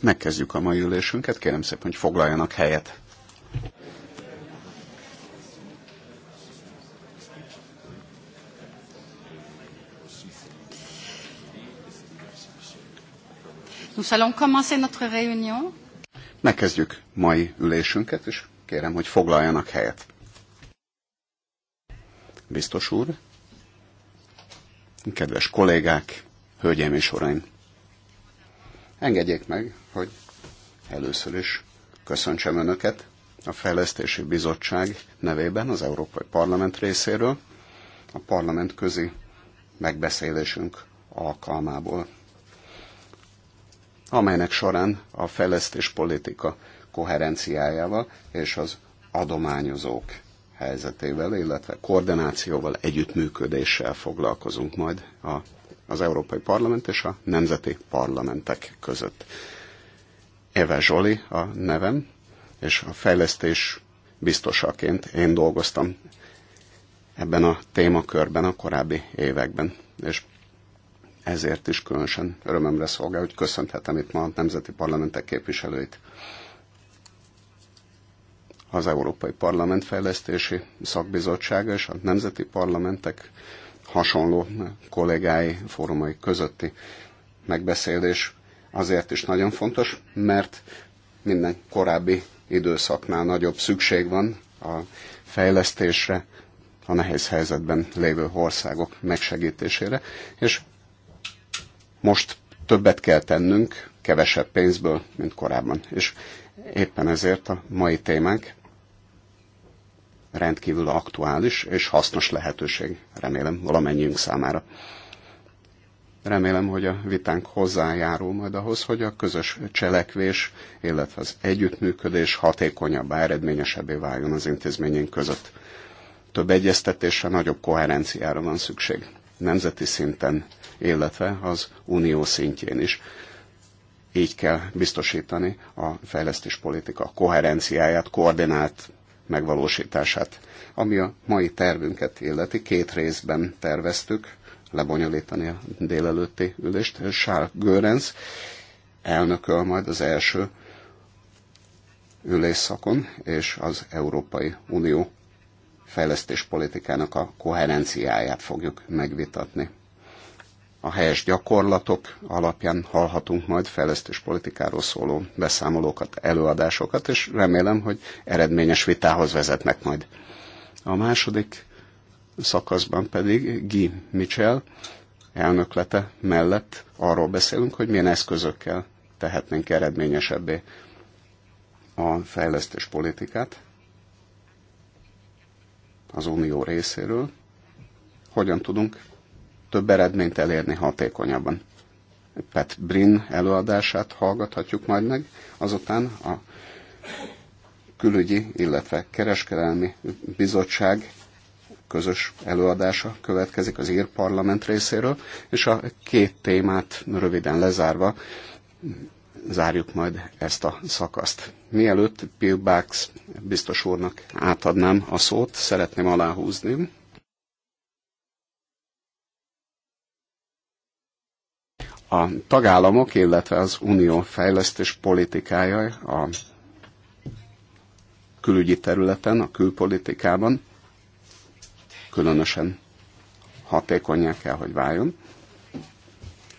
Megkezdjük a mai ülésünket, kérem szépen, hogy foglaljanak helyet. Nous allons commencer notre réunion. Megkezdjük mai ülésünket, és kérem, hogy foglaljanak helyet. Biztos úr, kedves kollégák, Hölgyeim és Uraim! Engedjék meg, hogy először is köszöntsem Önöket a Fejlesztési Bizottság nevében az Európai Parlament részéről a parlament közi megbeszélésünk alkalmából, amelynek során a fejlesztés politika koherenciájával és az adományozók helyzetével, illetve koordinációval, együttműködéssel foglalkozunk majd a az Európai Parlament és a nemzeti parlamentek között. Eva Zsoli a nevem, és a fejlesztés biztosaként én dolgoztam ebben a témakörben a korábbi években, és ezért is különösen örömömre szolgál, hogy köszönhetem itt ma a nemzeti parlamentek képviselőit. Az Európai Parlament Fejlesztési Szakbizottsága és a nemzeti parlamentek hasonló kollégái fórumai közötti megbeszélés azért is nagyon fontos, mert minden korábbi időszaknál nagyobb szükség van a fejlesztésre, a nehéz helyzetben lévő országok megsegítésére, és most többet kell tennünk, kevesebb pénzből, mint korábban. És éppen ezért a mai témánk rendkívül aktuális és hasznos lehetőség, remélem, valamennyiünk számára. Remélem, hogy a vitánk hozzájárul majd ahhoz, hogy a közös cselekvés, illetve az együttműködés hatékonyabbá, eredményesebbé váljon az intézményünk között. Több egyeztetésre, nagyobb koherenciára van szükség. Nemzeti szinten, illetve az unió szintjén is. Így kell biztosítani a fejlesztéspolitika koherenciáját, koordinált megvalósítását. Ami a mai tervünket illeti, két részben terveztük lebonyolítani a délelőtti ülést. Sár Görenc elnököl majd az első ülésszakon, és az Európai Unió fejlesztéspolitikának a koherenciáját fogjuk megvitatni a helyes gyakorlatok alapján hallhatunk majd fejlesztés politikáról szóló beszámolókat, előadásokat, és remélem, hogy eredményes vitához vezetnek majd. A második szakaszban pedig Guy Mitchell elnöklete mellett arról beszélünk, hogy milyen eszközökkel tehetnénk eredményesebbé a fejlesztés politikát az unió részéről, hogyan tudunk több eredményt elérni hatékonyabban. Pat Brin előadását hallgathatjuk majd meg, azután a külügyi, illetve kereskedelmi bizottság közös előadása következik az ír parlament részéről, és a két témát röviden lezárva zárjuk majd ezt a szakaszt. Mielőtt Bill Bax biztos úrnak átadnám a szót, szeretném aláhúzni, a tagállamok, illetve az unió fejlesztés politikája a külügyi területen, a külpolitikában különösen hatékonyá kell, hogy váljon.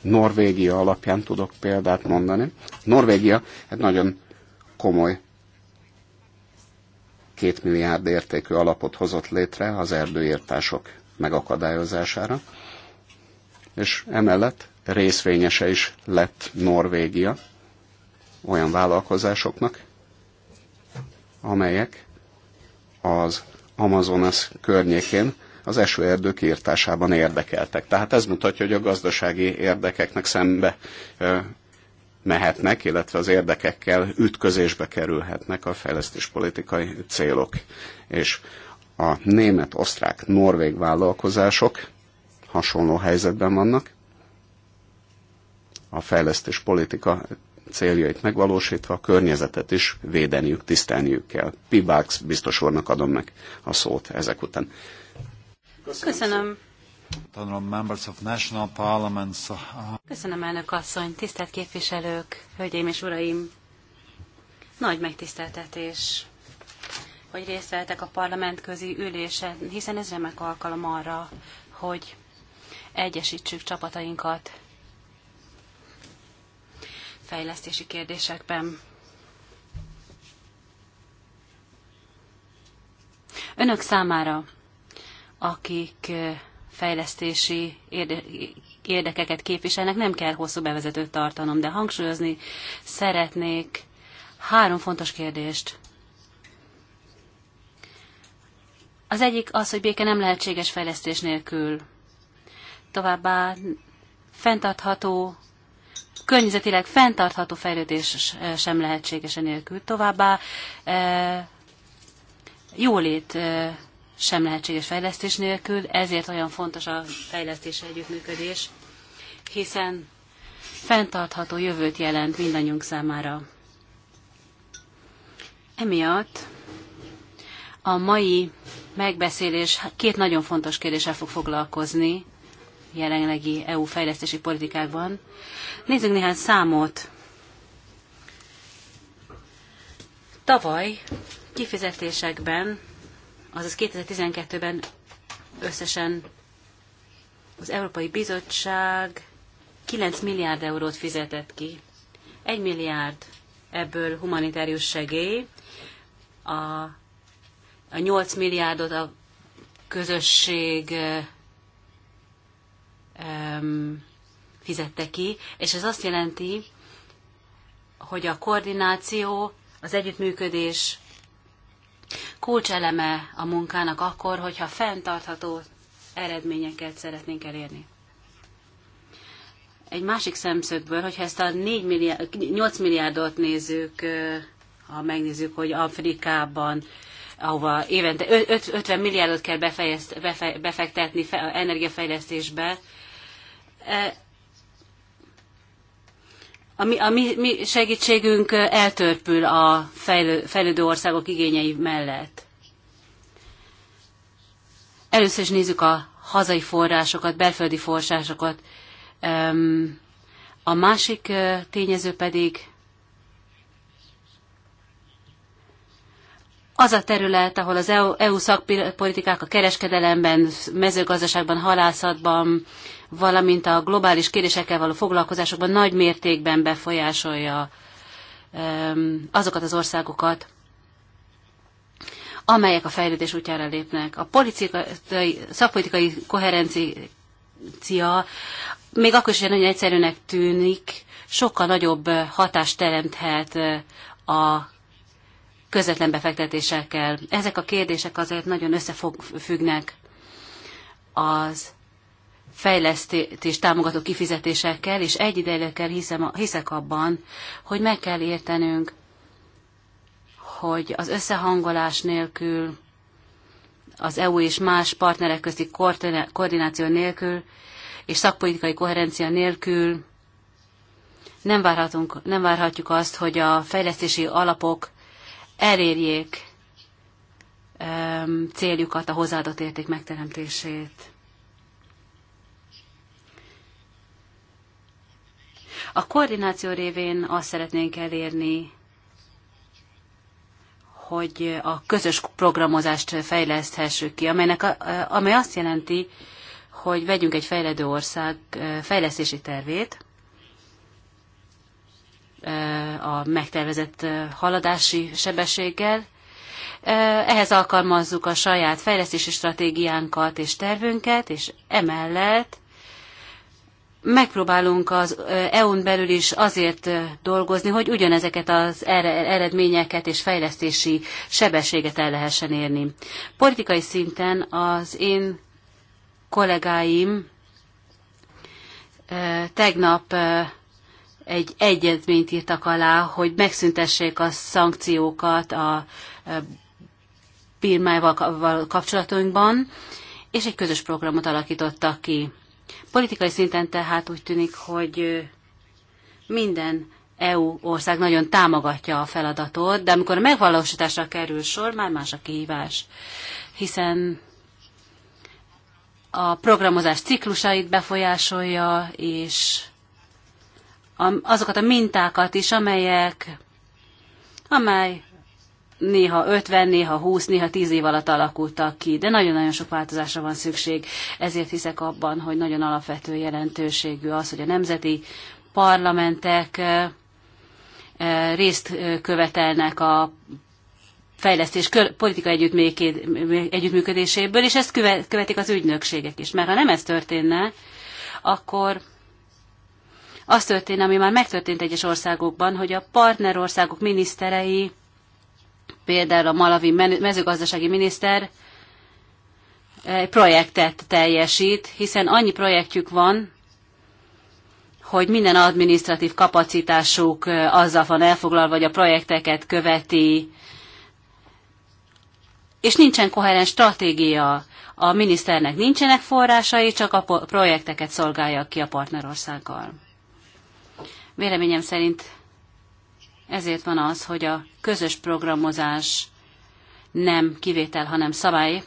Norvégia alapján tudok példát mondani. Norvégia egy nagyon komoly két milliárd értékű alapot hozott létre az erdőírtások megakadályozására, és emellett részvényese is lett Norvégia olyan vállalkozásoknak, amelyek az Amazonas környékén az esőerdők írtásában érdekeltek. Tehát ez mutatja, hogy a gazdasági érdekeknek szembe mehetnek, illetve az érdekekkel ütközésbe kerülhetnek a fejlesztéspolitikai célok. És a német, osztrák, norvég vállalkozások hasonló helyzetben vannak, a fejlesztés politika céljait megvalósítva a környezetet is védeniük, tisztelniük kell. Pibax biztos úrnak adom meg a szót ezek után. Köszönöm. Köszönöm. Köszönöm, elnök asszony, tisztelt képviselők, hölgyeim és uraim! Nagy megtiszteltetés, hogy részt vettek a parlamentközi ülésen, hiszen ez remek alkalom arra, hogy egyesítsük csapatainkat fejlesztési kérdésekben. Önök számára, akik fejlesztési érde érdekeket képviselnek, nem kell hosszú bevezetőt tartanom, de hangsúlyozni szeretnék három fontos kérdést. Az egyik az, hogy béke nem lehetséges fejlesztés nélkül. Továbbá fenntartható környezetileg fenntartható fejlődés sem lehetséges enélkül. Továbbá e, jólét e, sem lehetséges fejlesztés nélkül, ezért olyan fontos a fejlesztési együttműködés, hiszen fenntartható jövőt jelent mindannyiunk számára. Emiatt a mai megbeszélés két nagyon fontos kérdéssel fog foglalkozni, jelenlegi EU fejlesztési politikákban. Nézzünk néhány számot. Tavaly kifizetésekben, azaz 2012-ben összesen az Európai Bizottság 9 milliárd eurót fizetett ki. 1 milliárd ebből humanitárius segély, a, a 8 milliárdot a közösség fizette ki, és ez azt jelenti, hogy a koordináció, az együttműködés kulcseleme a munkának akkor, hogyha fenntartható eredményeket szeretnénk elérni. Egy másik szemszögből, hogyha ezt a 4 milliárd, 8 milliárdot nézzük, ha megnézzük, hogy Afrikában, ahova évente 50 milliárdot kell befektetni energiafejlesztésbe, E, a mi, a mi, segítségünk e, eltörpül a fejlő, fejlődő országok igényei mellett. Először is nézzük a hazai forrásokat, belföldi forrásokat. A másik e, tényező pedig az a terület, ahol az EU, EU szakpolitikák a kereskedelemben, mezőgazdaságban, halászatban, valamint a globális kérdésekkel való foglalkozásokban nagy mértékben befolyásolja azokat az országokat, amelyek a fejlődés útjára lépnek. A politikai, szakpolitikai koherencia még akkor is nagyon egyszerűnek tűnik, sokkal nagyobb hatást teremthet eh, a közvetlen befektetésekkel. Ezek a kérdések azért nagyon összefüggnek az fejlesztés támogató kifizetésekkel, és egyidejűekkel hiszek abban, hogy meg kell értenünk, hogy az összehangolás nélkül, az EU és más partnerek közti koordináció nélkül és szakpolitikai koherencia nélkül nem, várhatunk, nem várhatjuk azt, hogy a fejlesztési alapok elérjék um, céljukat, a hozzáadott érték megteremtését. A koordináció révén azt szeretnénk elérni, hogy a közös programozást fejleszthessük ki, amelynek, amely azt jelenti, hogy vegyünk egy fejlődő ország fejlesztési tervét, a megtervezett haladási sebességgel. Ehhez alkalmazzuk a saját fejlesztési stratégiánkat és tervünket, és emellett megpróbálunk az EU-n belül is azért dolgozni, hogy ugyanezeket az er-, eredményeket és fejlesztési sebességet el lehessen érni. Politikai szinten az én kollégáim tegnap egy egyezményt írtak alá, hogy megszüntessék a szankciókat a Birmával kapcsolatunkban, és egy közös programot alakítottak ki. Politikai szinten tehát úgy tűnik, hogy minden EU ország nagyon támogatja a feladatot, de amikor a megvalósításra kerül sor, már más a kihívás, hiszen a programozás ciklusait befolyásolja, és azokat a mintákat is, amelyek, amely néha 50, néha 20, néha 10 év alatt alakultak ki, de nagyon-nagyon sok változásra van szükség. Ezért hiszek abban, hogy nagyon alapvető jelentőségű az, hogy a nemzeti parlamentek eh, eh, részt eh, követelnek a fejlesztés politika együttműködéséből, és ezt követik az ügynökségek is. Mert ha nem ez történne, akkor az történne, ami már megtörtént egyes országokban, hogy a partnerországok miniszterei Például a malavi mezőgazdasági miniszter egy projektet teljesít, hiszen annyi projektjük van, hogy minden administratív kapacitásuk azzal van elfoglalva, hogy a projekteket követi, és nincsen koherens stratégia. A miniszternek nincsenek forrásai, csak a projekteket szolgálja ki a partnerországgal. Véleményem szerint ezért van az, hogy a közös programozás nem kivétel, hanem szabály.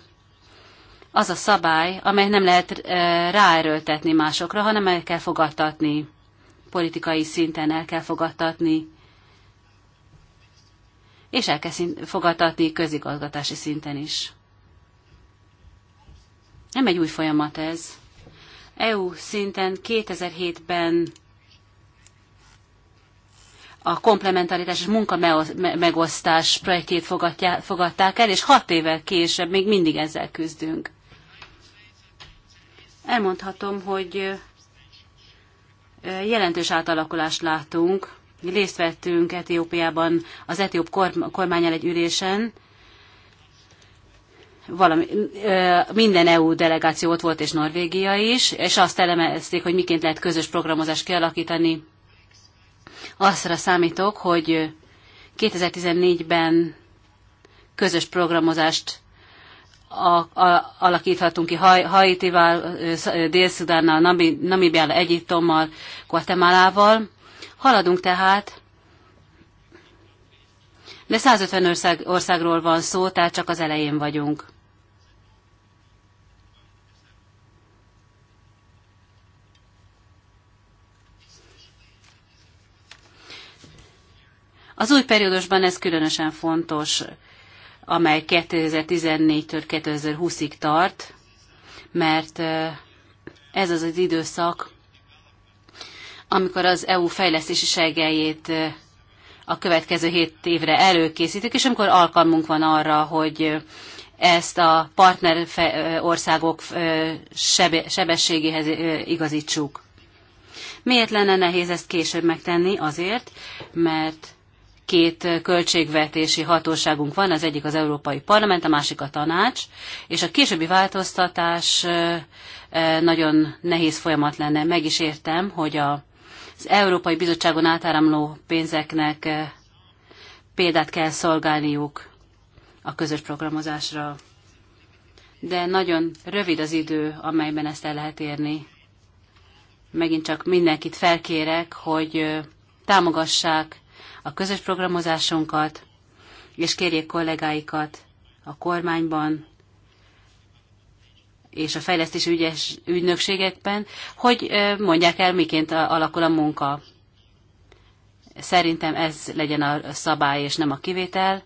Az a szabály, amely nem lehet ráerőltetni másokra, hanem el kell fogadtatni. Politikai szinten el kell fogadtatni, és el kell fogadtatni közigazgatási szinten is. Nem egy új folyamat ez. EU szinten 2007-ben a komplementaritás és munka megosztás projektjét fogadták el, és hat évvel később még mindig ezzel küzdünk. Elmondhatom, hogy jelentős átalakulást látunk. Részt vettünk Etiópiában az etióp kormányel egy ülésen, valami, minden EU delegáció ott volt, és Norvégia is, és azt elemezték, hogy miként lehet közös programozást kialakítani Azra számítok, hogy 2014-ben közös programozást a, a, alakíthatunk ki Haitival, Dél-Szudánnal, Namibiával, Egyiptommal, Guatemalával. Haladunk tehát, de 150 ország, országról van szó, tehát csak az elején vagyunk. Az új periódusban ez különösen fontos, amely 2014-től 2020-ig tart, mert ez az az időszak, amikor az EU fejlesztési segélyét a következő hét évre előkészítik, és amikor alkalmunk van arra, hogy ezt a partner országok sebességéhez igazítsuk. Miért lenne nehéz ezt később megtenni? Azért, mert két költségvetési hatóságunk van, az egyik az Európai Parlament, a másik a tanács, és a későbbi változtatás nagyon nehéz folyamat lenne. Meg is értem, hogy az Európai Bizottságon átáramló pénzeknek példát kell szolgálniuk a közös programozásra. De nagyon rövid az idő, amelyben ezt el lehet érni. Megint csak mindenkit felkérek, hogy támogassák a közös programozásunkat, és kérjék kollégáikat a kormányban és a fejlesztési ügyes, ügynökségekben, hogy mondják el, miként alakul a munka. Szerintem ez legyen a szabály, és nem a kivétel.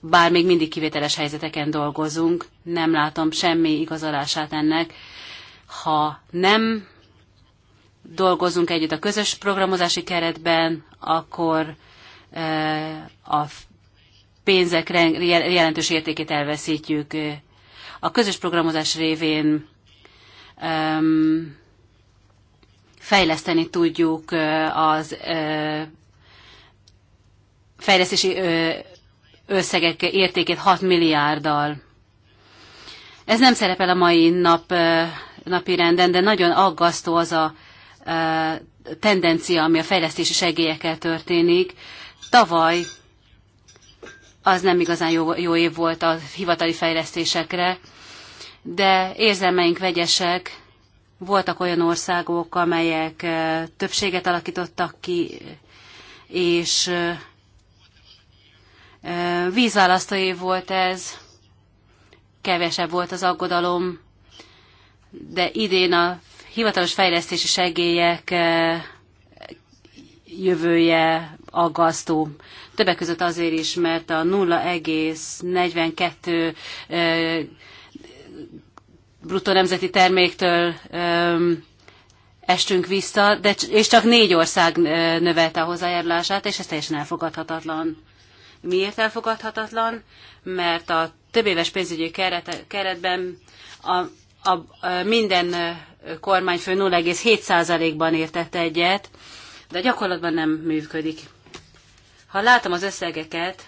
Bár még mindig kivételes helyzeteken dolgozunk, nem látom semmi igazolását ennek. Ha nem dolgozunk együtt a közös programozási keretben, akkor e, a pénzek jelentős értékét elveszítjük. A közös programozás révén fejleszteni tudjuk e, az e, fejlesztési összegek értékét 6 milliárddal. Ez nem szerepel a mai nap napi renden, de nagyon aggasztó az a tendencia, ami a fejlesztési segélyekkel történik. Tavaly az nem igazán jó, jó év volt a hivatali fejlesztésekre, de érzelmeink vegyesek, voltak olyan országok, amelyek többséget alakítottak ki, és vízválasztó év volt ez, kevesebb volt az aggodalom, de idén a hivatalos fejlesztési segélyek eh, jövője aggasztó. Többek között azért is, mert a 0,42 eh, bruttó nemzeti terméktől estünk vissza, de, és csak négy ország eh, növelte a hozzájárulását, és ez teljesen elfogadhatatlan. Miért elfogadhatatlan? Mert a több éves pénzügyi keret, keretben a, a, a minden kormányfő 0,7%-ban értett egyet, de gyakorlatban nem működik. Ha látom az összegeket,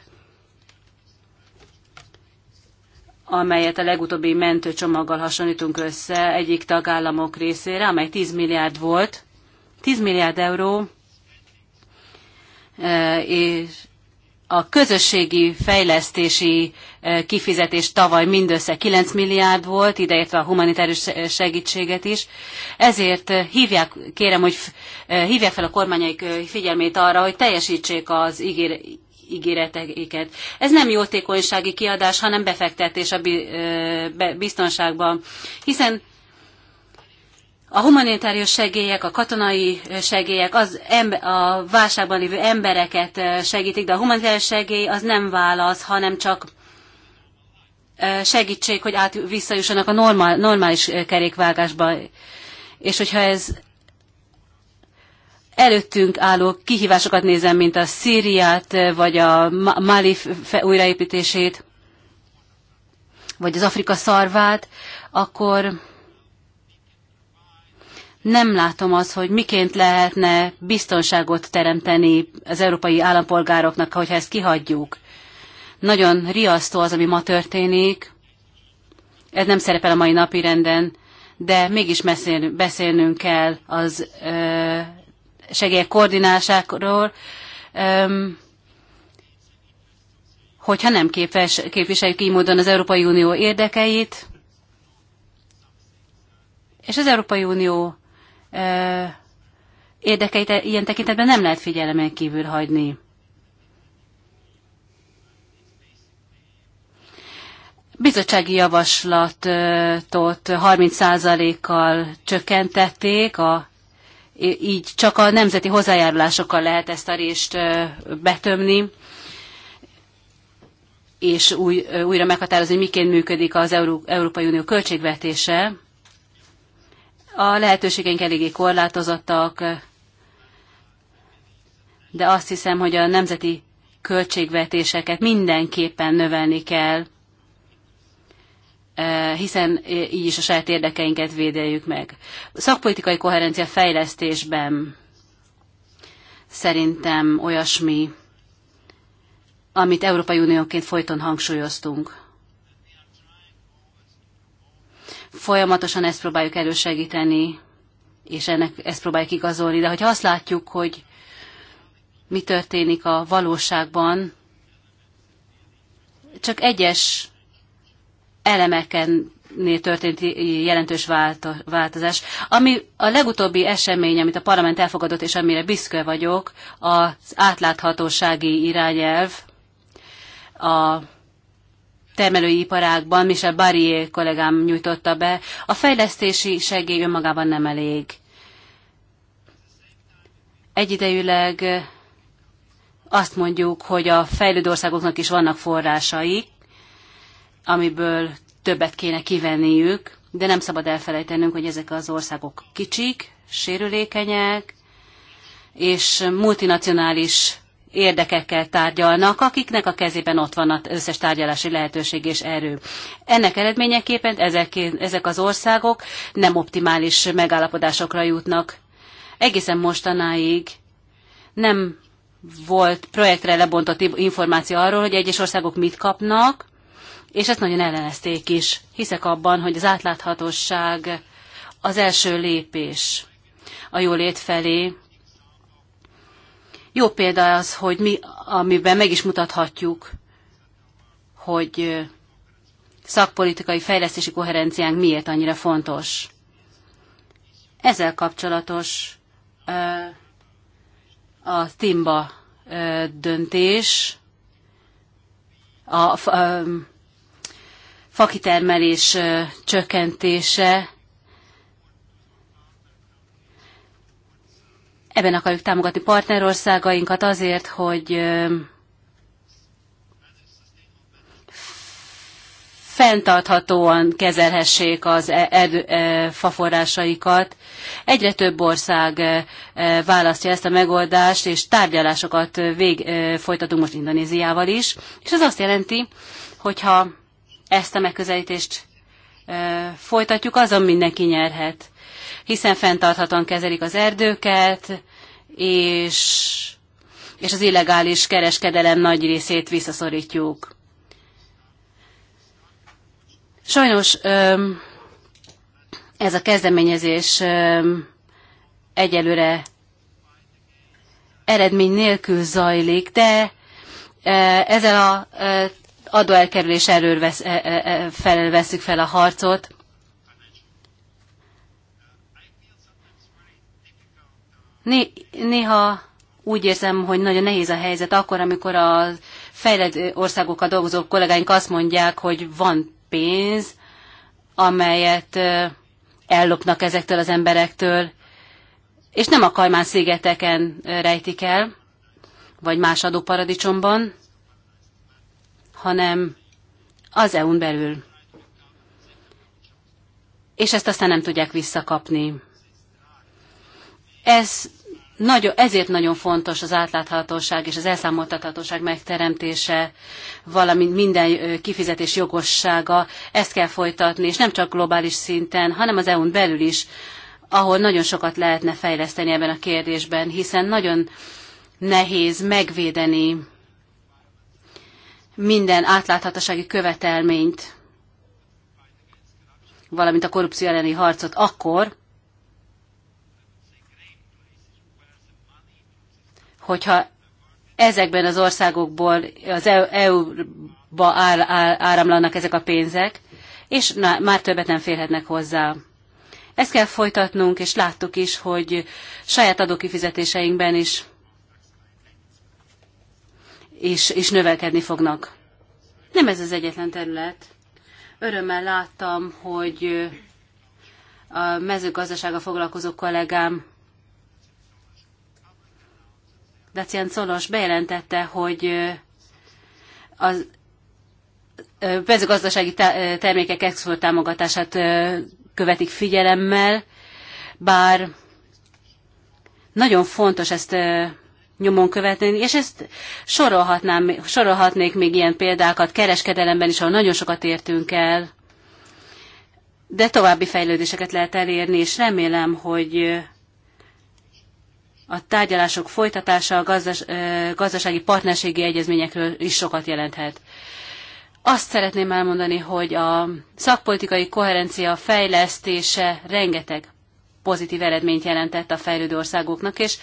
amelyet a legutóbbi mentőcsomaggal hasonlítunk össze egyik tagállamok részére, amely 10 milliárd volt, 10 milliárd euró, eh, és a közösségi fejlesztési e, kifizetés tavaly mindössze 9 milliárd volt, ideértve a humanitárius segítséget is. Ezért e, hívják, kérem, hogy e, hívják fel a kormányaik figyelmét arra, hogy teljesítsék az ígér, ígéreteiket. Ez nem jótékonysági kiadás, hanem befektetés a biztonságban, hiszen a humanitárius segélyek, a katonai segélyek, az ember, a válságban lévő embereket segítik, de a humanitárius segély az nem válasz, hanem csak segítség, hogy át visszajussanak a normál, normális kerékvágásba. És hogyha ez előttünk álló kihívásokat nézem, mint a Szíriát, vagy a Mali újraépítését, vagy az Afrika szarvát, akkor nem látom az, hogy miként lehetne biztonságot teremteni az európai állampolgároknak, hogyha ezt kihagyjuk. Nagyon riasztó az, ami ma történik. Ez nem szerepel a mai napi renden, de mégis beszélnünk, beszélnünk kell az ö, segélyek koordinásáról, ö, hogyha nem képes, képviseljük így módon az Európai Unió érdekeit, és az Európai Unió érdekeit e- ilyen tekintetben nem lehet figyelemen kívül hagyni. Bizottsági javaslatot 30%-kal csökkentették, a, így csak a nemzeti hozzájárulásokkal lehet ezt a részt betömni, és új, újra meghatározni, miként működik az Euró, Európai Unió költségvetése. A lehetőségeink eléggé korlátozottak, de azt hiszem, hogy a nemzeti költségvetéseket mindenképpen növelni kell, e, hiszen így is a saját érdekeinket védeljük meg. A szakpolitikai koherencia fejlesztésben szerintem olyasmi, amit Európai Unióként folyton hangsúlyoztunk. Folyamatosan ezt próbáljuk elősegíteni, és ennek ezt próbáljuk igazolni. De hogyha azt látjuk, hogy mi történik a valóságban, csak egyes elemekennél történt jelentős változás. Ami a legutóbbi esemény, amit a parlament elfogadott, és amire büszke vagyok, az átláthatósági irányelv, a termelőiparágban Michel Barrier kollégám nyújtotta be, a fejlesztési segély önmagában nem elég. Egyidejűleg azt mondjuk, hogy a fejlődő országoknak is vannak forrásai, amiből többet kéne kivenniük, de nem szabad elfelejtenünk, hogy ezek az országok kicsik, sérülékenyek, és multinacionális érdekekkel tárgyalnak, akiknek a kezében ott van az összes tárgyalási lehetőség és erő. Ennek eredményeképpen ezek, ezek az országok nem optimális megállapodásokra jutnak. Egészen mostanáig nem volt projektre lebontott információ arról, hogy egyes országok mit kapnak, és ezt nagyon ellenezték is. Hiszek abban, hogy az átláthatóság az első lépés a jólét felé, jó példa az, hogy mi, amiben meg is mutathatjuk, hogy szakpolitikai fejlesztési koherenciánk miért annyira fontos. Ezzel kapcsolatos a TIMBA döntés, a fakitermelés csökkentése Ebben akarjuk támogatni partnerországainkat azért, hogy fenntarthatóan kezelhessék az e- erdő, e- faforrásaikat. Egyre több ország választja ezt a megoldást, és tárgyalásokat vég, folytatunk most Indonéziával is, és ez azt jelenti, hogyha ezt a megközelítést folytatjuk, azon mindenki nyerhet hiszen fenntarthatóan kezelik az erdőket, és, és az illegális kereskedelem nagy részét visszaszorítjuk. Sajnos ez a kezdeményezés egyelőre eredmény nélkül zajlik, de ezzel a adóelkerülés erről vesz, fel a harcot, Néha úgy érzem, hogy nagyon nehéz a helyzet akkor, amikor a fejlett országokkal dolgozó kollégáink azt mondják, hogy van pénz, amelyet ellopnak ezektől az emberektől, és nem a Kajmán szigeteken rejtik el, vagy más adóparadicsomban, hanem az EU-n belül. És ezt aztán nem tudják visszakapni. Ez nagyon, ezért nagyon fontos az átláthatóság és az elszámoltathatóság megteremtése, valamint minden kifizetés jogossága. Ezt kell folytatni, és nem csak globális szinten, hanem az EU-n belül is, ahol nagyon sokat lehetne fejleszteni ebben a kérdésben, hiszen nagyon nehéz megvédeni minden átláthatósági követelményt, valamint a korrupció elleni harcot akkor, hogyha ezekben az országokból az EU-ba e áramlanak ezek a pénzek, és már többet nem férhetnek hozzá. Ezt kell folytatnunk, és láttuk is, hogy saját adókifizetéseinkben is, is, is növelkedni fognak. Nem ez az egyetlen terület. Örömmel láttam, hogy a mezőgazdasága foglalkozó kollégám Dacian Colos bejelentette, hogy az mezőgazdasági termékek export támogatását követik figyelemmel, bár nagyon fontos ezt nyomon követni, és ezt sorolhatnám, sorolhatnék még ilyen példákat kereskedelemben is, ahol nagyon sokat értünk el, de további fejlődéseket lehet elérni, és remélem, hogy a tárgyalások folytatása a gazdas, gazdasági partnerségi egyezményekről is sokat jelenthet. Azt szeretném elmondani, hogy a szakpolitikai koherencia fejlesztése rengeteg pozitív eredményt jelentett a fejlődő országoknak, és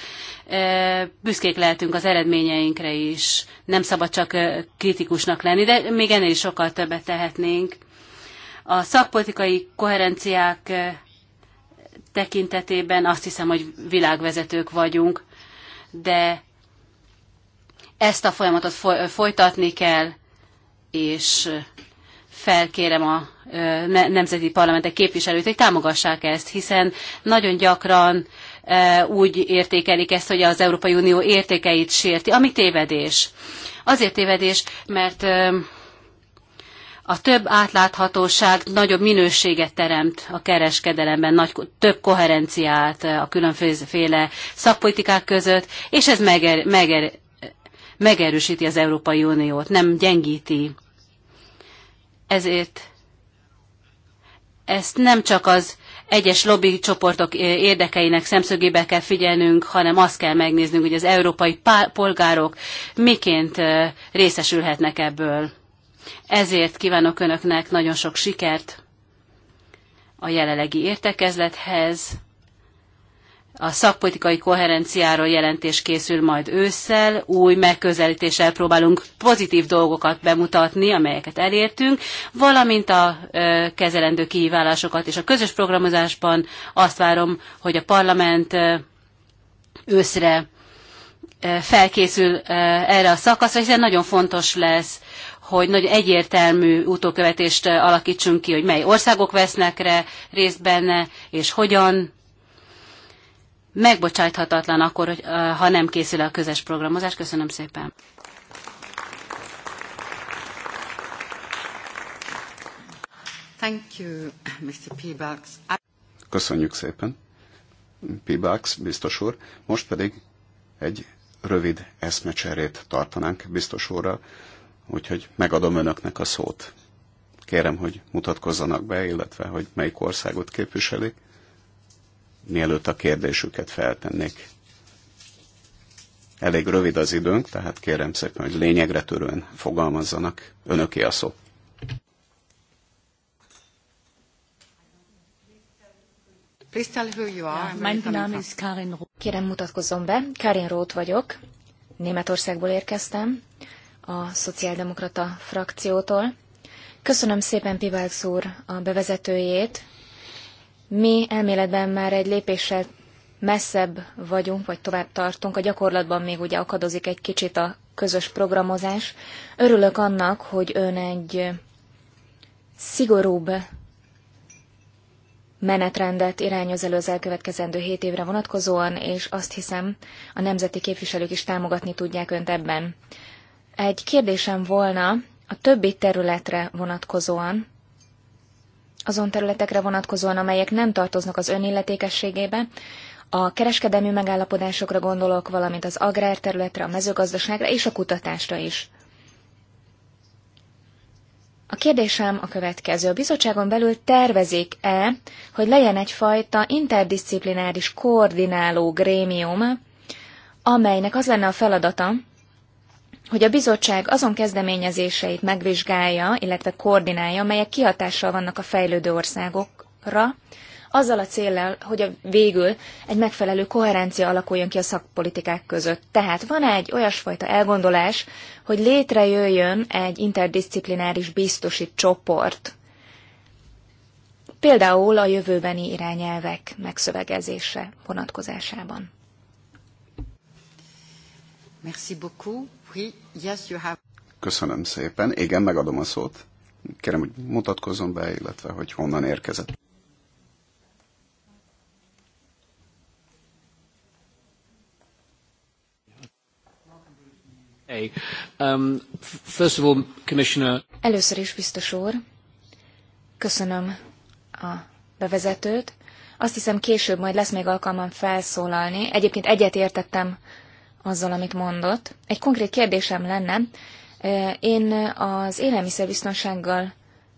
büszkék lehetünk az eredményeinkre is. Nem szabad csak kritikusnak lenni, de még ennél is sokkal többet tehetnénk. A szakpolitikai koherenciák tekintetében azt hiszem, hogy világvezetők vagyunk, de ezt a folyamatot folytatni kell, és felkérem a nemzeti parlamentek képviselőit, hogy támogassák ezt, hiszen nagyon gyakran úgy értékelik ezt, hogy az Európai Unió értékeit sérti, ami tévedés. Azért tévedés, mert a több átláthatóság nagyobb minőséget teremt a kereskedelemben, nagy, több koherenciát eh, a különféle szakpolitikák között, és ez meger, meger, megerősíti az Európai Uniót, nem gyengíti. Ezért ezt nem csak az egyes lobby csoportok eh, érdekeinek szemszögébe kell figyelnünk, hanem azt kell megnéznünk, hogy az európai polgárok miként eh, részesülhetnek ebből. Ezért kívánok Önöknek nagyon sok sikert a jelenlegi értekezlethez. A szakpolitikai koherenciáról jelentés készül majd ősszel, új megközelítéssel próbálunk pozitív dolgokat bemutatni, amelyeket elértünk, valamint a ö, kezelendő kihívásokat, és a közös programozásban azt várom, hogy a parlament ö, őszre felkészül erre a szakaszra, hiszen nagyon fontos lesz, hogy nagy egyértelmű utókövetést eh, alakítsunk ki, hogy mely országok vesznek re, részt benne, és hogyan. Megbocsáthatatlan akkor, hogy, eh, ha nem készül a közös programozás. Köszönöm szépen. Thank you, Mr. Köszönjük szépen, Pibax, biztos úr. Most pedig egy rövid eszmecserét tartanánk biztos úrral úgyhogy megadom önöknek a szót. Kérem, hogy mutatkozzanak be, illetve hogy melyik országot képviselik, mielőtt a kérdésüket feltennék. Elég rövid az időnk, tehát kérem szépen, hogy lényegre törően fogalmazzanak. Önöké a szó. Kérem, mutatkozzon be. Karin Roth vagyok. Németországból érkeztem a szociáldemokrata frakciótól. Köszönöm szépen Piváksz úr a bevezetőjét. Mi elméletben már egy lépéssel messzebb vagyunk, vagy tovább tartunk. A gyakorlatban még ugye akadozik egy kicsit a közös programozás. Örülök annak, hogy ön egy szigorúbb menetrendet irányoz elő az elkövetkezendő 7 évre vonatkozóan, és azt hiszem, a nemzeti képviselők is támogatni tudják önt ebben. Egy kérdésem volna a többi területre vonatkozóan, azon területekre vonatkozóan, amelyek nem tartoznak az önilletékességébe, a kereskedelmi megállapodásokra gondolok, valamint az agrárterületre, a mezőgazdaságra és a kutatásra is. A kérdésem a következő. A bizottságon belül tervezik-e, hogy legyen egyfajta interdisziplináris koordináló grémium, amelynek az lenne a feladata, hogy a bizottság azon kezdeményezéseit megvizsgálja, illetve koordinálja, melyek kihatással vannak a fejlődő országokra, azzal a céllal, hogy a végül egy megfelelő koherencia alakuljon ki a szakpolitikák között. Tehát van egy olyasfajta elgondolás, hogy létrejöjjön egy interdisziplináris biztosi csoport, például a jövőbeni irányelvek megszövegezése vonatkozásában. Merci beaucoup. Köszönöm szépen. Igen, megadom a szót. Kérem, hogy mutatkozzon be, illetve hogy honnan érkezett. Um, Először is, biztos úr, köszönöm a bevezetőt. Azt hiszem, később majd lesz még alkalmam felszólalni. Egyébként egyetértettem azzal, amit mondott. Egy konkrét kérdésem lenne, én az élelmiszerbiztonsággal,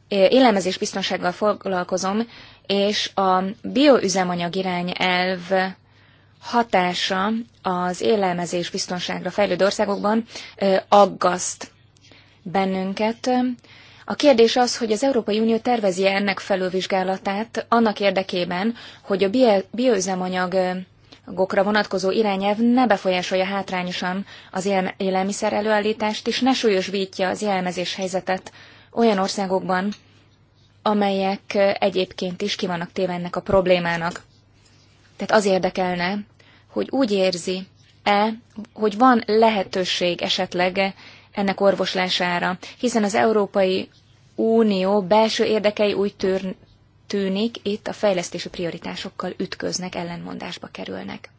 élelmezésbiztonsággal foglalkozom, és a bioüzemanyag irányelv hatása az élelmezés biztonságra fejlődő országokban aggaszt bennünket. A kérdés az, hogy az Európai Unió tervezi -e ennek felülvizsgálatát annak érdekében, hogy a bioüzemanyag gokra vonatkozó irányelv ne befolyásolja hátrányosan az élelmiszer előállítást, és ne súlyosbítja az élelmezés helyzetet olyan országokban, amelyek egyébként is ki vannak téve ennek a problémának. Tehát az érdekelne, hogy úgy érzi-e, hogy van lehetőség esetleg ennek orvoslására, hiszen az Európai Unió belső érdekei úgy tűr, tűnik, itt a fejlesztési prioritásokkal ütköznek, ellenmondásba kerülnek.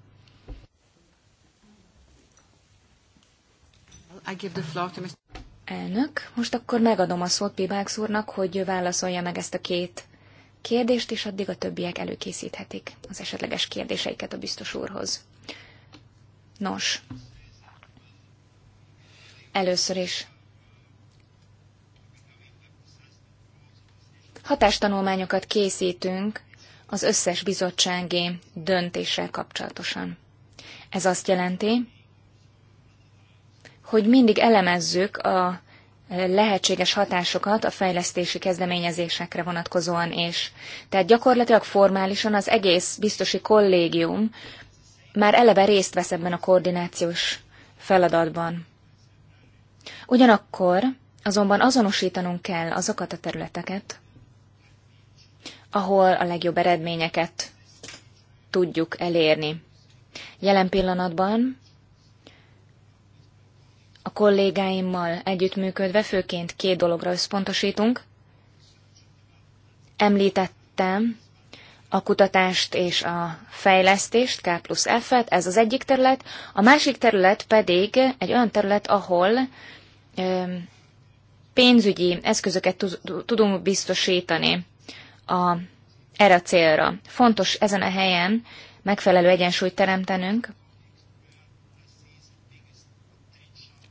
Elnök, most akkor megadom a szót Pibák úrnak, hogy válaszolja meg ezt a két kérdést, és addig a többiek előkészíthetik az esetleges kérdéseiket a biztos úrhoz. Nos, először is hatástanulmányokat készítünk az összes bizottsági döntéssel kapcsolatosan. Ez azt jelenti, hogy mindig elemezzük a lehetséges hatásokat a fejlesztési kezdeményezésekre vonatkozóan is. Tehát gyakorlatilag formálisan az egész biztosi kollégium már eleve részt vesz ebben a koordinációs feladatban. Ugyanakkor azonban azonosítanunk kell azokat a területeket, ahol a legjobb eredményeket tudjuk elérni. Jelen pillanatban a kollégáimmal együttműködve főként két dologra összpontosítunk. Említettem a kutatást és a fejlesztést, K plusz F-et, ez az egyik terület. A másik terület pedig egy olyan terület, ahol ö, pénzügyi eszközöket tudunk biztosítani a, erre a célra. Fontos ezen a helyen megfelelő egyensúlyt teremtenünk,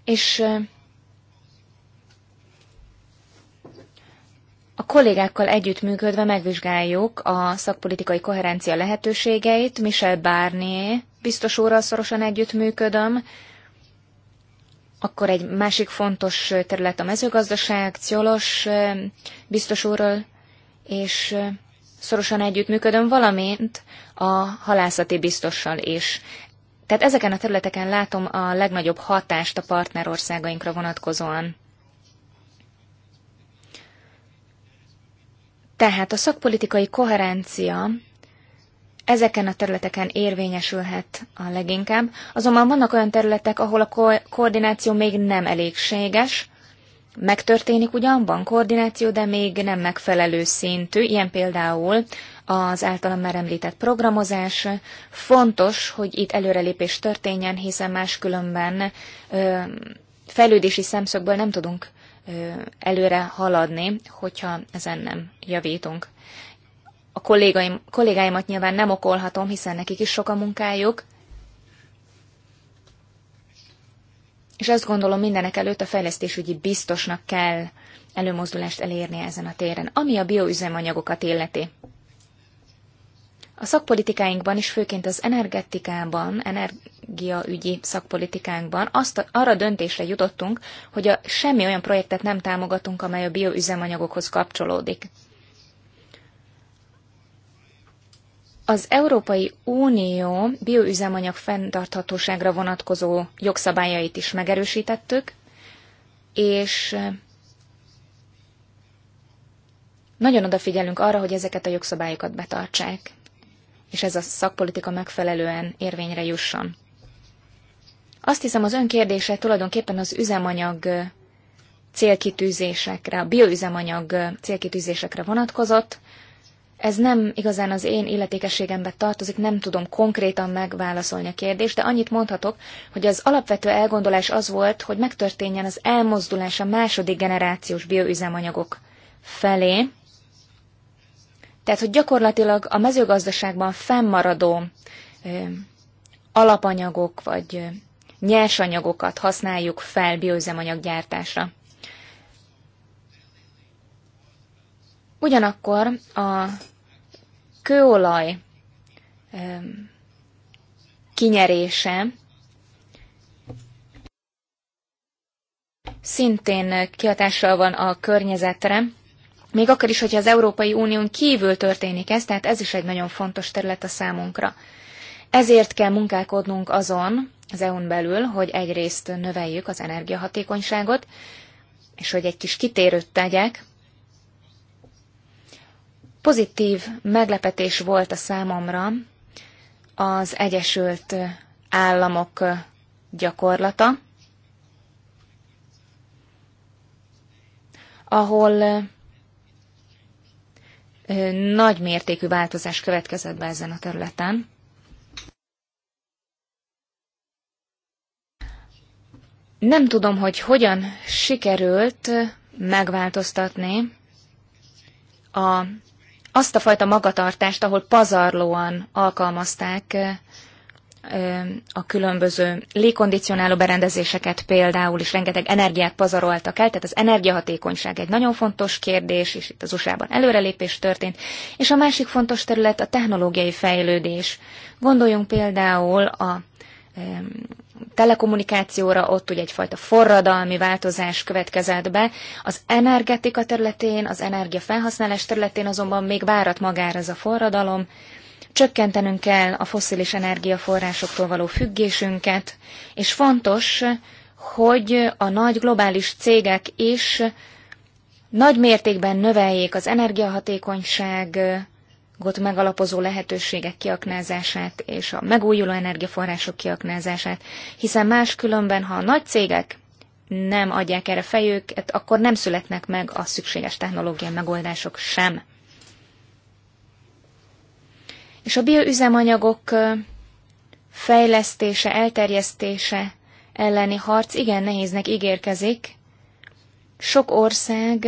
és A kollégákkal együttműködve megvizsgáljuk a szakpolitikai koherencia lehetőségeit. Michel Barnier biztos úrral szorosan együttműködöm. Akkor egy másik fontos terület a mezőgazdaság, Ciolos biztos úrral és szorosan együttműködöm, valamint a halászati biztossal is. Tehát ezeken a területeken látom a legnagyobb hatást a partnerországainkra vonatkozóan. Tehát a szakpolitikai koherencia ezeken a területeken érvényesülhet a leginkább, azonban vannak olyan területek, ahol a ko- koordináció még nem elégséges, megtörténik ugyan, van koordináció, de még nem megfelelő szintű, ilyen például az általam már említett programozás. Fontos, hogy itt előrelépés történjen, hiszen máskülönben ö, fejlődési szemszögből nem tudunk ö, előre haladni, hogyha ezen nem javítunk. A kollégáim, kollégáimat nyilván nem okolhatom, hiszen nekik is sok a munkájuk, és azt gondolom mindenek előtt a fejlesztésügyi biztosnak kell előmozdulást elérni ezen a téren, ami a bioüzemanyagokat illeti. A szakpolitikáinkban is főként az energetikában, energiaügyi szakpolitikánkban azt, arra döntésre jutottunk, hogy a, semmi olyan projektet nem támogatunk, amely a bioüzemanyagokhoz kapcsolódik. Az Európai Unió bioüzemanyag fenntarthatóságra vonatkozó jogszabályait is megerősítettük, és nagyon odafigyelünk arra, hogy ezeket a jogszabályokat betartsák, és ez a szakpolitika megfelelően érvényre jusson. Azt hiszem, az ön kérdése tulajdonképpen az üzemanyag célkitűzésekre, a bioüzemanyag célkitűzésekre vonatkozott, ez nem igazán az én illetékességembe tartozik, nem tudom konkrétan megválaszolni a kérdést, de annyit mondhatok, hogy az alapvető elgondolás az volt, hogy megtörténjen az elmozdulás a második generációs bioüzemanyagok felé, tehát, hogy gyakorlatilag a mezőgazdaságban fennmaradó ö, alapanyagok vagy ö, nyersanyagokat használjuk fel bioüzemanyaggyártásra. Ugyanakkor a kőolaj kinyerése szintén kihatással van a környezetre, még akkor is, hogyha az Európai Unión kívül történik ez, tehát ez is egy nagyon fontos terület a számunkra. Ezért kell munkálkodnunk azon, az EU-n belül, hogy egyrészt növeljük az energiahatékonyságot, és hogy egy kis kitérőt tegyek, Pozitív meglepetés volt a számomra az Egyesült Államok gyakorlata, ahol nagy mértékű változás következett be ezen a területen. Nem tudom, hogy hogyan sikerült megváltoztatni a azt a fajta magatartást, ahol pazarlóan alkalmazták a különböző légkondicionáló berendezéseket például, és rengeteg energiát pazaroltak el, tehát az energiahatékonyság egy nagyon fontos kérdés, és itt az USA-ban előrelépés történt, és a másik fontos terület a technológiai fejlődés. Gondoljunk például a telekommunikációra, ott ugye egyfajta forradalmi változás következett be. Az energetika területén, az energiafelhasználás területén azonban még várat magára ez a forradalom. Csökkentenünk kell a foszilis energiaforrásoktól való függésünket, és fontos, hogy a nagy globális cégek is nagy mértékben növeljék az energiahatékonyság gott megalapozó lehetőségek kiaknázását és a megújuló energiaforrások kiaknázását, hiszen máskülönben, ha a nagy cégek nem adják erre fejüket, akkor nem születnek meg a szükséges technológiai megoldások sem. És a bioüzemanyagok fejlesztése, elterjesztése elleni harc igen nehéznek ígérkezik. Sok ország,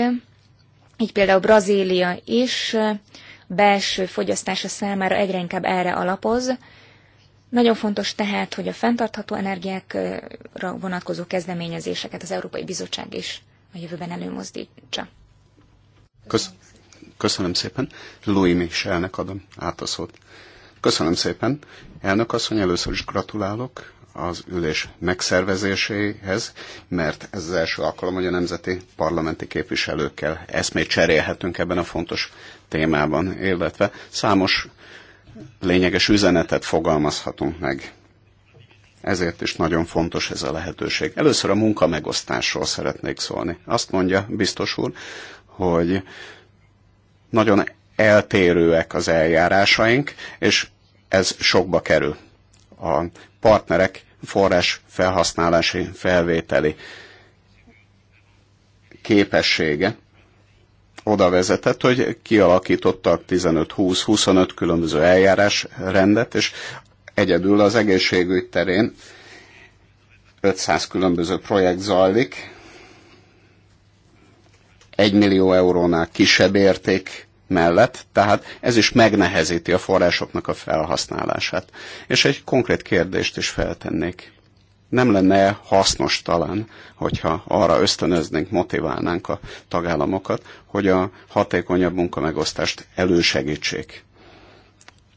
így például Brazília is belső fogyasztása számára egyre inkább erre alapoz. Nagyon fontos tehát, hogy a fenntartható energiákra vonatkozó kezdeményezéseket az Európai Bizottság is a jövőben előmozdítsa. Köszönöm, Köszönöm szépen. Louis Michelnek adom át a szót. Köszönöm szépen. Elnök asszony, először is gratulálok az ülés megszervezéséhez, mert ez az első alkalom, hogy a nemzeti parlamenti képviselőkkel eszmét cserélhetünk ebben a fontos témában, illetve számos lényeges üzenetet fogalmazhatunk meg. Ezért is nagyon fontos ez a lehetőség. Először a munka megosztásról szeretnék szólni. Azt mondja biztos úr, hogy nagyon eltérőek az eljárásaink, és ez sokba kerül. A partnerek forrás felhasználási felvételi képessége oda vezetett, hogy kialakítottak 15-20-25 különböző eljárásrendet, és egyedül az egészségügy terén 500 különböző projekt zajlik, 1 millió eurónál kisebb érték mellett, tehát ez is megnehezíti a forrásoknak a felhasználását. És egy konkrét kérdést is feltennék nem lenne hasznos talán, hogyha arra ösztönöznénk, motiválnánk a tagállamokat, hogy a hatékonyabb munkamegosztást elősegítsék.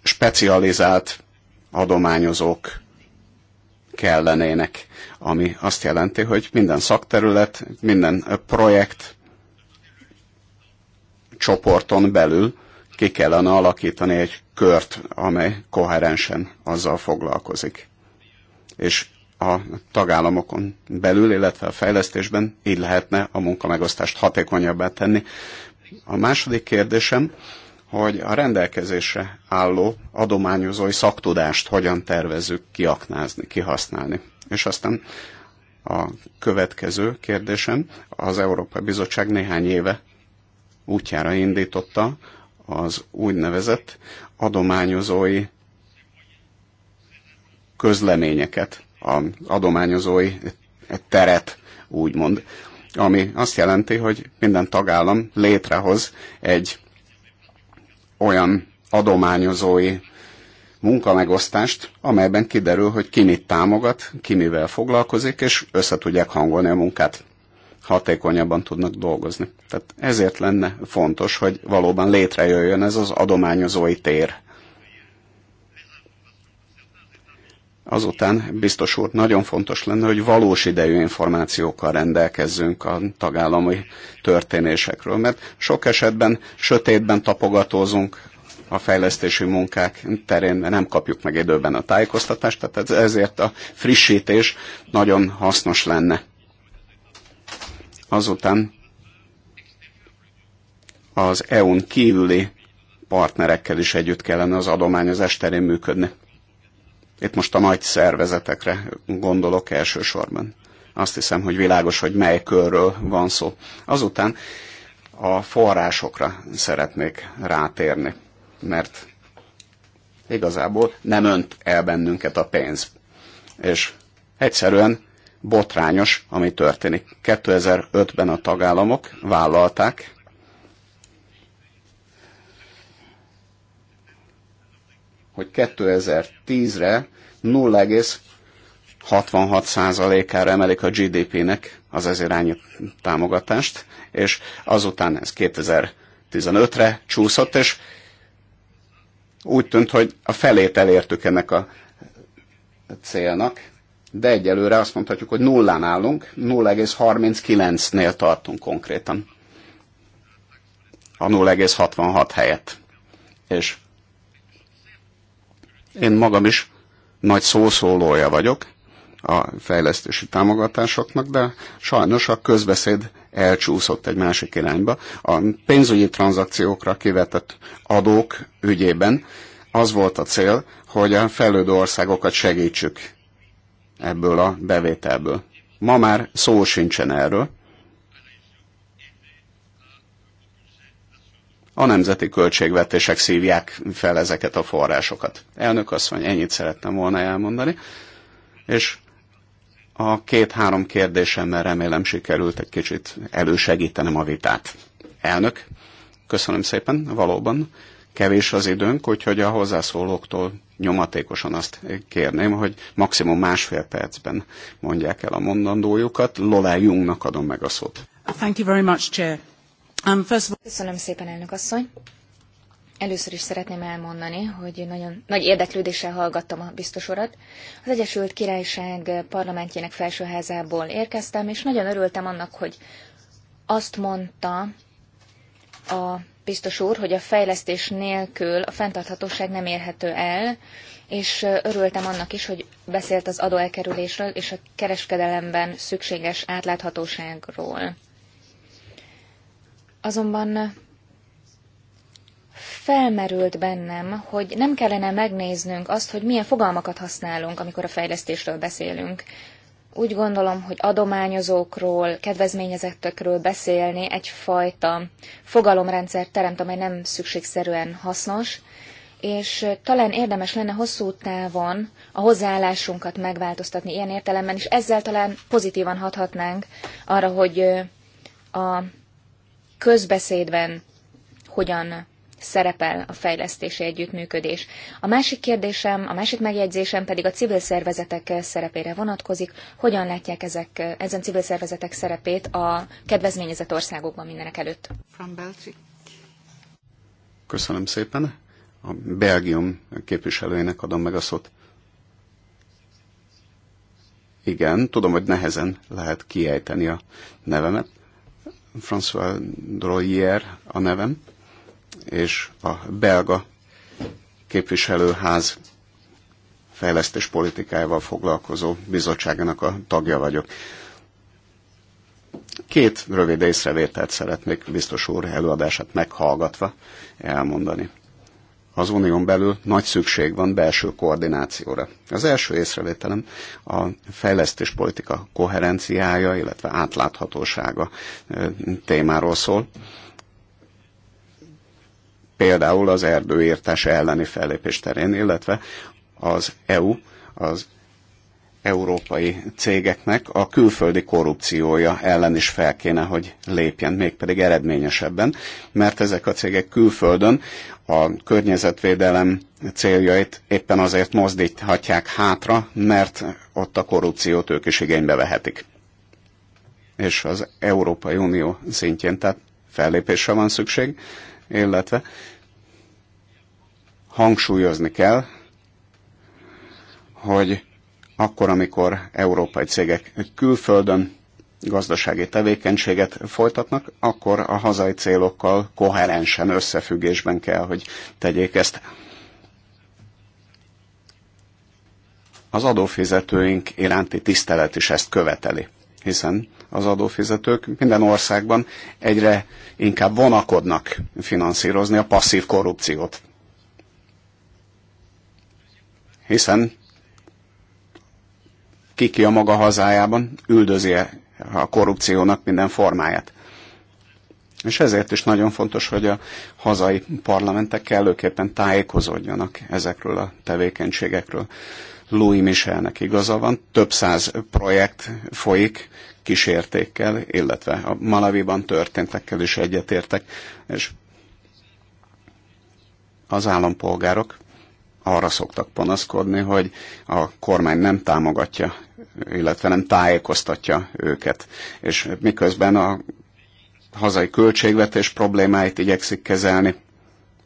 Specializált adományozók kellenének, ami azt jelenti, hogy minden szakterület, minden projekt csoporton belül ki kellene alakítani egy kört, amely koherensen azzal foglalkozik. És a tagállamokon belül, illetve a fejlesztésben így lehetne a munkamegosztást hatékonyabbá tenni. A második kérdésem, hogy a rendelkezésre álló adományozói szaktudást hogyan tervezzük kiaknázni, kihasználni. És aztán a következő kérdésem, az Európai Bizottság néhány éve útjára indította az úgynevezett adományozói közleményeket, az adományozói teret, úgymond, ami azt jelenti, hogy minden tagállam létrehoz egy olyan adományozói munkamegosztást, amelyben kiderül, hogy ki mit támogat, ki mivel foglalkozik, és össze tudják hangolni a munkát hatékonyabban tudnak dolgozni. Tehát ezért lenne fontos, hogy valóban létrejöjjön ez az adományozói tér. Azután biztos úr, nagyon fontos lenne, hogy valós idejű információkkal rendelkezzünk a tagállami történésekről, mert sok esetben sötétben tapogatózunk a fejlesztési munkák terén nem kapjuk meg időben a tájékoztatást, tehát ezért a frissítés nagyon hasznos lenne. Azután az EU-n kívüli partnerekkel is együtt kellene az adományozás terén működni. Itt most a nagy szervezetekre gondolok elsősorban. Azt hiszem, hogy világos, hogy mely körről van szó. Azután a forrásokra szeretnék rátérni, mert igazából nem önt el bennünket a pénz. És egyszerűen botrányos, ami történik. 2005-ben a tagállamok vállalták, hogy 2010-re 0,66%-ára emelik a GDP-nek az ez irányú támogatást, és azután ez 2015-re csúszott, és úgy tűnt, hogy a felét elértük ennek a célnak, de egyelőre azt mondhatjuk, hogy nullán állunk, 0,39-nél tartunk konkrétan. A 0,66 helyett. És én magam is nagy szószólója vagyok a fejlesztési támogatásoknak, de sajnos a közbeszéd elcsúszott egy másik irányba. A pénzügyi tranzakciókra kivetett adók ügyében az volt a cél, hogy a fejlődő országokat segítsük ebből a bevételből. Ma már szó sincsen erről, a nemzeti költségvetések szívják fel ezeket a forrásokat. Elnök asszony, ennyit szerettem volna elmondani, és a két-három kérdésemmel remélem sikerült egy kicsit elősegítenem a vitát. Elnök, köszönöm szépen, valóban kevés az időnk, úgyhogy a hozzászólóktól nyomatékosan azt kérném, hogy maximum másfél percben mondják el a mondandójukat. Lola Jungnak adom meg a szót. Thank you very much, Chair. Um, Köszönöm szépen, elnök asszony. Először is szeretném elmondani, hogy nagyon nagy érdeklődéssel hallgattam a biztos urat. Az Egyesült Királyság parlamentjének felsőházából érkeztem, és nagyon örültem annak, hogy azt mondta a biztos úr, hogy a fejlesztés nélkül a fenntarthatóság nem érhető el, és örültem annak is, hogy beszélt az adóelkerülésről és a kereskedelemben szükséges átláthatóságról. Azonban felmerült bennem, hogy nem kellene megnéznünk azt, hogy milyen fogalmakat használunk, amikor a fejlesztésről beszélünk. Úgy gondolom, hogy adományozókról, kedvezményezettekről beszélni egyfajta fogalomrendszer teremt, amely nem szükségszerűen hasznos, és talán érdemes lenne hosszú távon a hozzáállásunkat megváltoztatni ilyen értelemben, és ezzel talán pozitívan hathatnánk arra, hogy a közbeszédben hogyan szerepel a fejlesztési együttműködés. A másik kérdésem, a másik megjegyzésem pedig a civil szervezetek szerepére vonatkozik. Hogyan látják ezek, ezen civil szervezetek szerepét a kedvezményezett országokban mindenek előtt? Köszönöm szépen. A Belgium képviselőjének adom meg a szót. Igen, tudom, hogy nehezen lehet kiejteni a nevemet. François Droyer a nevem, és a belga képviselőház fejlesztés politikájával foglalkozó bizottságának a tagja vagyok. Két rövid észrevételt szeretnék biztos úr előadását meghallgatva elmondani az unión belül nagy szükség van belső koordinációra. Az első észrevételem a fejlesztéspolitika koherenciája, illetve átláthatósága témáról szól például az erdőírtás elleni fellépés terén, illetve az EU az európai cégeknek a külföldi korrupciója ellen is fel kéne, hogy lépjen, mégpedig eredményesebben, mert ezek a cégek külföldön a környezetvédelem céljait éppen azért mozdíthatják hátra, mert ott a korrupciót ők is igénybe vehetik. És az Európai Unió szintjén, tehát fellépésre van szükség, illetve hangsúlyozni kell, hogy akkor, amikor európai cégek külföldön gazdasági tevékenységet folytatnak, akkor a hazai célokkal koherensen összefüggésben kell, hogy tegyék ezt. Az adófizetőink iránti tisztelet is ezt követeli, hiszen az adófizetők minden országban egyre inkább vonakodnak finanszírozni a passzív korrupciót. Hiszen kiki a maga hazájában üldözi a korrupciónak minden formáját. És ezért is nagyon fontos, hogy a hazai parlamentek kellőképpen tájékozódjanak ezekről a tevékenységekről. Louis Michelnek igaza van, több száz projekt folyik kísértékkel, illetve a Malaviban történtekkel is egyetértek, és az állampolgárok arra szoktak panaszkodni, hogy a kormány nem támogatja illetve nem tájékoztatja őket. És miközben a hazai költségvetés problémáit igyekszik kezelni,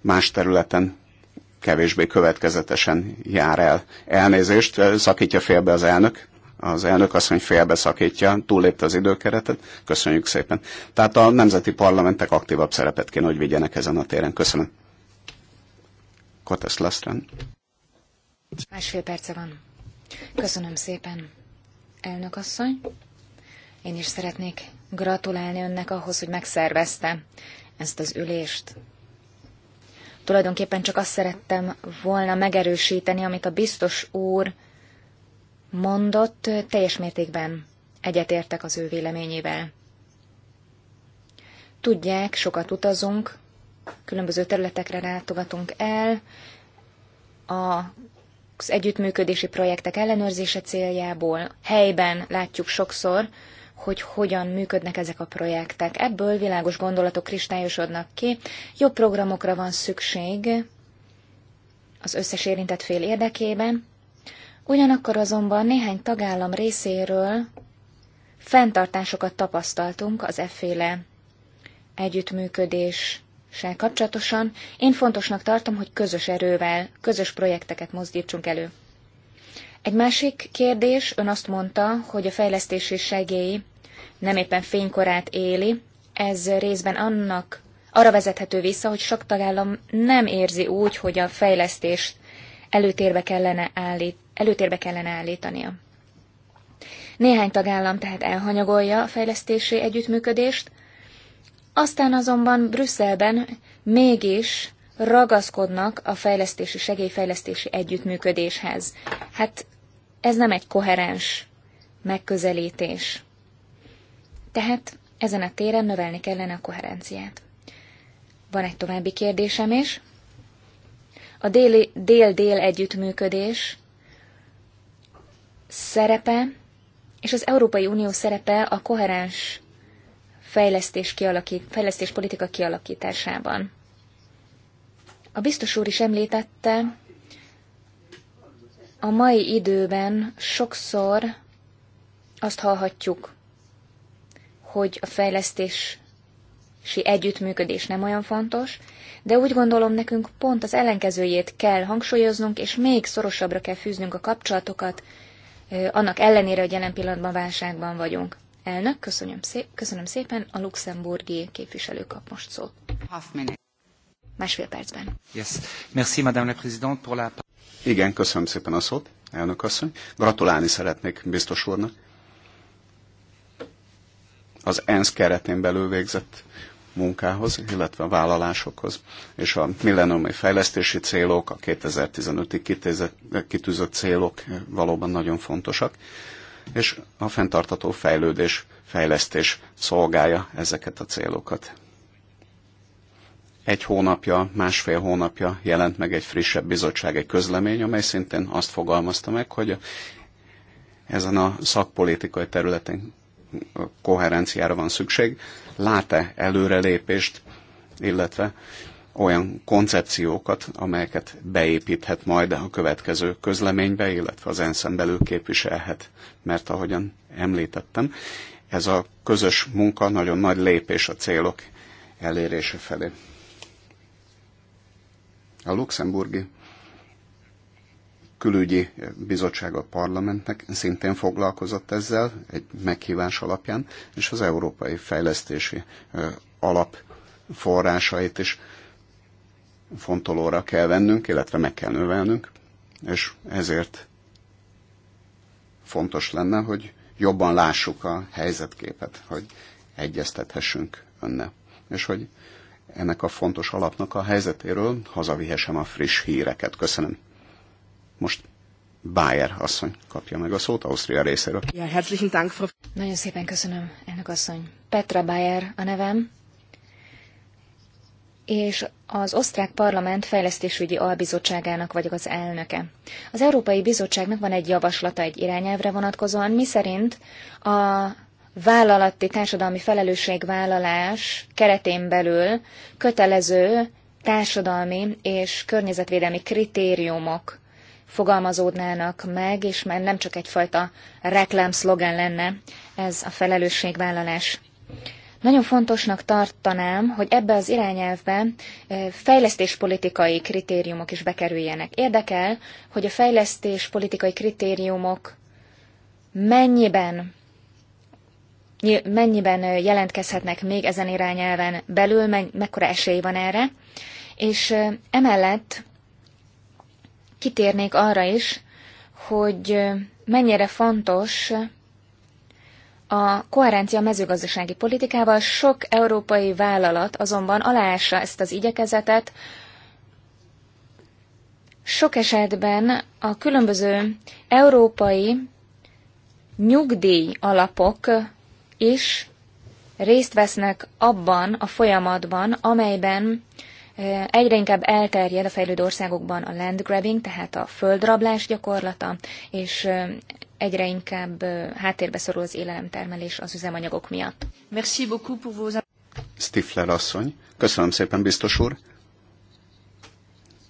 más területen kevésbé következetesen jár el. Elnézést, szakítja félbe az elnök. Az elnök azt mondja, félbe szakítja, túllépte az időkeretet. Köszönjük szépen. Tehát a nemzeti parlamentek aktívabb szerepet kéne, hogy vigyenek ezen a téren. Köszönöm. Kotesz Lasztrán. Másfél perce van. Köszönöm szépen elnök asszony. Én is szeretnék gratulálni önnek ahhoz, hogy megszervezte ezt az ülést. Tulajdonképpen csak azt szerettem volna megerősíteni, amit a biztos úr mondott, teljes mértékben egyetértek az ő véleményével. Tudják, sokat utazunk, különböző területekre látogatunk el, a az együttműködési projektek ellenőrzése céljából helyben látjuk sokszor, hogy hogyan működnek ezek a projektek. Ebből világos gondolatok kristályosodnak ki, jobb programokra van szükség az összes érintett fél érdekében, ugyanakkor azonban néhány tagállam részéről fenntartásokat tapasztaltunk az efféle együttműködés se kapcsolatosan, én fontosnak tartom, hogy közös erővel, közös projekteket mozdítsunk elő. Egy másik kérdés, ön azt mondta, hogy a fejlesztési segély nem éppen fénykorát éli, ez részben annak arra vezethető vissza, hogy sok tagállam nem érzi úgy, hogy a fejlesztést előtérbe kellene, állít, előtérbe kellene állítania. Néhány tagállam tehát elhanyagolja a fejlesztési együttműködést, aztán azonban Brüsszelben mégis ragaszkodnak a fejlesztési segélyfejlesztési együttműködéshez. Hát ez nem egy koherens megközelítés. Tehát ezen a téren növelni kellene a koherenciát. Van egy további kérdésem is. A dél-dél együttműködés szerepe és az Európai Unió szerepe a koherens fejlesztés fejlesztés politika kialakításában. A biztos úr is említette, a mai időben sokszor azt hallhatjuk, hogy a fejlesztési együttműködés nem olyan fontos, de úgy gondolom nekünk pont az ellenkezőjét kell hangsúlyoznunk, és még szorosabbra kell fűznünk a kapcsolatokat, annak ellenére, hogy jelen pillanatban válságban vagyunk. Elnök, köszönöm, szé- köszönöm szépen, a luxemburgi képviselő kap most szót. Másfél percben. Yes. Merci, Madame la Présidente, pour la... Igen, köszönöm szépen a szót, elnök asszony. Gratulálni szeretnék biztos úrnak. Az ENSZ keretén belül végzett munkához, illetve a vállalásokhoz, és a millenniumi fejlesztési célok, a 2015-ig kitűzött célok valóban nagyon fontosak és a fenntartató fejlődés, fejlesztés szolgálja ezeket a célokat. Egy hónapja, másfél hónapja jelent meg egy frissebb bizottság, egy közlemény, amely szintén azt fogalmazta meg, hogy ezen a szakpolitikai területen koherenciára van szükség. Lát-e előrelépést, illetve olyan koncepciókat, amelyeket beépíthet majd a következő közleménybe, illetve az ensz belül képviselhet. Mert ahogyan említettem, ez a közös munka nagyon nagy lépés a célok elérése felé. A luxemburgi külügyi bizottság a parlamentnek szintén foglalkozott ezzel egy meghívás alapján, és az Európai Fejlesztési Alap forrásait is fontolóra kell vennünk, illetve meg kell növelnünk, és ezért fontos lenne, hogy jobban lássuk a helyzetképet, hogy egyeztethessünk önne. És hogy ennek a fontos alapnak a helyzetéről hazavihessem a friss híreket. Köszönöm. Most Bayer asszony kapja meg a szót Ausztria részéről. Ja, herzlichen Dank, Nagyon szépen köszönöm, elnök asszony. Petra Bayer a nevem és az osztrák parlament fejlesztésügyi albizottságának vagyok az elnöke. Az Európai Bizottságnak van egy javaslata egy irányelvre vonatkozóan, miszerint a vállalati társadalmi felelősségvállalás keretén belül kötelező társadalmi és környezetvédelmi kritériumok fogalmazódnának meg, és már nem csak egyfajta reklámszlogen lenne ez a felelősségvállalás. Nagyon fontosnak tartanám, hogy ebbe az irányelvbe fejlesztéspolitikai kritériumok is bekerüljenek. Érdekel, hogy a fejlesztéspolitikai kritériumok mennyiben mennyiben jelentkezhetnek még ezen irányelven belül, mekkora esély van erre, és emellett kitérnék arra is, hogy mennyire fontos a koherencia mezőgazdasági politikával sok európai vállalat azonban aláássa ezt az igyekezetet, sok esetben a különböző európai nyugdíj alapok is részt vesznek abban a folyamatban, amelyben Eh, egyre inkább elterjed a fejlődő országokban a land grabbing, tehát a földrablás gyakorlata, és eh, egyre inkább eh, háttérbe szorul az élelemtermelés az üzemanyagok miatt. Merci beaucoup pour vos... Stifler asszony, köszönöm szépen, biztos úr.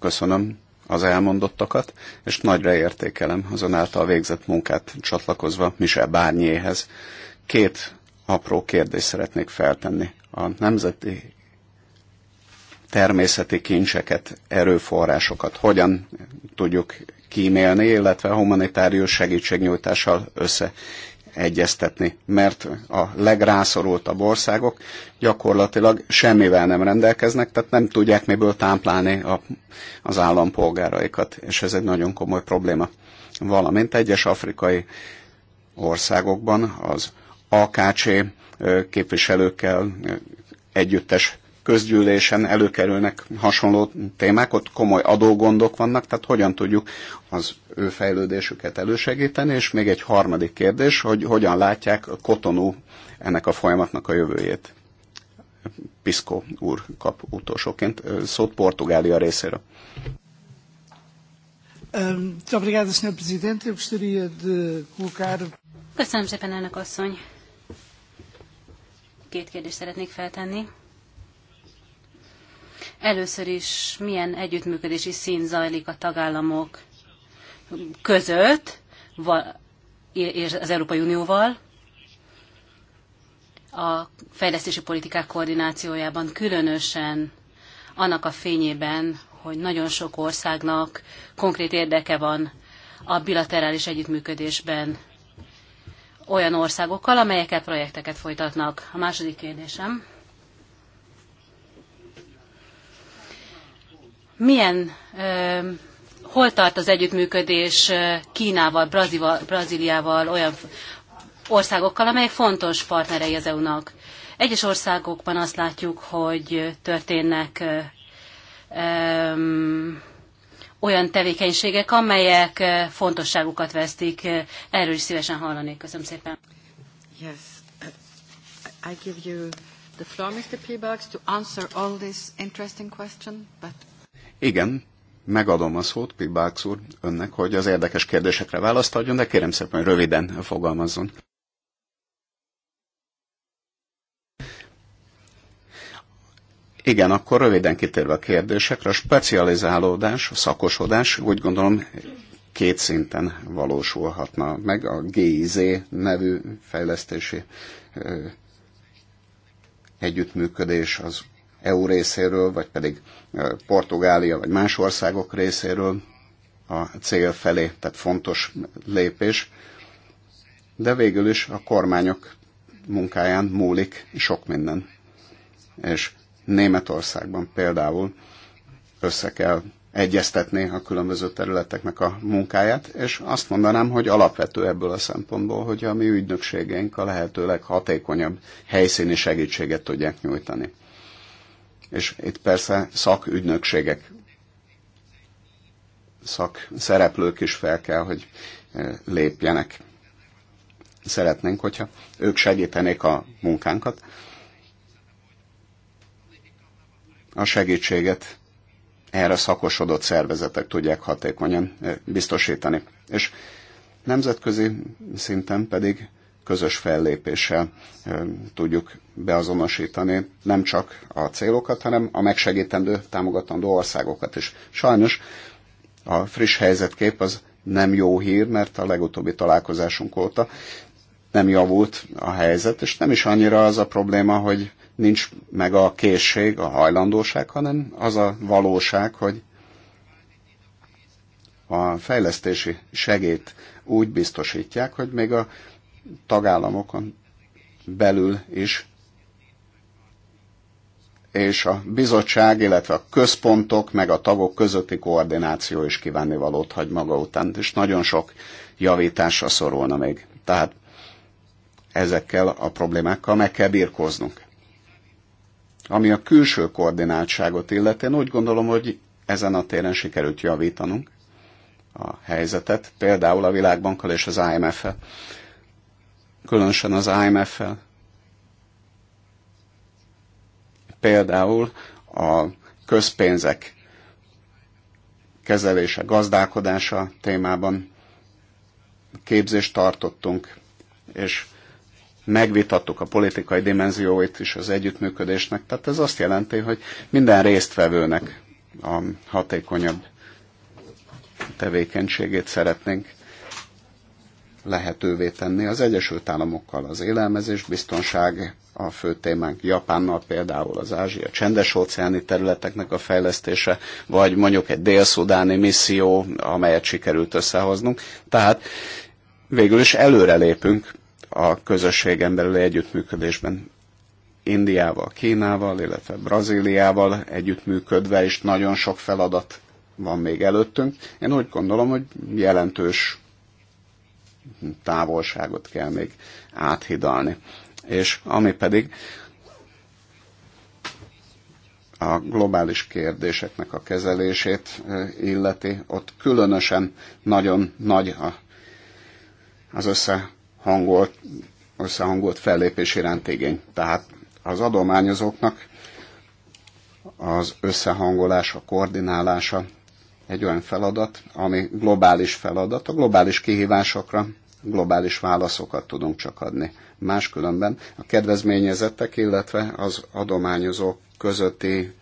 Köszönöm az elmondottakat, és nagyra értékelem azonáltal végzett munkát csatlakozva Michel Bárnyéhez. Két apró kérdést szeretnék feltenni. A Nemzeti természeti kincseket, erőforrásokat hogyan tudjuk kímélni, illetve humanitárius segítségnyújtással összeegyeztetni. Mert a legrászorultabb országok gyakorlatilag semmivel nem rendelkeznek, tehát nem tudják miből táplálni a, az állampolgáraikat, és ez egy nagyon komoly probléma. Valamint egyes afrikai országokban az AKC képviselőkkel együttes közgyűlésen előkerülnek hasonló témák, ott komoly adógondok vannak, tehát hogyan tudjuk az ő fejlődésüket elősegíteni, és még egy harmadik kérdés, hogy hogyan látják a kotonú ennek a folyamatnak a jövőjét. Piszko úr kap utolsóként szót Portugália részéről. Ehm, Köszönöm szépen, elnök asszony. Két kérdést szeretnék feltenni. Először is milyen együttműködési szín zajlik a tagállamok között, és az Európai Unióval, a fejlesztési politikák koordinációjában, különösen annak a fényében, hogy nagyon sok országnak konkrét érdeke van a bilaterális együttműködésben olyan országokkal, amelyekkel projekteket folytatnak. A második kérdésem. milyen, hol tart az együttműködés Kínával, Brazíval, Brazíliával, olyan országokkal, amelyek fontos partnerei az EU-nak. Egyes országokban azt látjuk, hogy történnek olyan tevékenységek, amelyek fontosságukat vesztik. Erről is szívesen hallanék. Köszönöm szépen. Yes. I give you the floor, Mr. Peebles, to answer all these interesting questions, but igen, megadom a szót, Pibáks úr, önnek, hogy az érdekes kérdésekre választ adjon, de kérem szépen röviden fogalmazzon. Igen, akkor röviden kitérve a kérdésekre, a specializálódás, a szakosodás úgy gondolom két szinten valósulhatna meg. A GIZ nevű fejlesztési együttműködés az EU részéről, vagy pedig Portugália, vagy más országok részéről a cél felé, tehát fontos lépés. De végül is a kormányok munkáján múlik sok minden. És Németországban például össze kell egyeztetni a különböző területeknek a munkáját, és azt mondanám, hogy alapvető ebből a szempontból, hogy a mi ügynökségeink a lehető leghatékonyabb helyszíni segítséget tudják nyújtani. És itt persze szakügynökségek, szakszereplők is fel kell, hogy e, lépjenek. Szeretnénk, hogyha ők segítenék a munkánkat. A segítséget erre szakosodott szervezetek tudják hatékonyan e, biztosítani. És nemzetközi szinten pedig közös fellépéssel tudjuk beazonosítani nem csak a célokat, hanem a megsegítendő, támogatandó országokat is. Sajnos a friss helyzetkép az nem jó hír, mert a legutóbbi találkozásunk óta nem javult a helyzet, és nem is annyira az a probléma, hogy nincs meg a készség, a hajlandóság, hanem az a valóság, hogy a fejlesztési segét úgy biztosítják, hogy még a tagállamokon belül is, és a bizottság, illetve a központok, meg a tagok közötti koordináció is kívánni valót hagy maga után, és nagyon sok javításra szorulna még. Tehát ezekkel a problémákkal meg kell birkóznunk. Ami a külső koordináltságot illeti, én úgy gondolom, hogy ezen a téren sikerült javítanunk a helyzetet, például a Világbankkal és az IMF-el különösen az IMF-fel. Például a közpénzek kezelése, gazdálkodása témában képzést tartottunk, és megvitattuk a politikai dimenzióit is az együttműködésnek. Tehát ez azt jelenti, hogy minden résztvevőnek a hatékonyabb tevékenységét szeretnénk lehetővé tenni az Egyesült Államokkal az élelmezés, biztonság a fő témánk, Japánnal például az Ázsia csendes-óceáni területeknek a fejlesztése, vagy mondjuk egy dél-szudáni misszió, amelyet sikerült összehoznunk. Tehát végül is előrelépünk a közösségen belüli együttműködésben. Indiával, Kínával, illetve Brazíliával együttműködve is nagyon sok feladat van még előttünk. Én úgy gondolom, hogy jelentős távolságot kell még áthidalni. És ami pedig a globális kérdéseknek a kezelését illeti, ott különösen nagyon nagy a, az összehangolt, összehangolt fellépés iránt igény. Tehát az adományozóknak az összehangolása, koordinálása egy olyan feladat, ami globális feladat, a globális kihívásokra globális válaszokat tudunk csak adni. Máskülönben a kedvezményezettek, illetve az adományozók közötti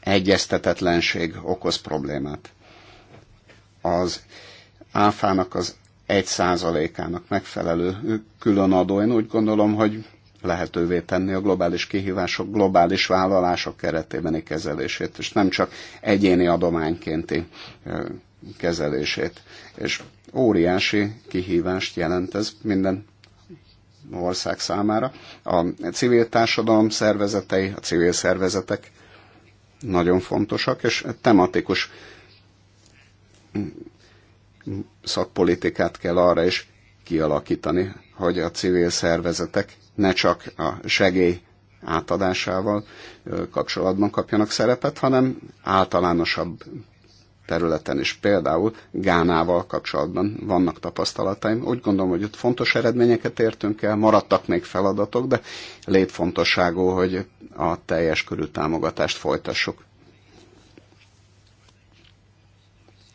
egyeztetetlenség okoz problémát. Az áfának az egy százalékának megfelelő különadó, én úgy gondolom, hogy lehetővé tenni a globális kihívások, globális vállalások keretében kezelését, és nem csak egyéni adománykénti kezelését. És óriási kihívást jelent ez minden ország számára. A civil társadalom szervezetei, a civil szervezetek nagyon fontosak, és tematikus szakpolitikát kell arra is kialakítani, hogy a civil szervezetek ne csak a segély átadásával kapcsolatban kapjanak szerepet, hanem általánosabb területen is. Például Gánával kapcsolatban vannak tapasztalataim. Úgy gondolom, hogy ott fontos eredményeket értünk el, maradtak még feladatok, de létfontosságú, hogy a teljes körű támogatást folytassuk.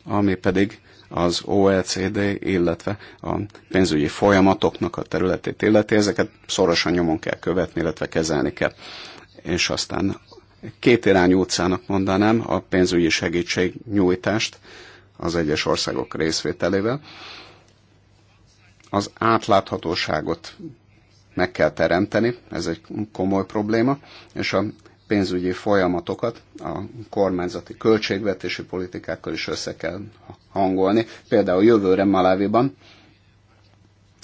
Ami pedig az OECD, illetve a pénzügyi folyamatoknak a területét illeti, ezeket szorosan nyomon kell követni, illetve kezelni kell. És aztán két irányú utcának mondanám a pénzügyi segítség nyújtást az egyes országok részvételével. Az átláthatóságot meg kell teremteni, ez egy komoly probléma, és a pénzügyi folyamatokat a kormányzati költségvetési politikákkal is össze kell hangolni. Például jövőre Maláviban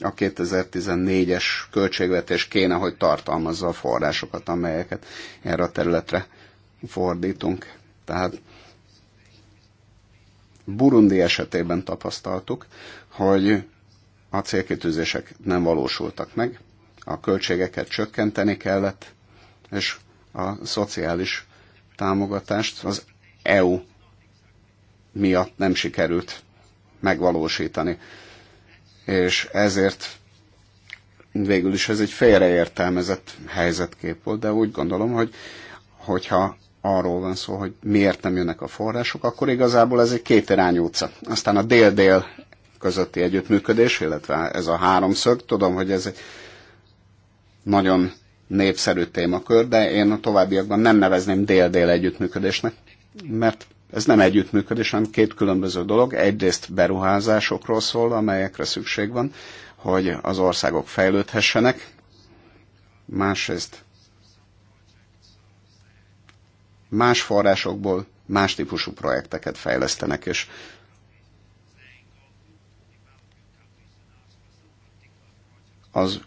a 2014-es költségvetés kéne, hogy tartalmazza a forrásokat, amelyeket erre a területre fordítunk. Tehát Burundi esetében tapasztaltuk, hogy a célkitűzések nem valósultak meg, a költségeket csökkenteni kellett, és a szociális támogatást az EU miatt nem sikerült megvalósítani. És ezért végül is ez egy félreértelmezett helyzetkép volt, de úgy gondolom, hogy hogyha arról van szó, hogy miért nem jönnek a források, akkor igazából ez egy kétirányú utca. Aztán a dél-dél közötti együttműködés, illetve ez a háromszög, tudom, hogy ez egy nagyon népszerű témakör, de én a továbbiakban nem nevezném dél-dél együttműködésnek, mert ez nem együttműködés, hanem két különböző dolog. Egyrészt beruházásokról szól, amelyekre szükség van, hogy az országok fejlődhessenek. Másrészt más forrásokból más típusú projekteket fejlesztenek, és az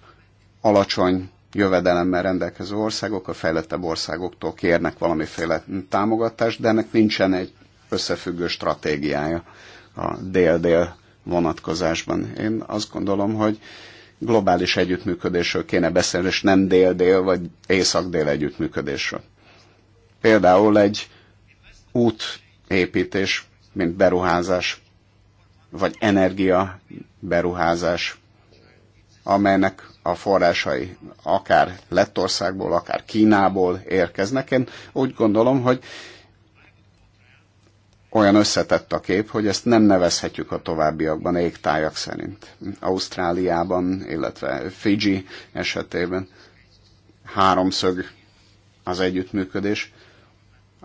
alacsony jövedelemmel rendelkező országok a fejlettebb országoktól kérnek valamiféle támogatást, de ennek nincsen egy összefüggő stratégiája a dél-dél vonatkozásban. Én azt gondolom, hogy globális együttműködésről kéne beszélni, és nem dél-dél vagy észak-dél együttműködésről. Például egy útépítés, mint beruházás, vagy energia beruházás, amelynek a forrásai akár Lettországból, akár Kínából érkeznek. Én úgy gondolom, hogy olyan összetett a kép, hogy ezt nem nevezhetjük a továbbiakban égtájak szerint. Ausztráliában, illetve Fiji esetében háromszög az együttműködés,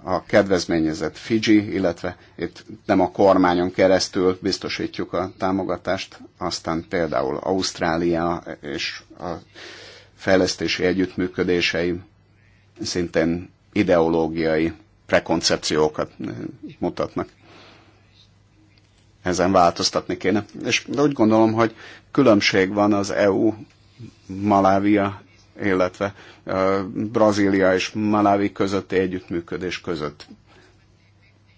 a kedvezményezett Fiji, illetve itt nem a kormányon keresztül biztosítjuk a támogatást, aztán például Ausztrália és a fejlesztési együttműködései szintén ideológiai prekoncepciókat mutatnak. Ezen változtatni kéne. És úgy gondolom, hogy különbség van az EU Malávia illetve Brazília és Malawi közötti együttműködés között.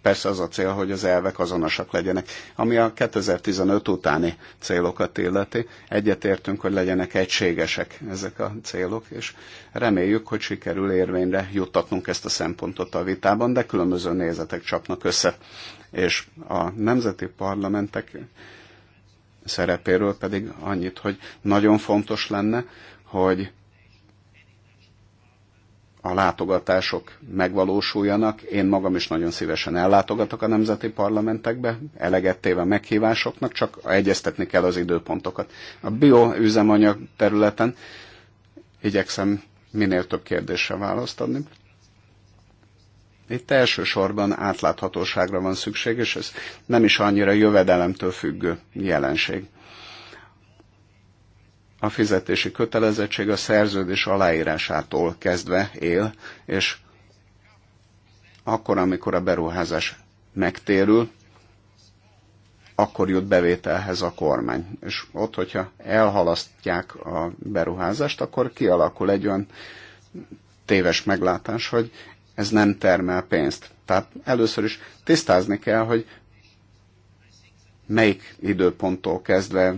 Persze az a cél, hogy az elvek azonosak legyenek. Ami a 2015 utáni célokat illeti, egyetértünk, hogy legyenek egységesek ezek a célok, és reméljük, hogy sikerül érvényre juttatnunk ezt a szempontot a vitában, de különböző nézetek csapnak össze. És a nemzeti parlamentek szerepéről pedig annyit, hogy nagyon fontos lenne, hogy a látogatások megvalósuljanak. Én magam is nagyon szívesen ellátogatok a nemzeti parlamentekbe, eleget téve meghívásoknak, csak egyeztetni kell az időpontokat. A bioüzemanyag területen igyekszem minél több kérdésre választ adni. Itt elsősorban átláthatóságra van szükség, és ez nem is annyira jövedelemtől függő jelenség a fizetési kötelezettség a szerződés aláírásától kezdve él, és akkor, amikor a beruházás megtérül, akkor jut bevételhez a kormány. És ott, hogyha elhalasztják a beruházást, akkor kialakul egy olyan téves meglátás, hogy ez nem termel pénzt. Tehát először is tisztázni kell, hogy melyik időponttól kezdve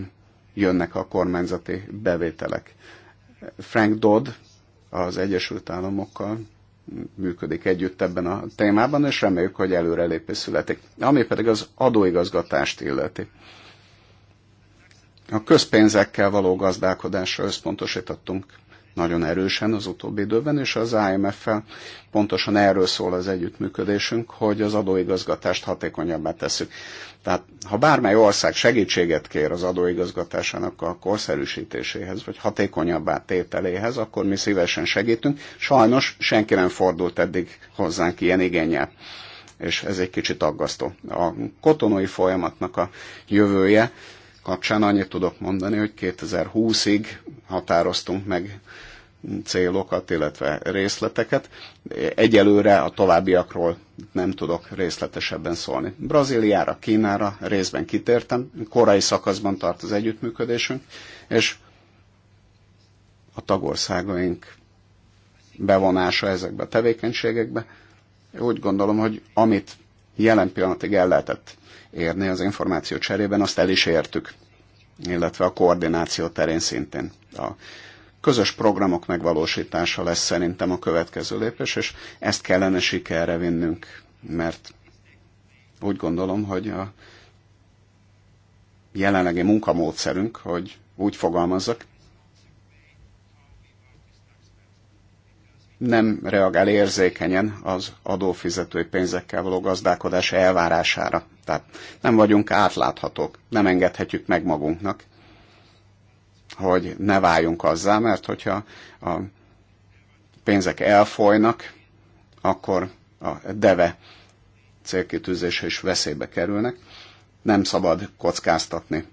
jönnek a kormányzati bevételek. Frank Dodd az Egyesült Államokkal működik együtt ebben a témában, és reméljük, hogy előrelépés születik. Ami pedig az adóigazgatást illeti. A közpénzekkel való gazdálkodásra összpontosítottunk nagyon erősen az utóbbi időben, és az IMF-fel pontosan erről szól az együttműködésünk, hogy az adóigazgatást hatékonyabbá tesszük. Tehát ha bármely ország segítséget kér az adóigazgatásának a korszerűsítéséhez, vagy hatékonyabbá tételéhez, akkor mi szívesen segítünk. Sajnos senki nem fordult eddig hozzánk ilyen igényel és ez egy kicsit aggasztó. A kotonói folyamatnak a jövője kapcsán annyit tudok mondani, hogy 2020-ig határoztunk meg célokat, illetve részleteket. Egyelőre a továbbiakról nem tudok részletesebben szólni. Brazíliára, Kínára részben kitértem, korai szakaszban tart az együttműködésünk, és a tagországaink bevonása ezekbe a tevékenységekbe. Úgy gondolom, hogy amit jelen pillanatig el lehetett érni az információ cserében, azt el is értük, illetve a koordináció terén szintén. A Közös programok megvalósítása lesz szerintem a következő lépés, és ezt kellene sikerre vinnünk, mert úgy gondolom, hogy a jelenlegi munkamódszerünk, hogy úgy fogalmazzak, nem reagál érzékenyen az adófizetői pénzekkel való gazdálkodás elvárására. Tehát nem vagyunk átláthatók, nem engedhetjük meg magunknak, hogy ne váljunk azzá, mert hogyha a pénzek elfolynak, akkor a deve célkitűzése is veszélybe kerülnek. Nem szabad kockáztatni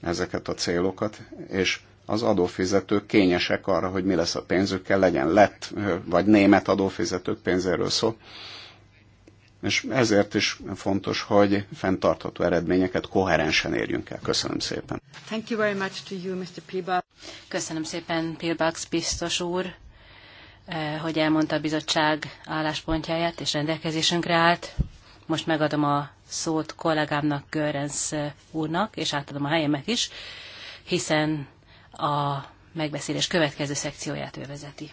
ezeket a célokat, és az adófizetők kényesek arra, hogy mi lesz a pénzükkel, legyen lett vagy német adófizetők pénzéről szó. És ezért is fontos, hogy fenntartható eredményeket koherensen érjünk el. Köszönöm szépen. Thank you very much to you, Mr. Pilbach. Köszönöm szépen, Pilbax biztos úr, eh, hogy elmondta a bizottság álláspontjáját és rendelkezésünkre állt. Most megadom a szót kollégámnak, Görens eh, úrnak, és átadom a helyemet is, hiszen a megbeszélés következő szekcióját ő vezeti.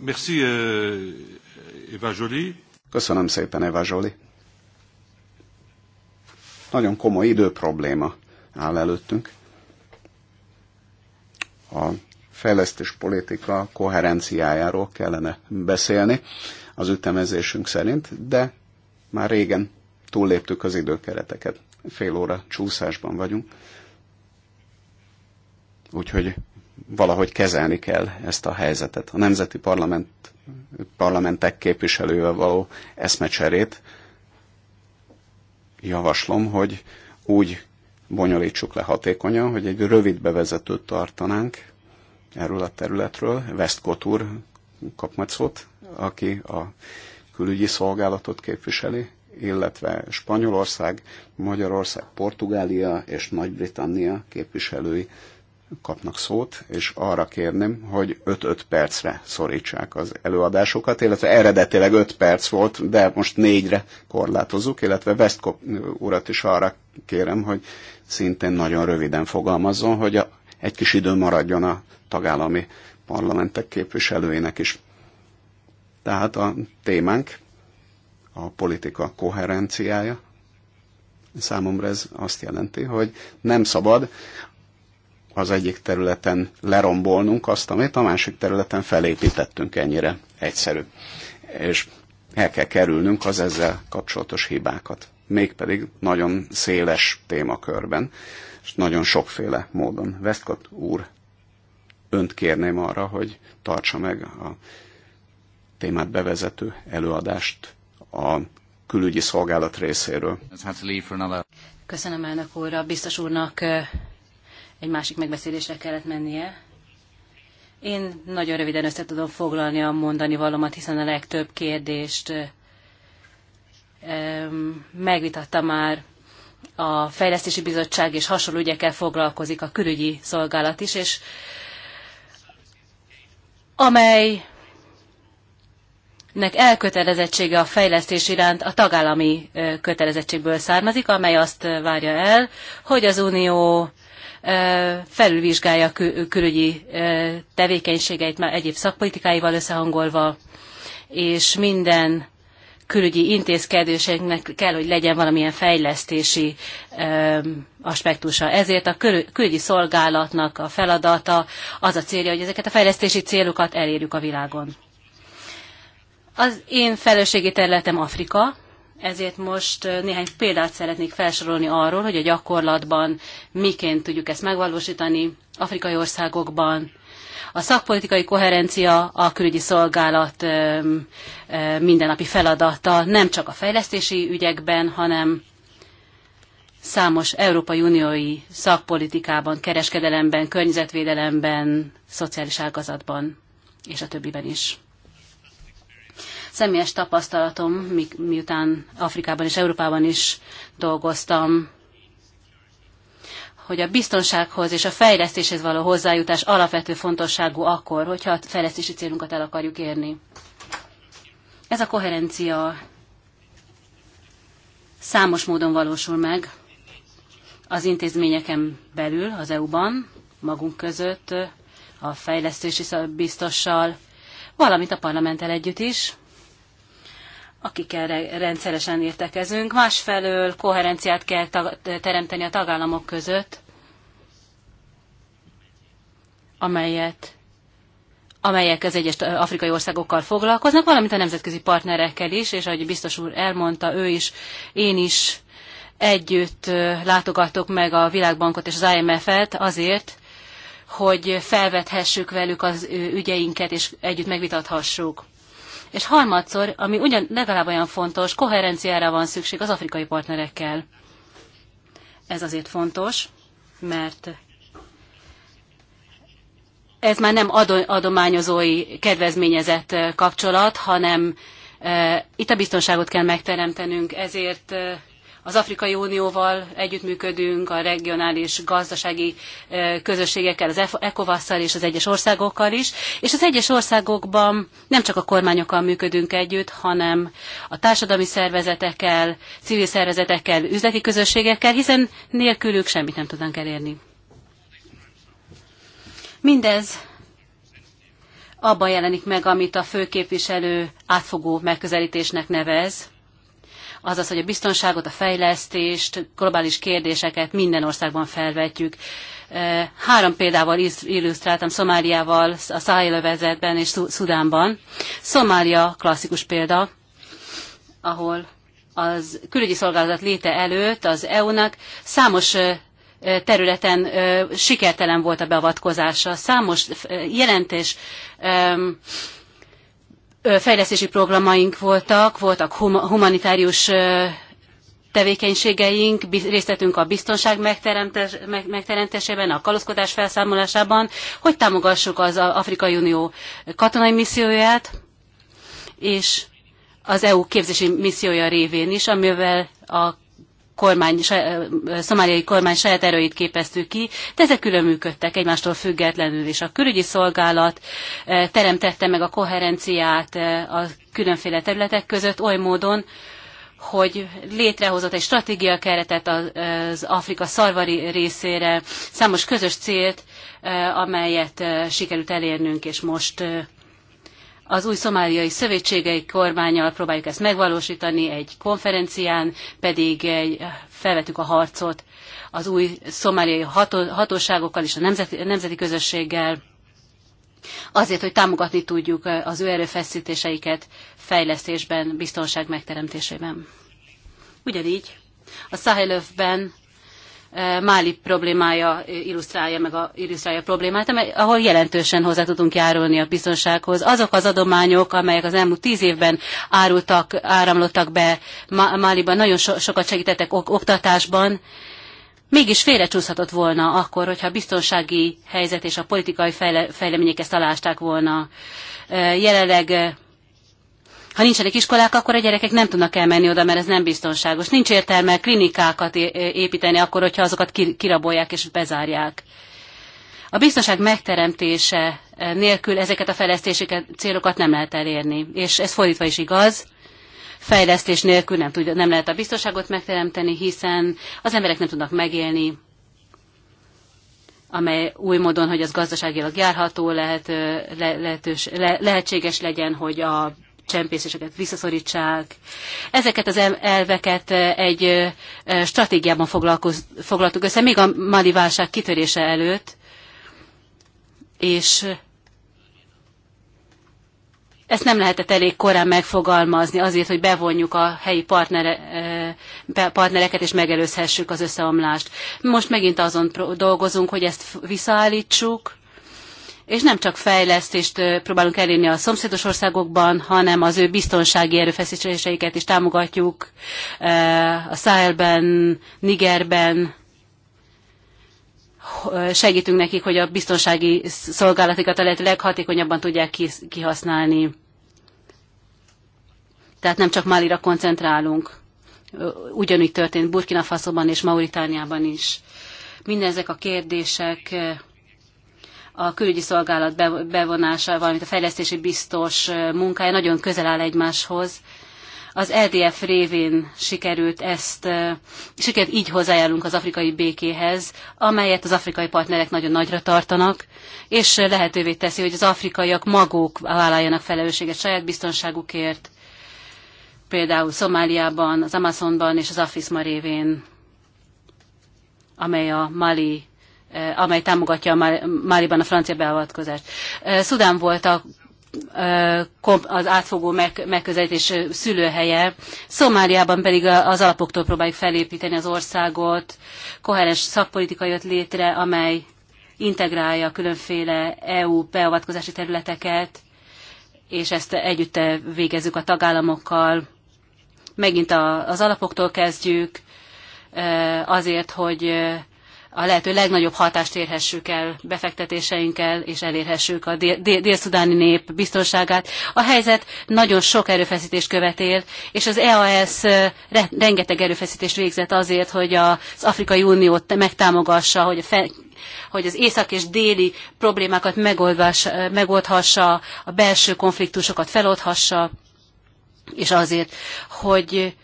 Merci, euh, Eva Jolie. Köszönöm szépen, Eva Jolie. Nagyon komoly időprobléma áll előttünk. A fejlesztés politika koherenciájáról kellene beszélni az ütemezésünk szerint, de már régen túlléptük az időkereteket. Fél óra csúszásban vagyunk. Úgyhogy valahogy kezelni kell ezt a helyzetet. A nemzeti parlament, parlamentek képviselővel való eszmecserét javaslom, hogy úgy bonyolítsuk le hatékonyan, hogy egy rövid bevezetőt tartanánk erről a területről. Westcott úr Kapmacot, aki a külügyi szolgálatot képviseli, illetve Spanyolország, Magyarország, Portugália és Nagy-Britannia képviselői kapnak szót, és arra kérném, hogy 5-5 percre szorítsák az előadásokat, illetve eredetileg 5 perc volt, de most 4-re korlátozzuk, illetve Westkop urat is arra kérem, hogy szintén nagyon röviden fogalmazzon, hogy a, egy kis idő maradjon a tagállami parlamentek képviselőinek is. Tehát a témánk a politika koherenciája. Számomra ez azt jelenti, hogy nem szabad az egyik területen lerombolnunk azt, amit a másik területen felépítettünk ennyire egyszerű. És el kell kerülnünk az ezzel kapcsolatos hibákat. Mégpedig nagyon széles témakörben, és nagyon sokféle módon. Westcott úr, önt kérném arra, hogy tartsa meg a témát bevezető előadást a külügyi szolgálat részéről. Köszönöm elnök úr, a biztos úrnak egy másik megbeszélésre kellett mennie. Én nagyon röviden össze tudom foglalni a mondani valamat, hiszen a legtöbb kérdést megvitatta már a Fejlesztési Bizottság és hasonló ügyekkel foglalkozik a külügyi szolgálat is, és amelynek elkötelezettsége a fejlesztés iránt a tagállami kötelezettségből származik, amely azt várja el, hogy az Unió felülvizsgálja a külügyi tevékenységeit már egyéb szakpolitikáival összehangolva, és minden külügyi intézkedéseknek kell, hogy legyen valamilyen fejlesztési ö, aspektusa. Ezért a külügyi szolgálatnak a feladata az a célja, hogy ezeket a fejlesztési célokat elérjük a világon. Az én felelősségi területem Afrika, ezért most néhány példát szeretnék felsorolni arról, hogy a gyakorlatban miként tudjuk ezt megvalósítani afrikai országokban. A szakpolitikai koherencia a külügyi szolgálat mindennapi feladata nem csak a fejlesztési ügyekben, hanem számos Európai Uniói szakpolitikában, kereskedelemben, környezetvédelemben, szociális ágazatban és a többiben is. Személyes tapasztalatom, mi, miután Afrikában és Európában is dolgoztam, hogy a biztonsághoz és a fejlesztéshez való hozzájutás alapvető fontosságú akkor, hogyha a fejlesztési célunkat el akarjuk érni. Ez a koherencia számos módon valósul meg az intézményeken belül, az EU-ban, magunk között, a fejlesztési biztossal, valamint a parlamenttel együtt is, akikkel rendszeresen értekezünk. Másfelől koherenciát kell teremteni a tagállamok között, amelyet amelyek az egyes afrikai országokkal foglalkoznak, valamint a nemzetközi partnerekkel is, és ahogy biztos úr elmondta, ő is, én is együtt látogatok meg a Világbankot és az IMF-et azért, hogy felvethessük velük az ügyeinket, és együtt megvitathassuk. És harmadszor, ami ugyan legalább olyan fontos, koherenciára van szükség az afrikai partnerekkel. Ez azért fontos, mert ez már nem adományozói kedvezményezett eh, kapcsolat, hanem eh, itt a biztonságot kell megteremtenünk, ezért eh, az Afrikai Unióval együttműködünk, a regionális gazdasági közösségekkel, az ecowas és az egyes országokkal is, és az egyes országokban nem csak a kormányokkal működünk együtt, hanem a társadalmi szervezetekkel, civil szervezetekkel, üzleti közösségekkel, hiszen nélkülük semmit nem tudnánk elérni. Mindez abban jelenik meg, amit a főképviselő átfogó megközelítésnek nevez, azaz, hogy a biztonságot, a fejlesztést, globális kérdéseket minden országban felvetjük. E, három példával illusztráltam Szomáliával, a Szájlövezetben és Szudánban. Szomália klasszikus példa, ahol az külügyi szolgálat léte előtt az EU-nak számos e, e, területen sikertelen volt a beavatkozása. Számos jelentés fejlesztési programaink voltak, voltak humanitárius tevékenységeink, részt vettünk a biztonság megteremtésében, a kalózkodás felszámolásában, hogy támogassuk az Afrikai Unió katonai misszióját, és az EU képzési missziója révén is, amivel a kormány, szomáliai kormány saját erőit képeztük ki, de ezek külön működtek egymástól függetlenül, és a külügyi szolgálat teremtette meg a koherenciát a különféle területek között oly módon, hogy létrehozott egy stratégia keretet az Afrika szarvari részére, számos közös célt, amelyet sikerült elérnünk, és most az új szomáliai szövetségei kormányal próbáljuk ezt megvalósítani, egy konferencián pedig egy, felvetük a harcot az új szomáliai hatóságokkal és a nemzeti, nemzeti közösséggel, azért, hogy támogatni tudjuk eh, az ő erőfeszítéseiket fejlesztésben, biztonság megteremtésében. Ugyanígy a Sahelövben? Máli problémája illusztrálja meg a, illusztrálja a problémát, amely, ahol jelentősen hozzá tudunk járulni a biztonsághoz. Azok az adományok, amelyek az elmúlt tíz évben árultak, áramlottak be Máliban, nagyon so, sokat segítettek ok, oktatásban, mégis félrecsúszhatott volna akkor, hogyha a biztonsági helyzet és a politikai fejle, fejlemények ezt alásták volna. Jelenleg ha nincsenek iskolák, akkor a gyerekek nem tudnak elmenni oda, mert ez nem biztonságos. Nincs értelme klinikákat építeni akkor, hogyha azokat kirabolják és bezárják. A biztonság megteremtése eh, nélkül ezeket a fejlesztési célokat nem lehet elérni. És ez fordítva is igaz. Fejlesztés nélkül nem, tudja, nem lehet a biztonságot megteremteni, hiszen az emberek nem tudnak megélni, amely új módon, hogy az gazdaságilag járható lehet, eh, le, lehetős, le, lehetséges legyen, hogy a csempészéseket visszaszorítsák. Ezeket az elveket eh, egy eh, stratégiában foglaltuk össze, még a mali válság kitörése előtt, és ezt nem lehetett elég korán megfogalmazni azért, hogy bevonjuk a helyi partnere, eh, partnereket, és megelőzhessük az összeomlást. Most megint azon dolgozunk, hogy ezt visszaállítsuk, és nem csak fejlesztést próbálunk elérni a szomszédos országokban, hanem az ő biztonsági erőfeszítéseiket is támogatjuk a Száhelben, Nigerben, segítünk nekik, hogy a biztonsági szolgálatikat a lehető leghatékonyabban tudják kihasználni. Tehát nem csak Málira koncentrálunk. Ugyanúgy történt Burkina Faszoban és Mauritániában is. Mindezek a kérdések a külügyi szolgálat bevonása, valamint a fejlesztési biztos munkája nagyon közel áll egymáshoz. Az LDF e révén sikerült ezt, sikerült így hozzájárulunk az afrikai békéhez, amelyet az afrikai partnerek nagyon nagyra tartanak, és lehetővé teszi, hogy az afrikaiak maguk vállaljanak felelősséget saját biztonságukért, például Szomáliában, az Amazonban és az Afisma révén, amely a Mali amely támogatja a Máliban a francia beavatkozást. Szudán volt a az átfogó meg, megközelítés szülőhelye. Szomáliában pedig az alapoktól próbáljuk felépíteni az országot. Koherens szakpolitika jött létre, amely integrálja különféle EU beavatkozási területeket, és ezt együtt végezzük a tagállamokkal. Megint az alapoktól kezdjük, azért, hogy a lehető legnagyobb hatást érhessük el befektetéseinkkel, és elérhessük a dél-szudáni nép biztonságát. A helyzet nagyon sok erőfeszítést követél, és az EAS rengeteg erőfeszítést végzett azért, hogy az Afrikai Uniót megtámogassa, hogy a hogy az észak és déli problémákat megoldás, megoldhassa, a belső konfliktusokat feloldhassa, és azért, hogy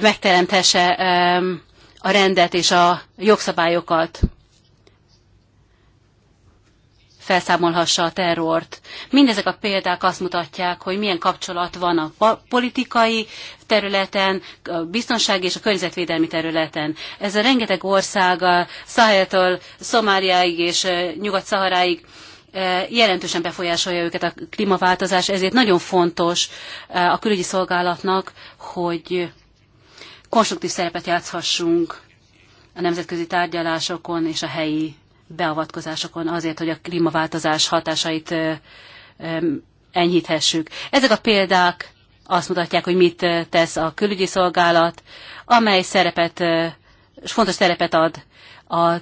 megteremthesse a rendet és a jogszabályokat felszámolhassa a terrort. Mindezek a példák azt mutatják, hogy milyen kapcsolat van a politikai területen, a biztonsági és a környezetvédelmi területen. Ez a rengeteg ország, a Szahelytől, Szomáliáig és Nyugat-Szaharáig jelentősen befolyásolja őket a klímaváltozás, ezért nagyon fontos a külügyi szolgálatnak, hogy konstruktív szerepet játszhassunk a nemzetközi tárgyalásokon és a helyi beavatkozásokon azért, hogy a klímaváltozás hatásait enyhíthessük. Ezek a példák azt mutatják, hogy mit tesz a külügyi szolgálat, amely szerepet, és fontos szerepet ad a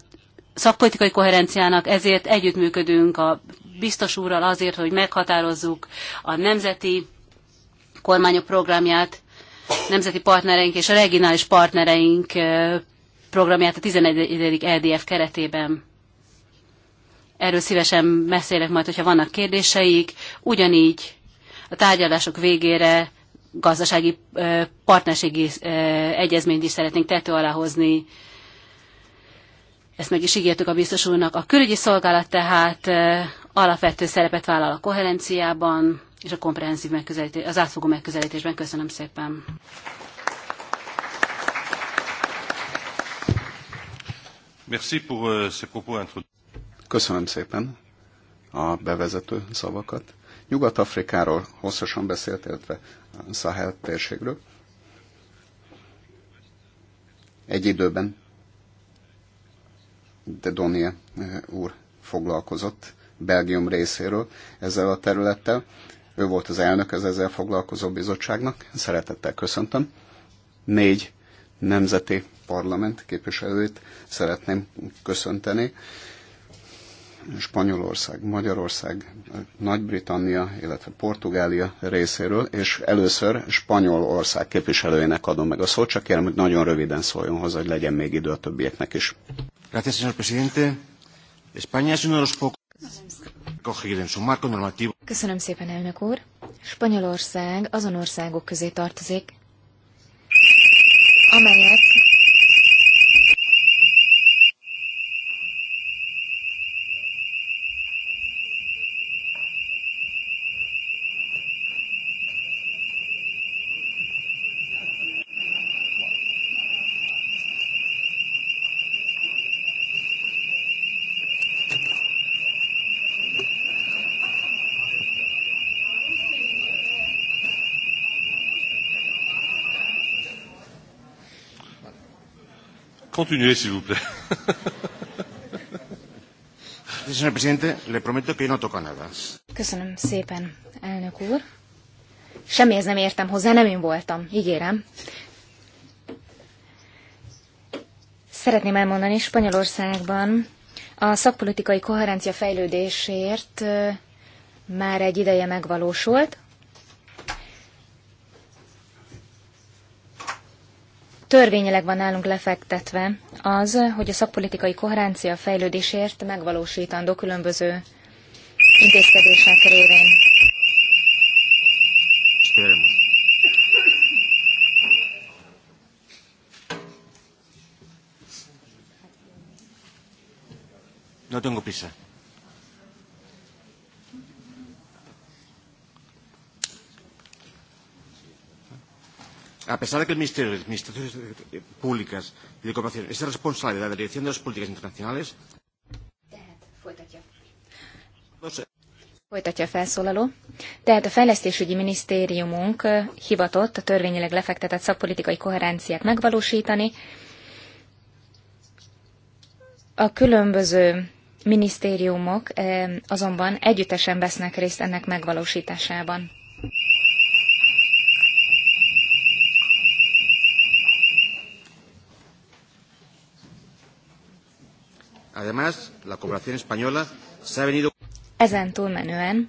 szakpolitikai koherenciának, ezért együttműködünk a biztos úrral azért, hogy meghatározzuk a nemzeti kormányok programját, nemzeti partnereink és a regionális partnereink programját a 11. EDF keretében. Erről szívesen beszélek majd, hogyha vannak kérdéseik. Ugyanígy a tárgyalások végére gazdasági partnerségi egyezményt is szeretnénk tető alá hozni. Ezt meg is ígértük a biztos úrnak. A külügyi szolgálat tehát alapvető szerepet vállal a koherenciában, és a komprehenzív megközelítés, az átfogó megközelítésben. Köszönöm szépen. Euh, köszönöm szépen a bevezető szavakat. Nyugat-Afrikáról hosszasan beszélt, illetve Szahel térségről. Egy időben de Donia euh, úr foglalkozott Belgium részéről ezzel a területtel, ő volt az elnök az ezzel foglalkozó bizottságnak. Szeretettel köszöntöm. Négy nemzeti parlament képviselőit szeretném köszönteni. Spanyolország, Magyarország, Nagy-Britannia, illetve Portugália részéről, és először Spanyolország képviselőjének adom meg a szót, csak kérem, hogy nagyon röviden szóljon hozzá, hogy legyen még idő a többieknek is. Gracias, señor presidente. España es uno de los Köszönöm szépen, elnök úr. Spanyolország azon országok közé tartozik, amelyek continuez, s'il vous plaît. Señor presidente, le prometo que no toco nada. Köszönöm szépen, elnök úr. Semmihez nem értem hozzá, nem én voltam, ígérem. Szeretném elmondani, Spanyolországban a szakpolitikai koherencia fejlődésért már egy ideje megvalósult, törvényileg van nálunk lefektetve az, hogy a szakpolitikai koherencia fejlődésért megvalósítandó különböző intézkedések révén. Esperemos. No tengo prisa. a pesar de que el Ministerio, las Administraciones Públicas y de Cooperación es responsable de la dirección de las políticas internacionales, Folytatja a felszólaló. Tehát a Fejlesztésügyi Minisztériumunk hivatott a törvényileg lefektetett szakpolitikai koherenciát megvalósítani. A különböző minisztériumok eh, azonban együttesen vesznek részt ennek megvalósításában. Además, la cooperación española se ha venido... Ezen túlmenően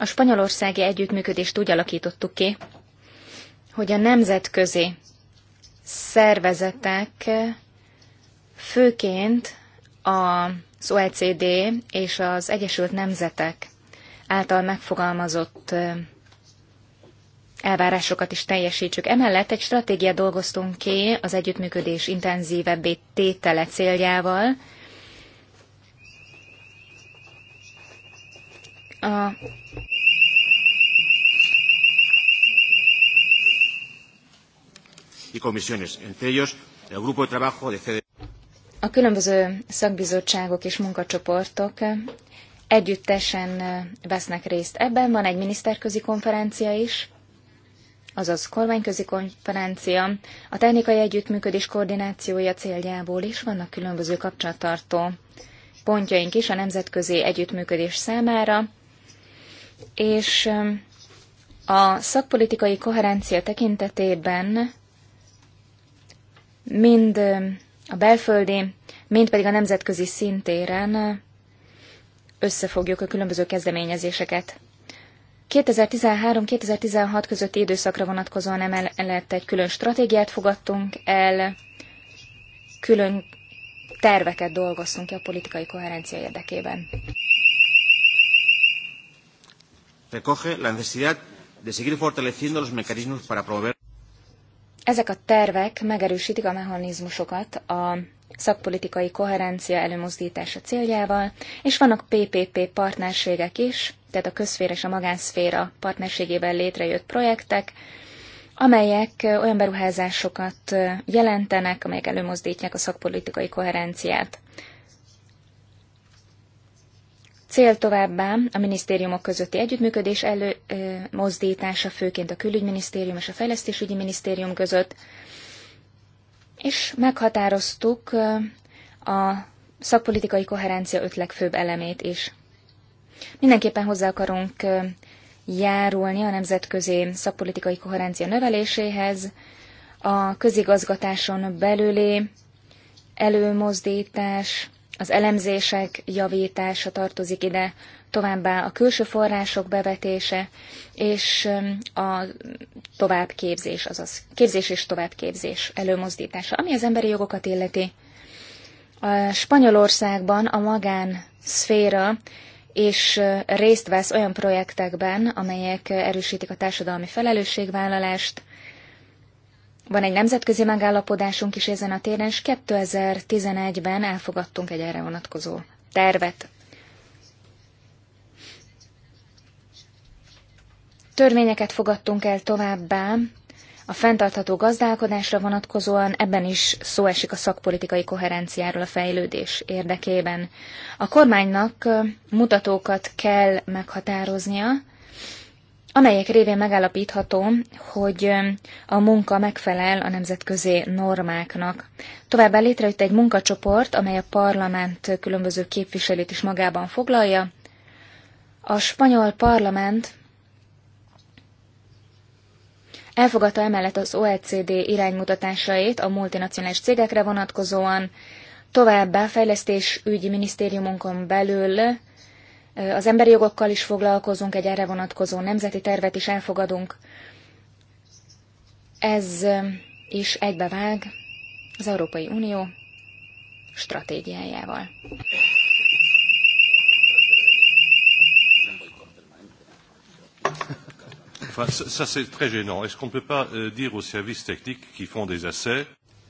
a spanyolországi együttműködést úgy alakítottuk ki, hogy a nemzetközi szervezetek főként az OECD és az Egyesült Nemzetek által megfogalmazott elvárásokat is teljesítsük. Emellett egy stratégiát dolgoztunk ki az együttműködés intenzívebbé tétele céljával. A A különböző szakbizottságok és munkacsoportok együttesen vesznek részt ebben. Van egy miniszterközi konferencia is, azaz kormányközi konferencia, a technikai együttműködés koordinációja céljából is vannak különböző kapcsolattartó pontjaink is a nemzetközi együttműködés számára, és um, a szakpolitikai koherencia tekintetében mind um, a belföldi, mind pedig a nemzetközi szintéren uh, összefogjuk a különböző kezdeményezéseket. 2013-2016 közötti időszakra vonatkozóan emellett egy külön stratégiát fogadtunk el, külön terveket dolgoztunk ki a politikai koherencia érdekében. Recoge la necesidad de seguir fortaleciendo los mecanismos para promover ezek a tervek megerősítik a mechanizmusokat a szakpolitikai koherencia előmozdítása céljával, és vannak PPP partnerségek is, tehát a közszféra és a magánszféra partnerségében létrejött projektek, amelyek olyan beruházásokat jelentenek, amelyek előmozdítják a szakpolitikai koherenciát. Cél továbbá a minisztériumok közötti együttműködés előmozdítása, főként a külügyminisztérium és a fejlesztésügyi minisztérium között, és meghatároztuk a szakpolitikai koherencia öt legfőbb elemét is. Mindenképpen hozzá akarunk járulni a nemzetközi szakpolitikai koherencia növeléséhez, a közigazgatáson belüli előmozdítás, az elemzések javítása tartozik ide, továbbá a külső források bevetése, és um, a továbbképzés, azaz képzés és továbbképzés előmozdítása, ami az emberi jogokat illeti. A Spanyolországban a magán szféra és uh, részt vesz olyan projektekben, amelyek erősítik a társadalmi felelősségvállalást, van egy nemzetközi megállapodásunk is ezen a téren, és 2011-ben elfogadtunk egy erre vonatkozó tervet. Törvényeket fogadtunk el továbbá a fenntartható gazdálkodásra vonatkozóan, ebben is szó esik a szakpolitikai koherenciáról a fejlődés érdekében. A kormánynak mutatókat kell meghatároznia, amelyek révén megállapítható, hogy a munka megfelel a nemzetközi normáknak. Továbbá létrejött egy munkacsoport, amely a parlament különböző képviselőt is magában foglalja. A spanyol parlament elfogadta emellett az OECD iránymutatásait a multinacionális cégekre vonatkozóan, továbbá fejlesztés ügyi minisztériumunkon belül az emberi jogokkal is foglalkozunk, egy erre vonatkozó nemzeti tervet is elfogadunk. Ez um, is egybevág az Európai Unió stratégiájával. ça, ça c'est très gênant. Est-ce qu'on ne peut pas euh, dire aux services techniques qui font des essais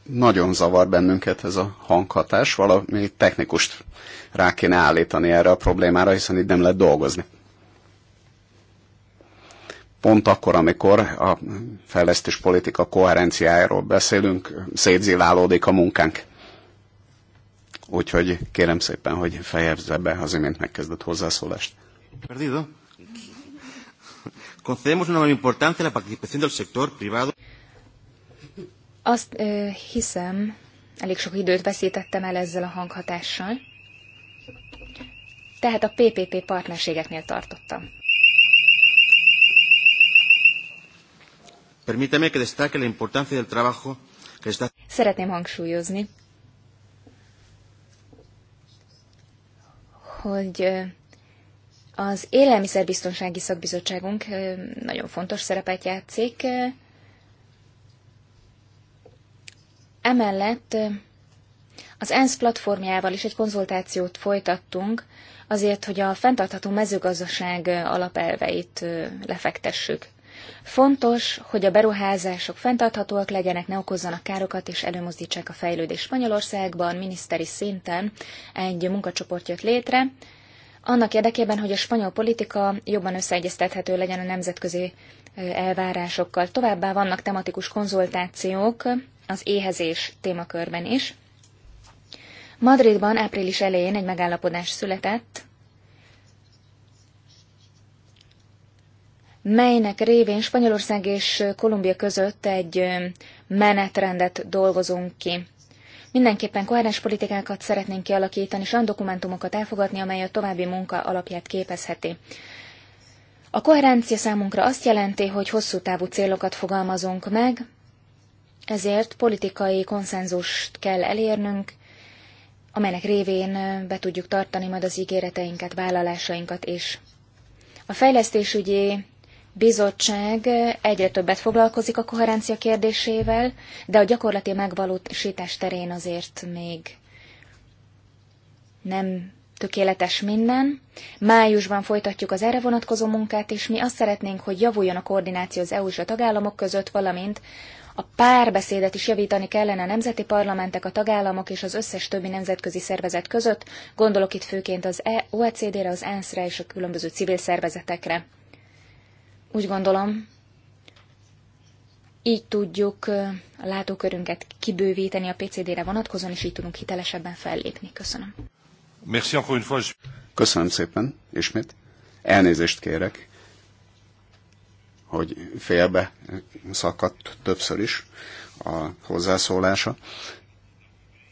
nagyon zavar bennünket ez a hanghatás, valami technikust rá kéne állítani erre a problémára, hiszen itt nem lehet dolgozni. Pont akkor, amikor a fejlesztés politika koherenciájáról beszélünk, szétzilálódik a munkánk. Úgyhogy kérem szépen, hogy fejezze be az imént megkezdett hozzászólást. Perdido. Concedemos una gran importancia a la participación del sector privado. Azt ö, hiszem, elég sok időt veszítettem el ezzel a hanghatással. Tehát a PPP partnerségeknél tartottam. Permíteme que destaque la importancia del trabajo que está... Szeretném hangsúlyozni, hogy az Élelmiszerbiztonsági Szakbizottságunk nagyon fontos szerepet játszik, Emellett az ENSZ platformjával is egy konzultációt folytattunk, azért, hogy a fenntartható mezőgazdaság alapelveit lefektessük. Fontos, hogy a beruházások fenntarthatóak legyenek, ne okozzanak károkat, és előmozdítsák a fejlődést Spanyolországban, miniszteri szinten egy munkacsoport jött létre, annak érdekében, hogy a spanyol politika jobban összeegyeztethető legyen a nemzetközi elvárásokkal. Továbbá vannak tematikus konzultációk az éhezés témakörben is. Madridban április elején egy megállapodás született, melynek révén Spanyolország és Kolumbia között egy menetrendet dolgozunk ki. Mindenképpen koherens politikákat szeretnénk kialakítani, és olyan dokumentumokat elfogadni, amely a további munka alapját képezheti. A koherencia számunkra azt jelenti, hogy hosszú távú célokat fogalmazunk meg, ezért politikai konszenzust kell elérnünk, amelynek révén be tudjuk tartani majd az ígéreteinket, vállalásainkat is. A fejlesztésügyi bizottság egyre többet foglalkozik a koherencia kérdésével, de a gyakorlati megvalósítás terén azért még nem tökéletes minden. Májusban folytatjuk az erre vonatkozó munkát, és mi azt szeretnénk, hogy javuljon a koordináció az EU és a tagállamok között, valamint a párbeszédet is javítani kellene a nemzeti parlamentek, a tagállamok és az összes többi nemzetközi szervezet között, gondolok itt főként az e- OECD-re, az ENSZ-re és a különböző civil szervezetekre. Úgy gondolom, így tudjuk a látókörünket kibővíteni a PCD-re vonatkozóan, és így tudunk hitelesebben fellépni. Köszönöm. Köszönöm szépen, ismét. Elnézést kérek hogy félbe szakadt többször is a hozzászólása,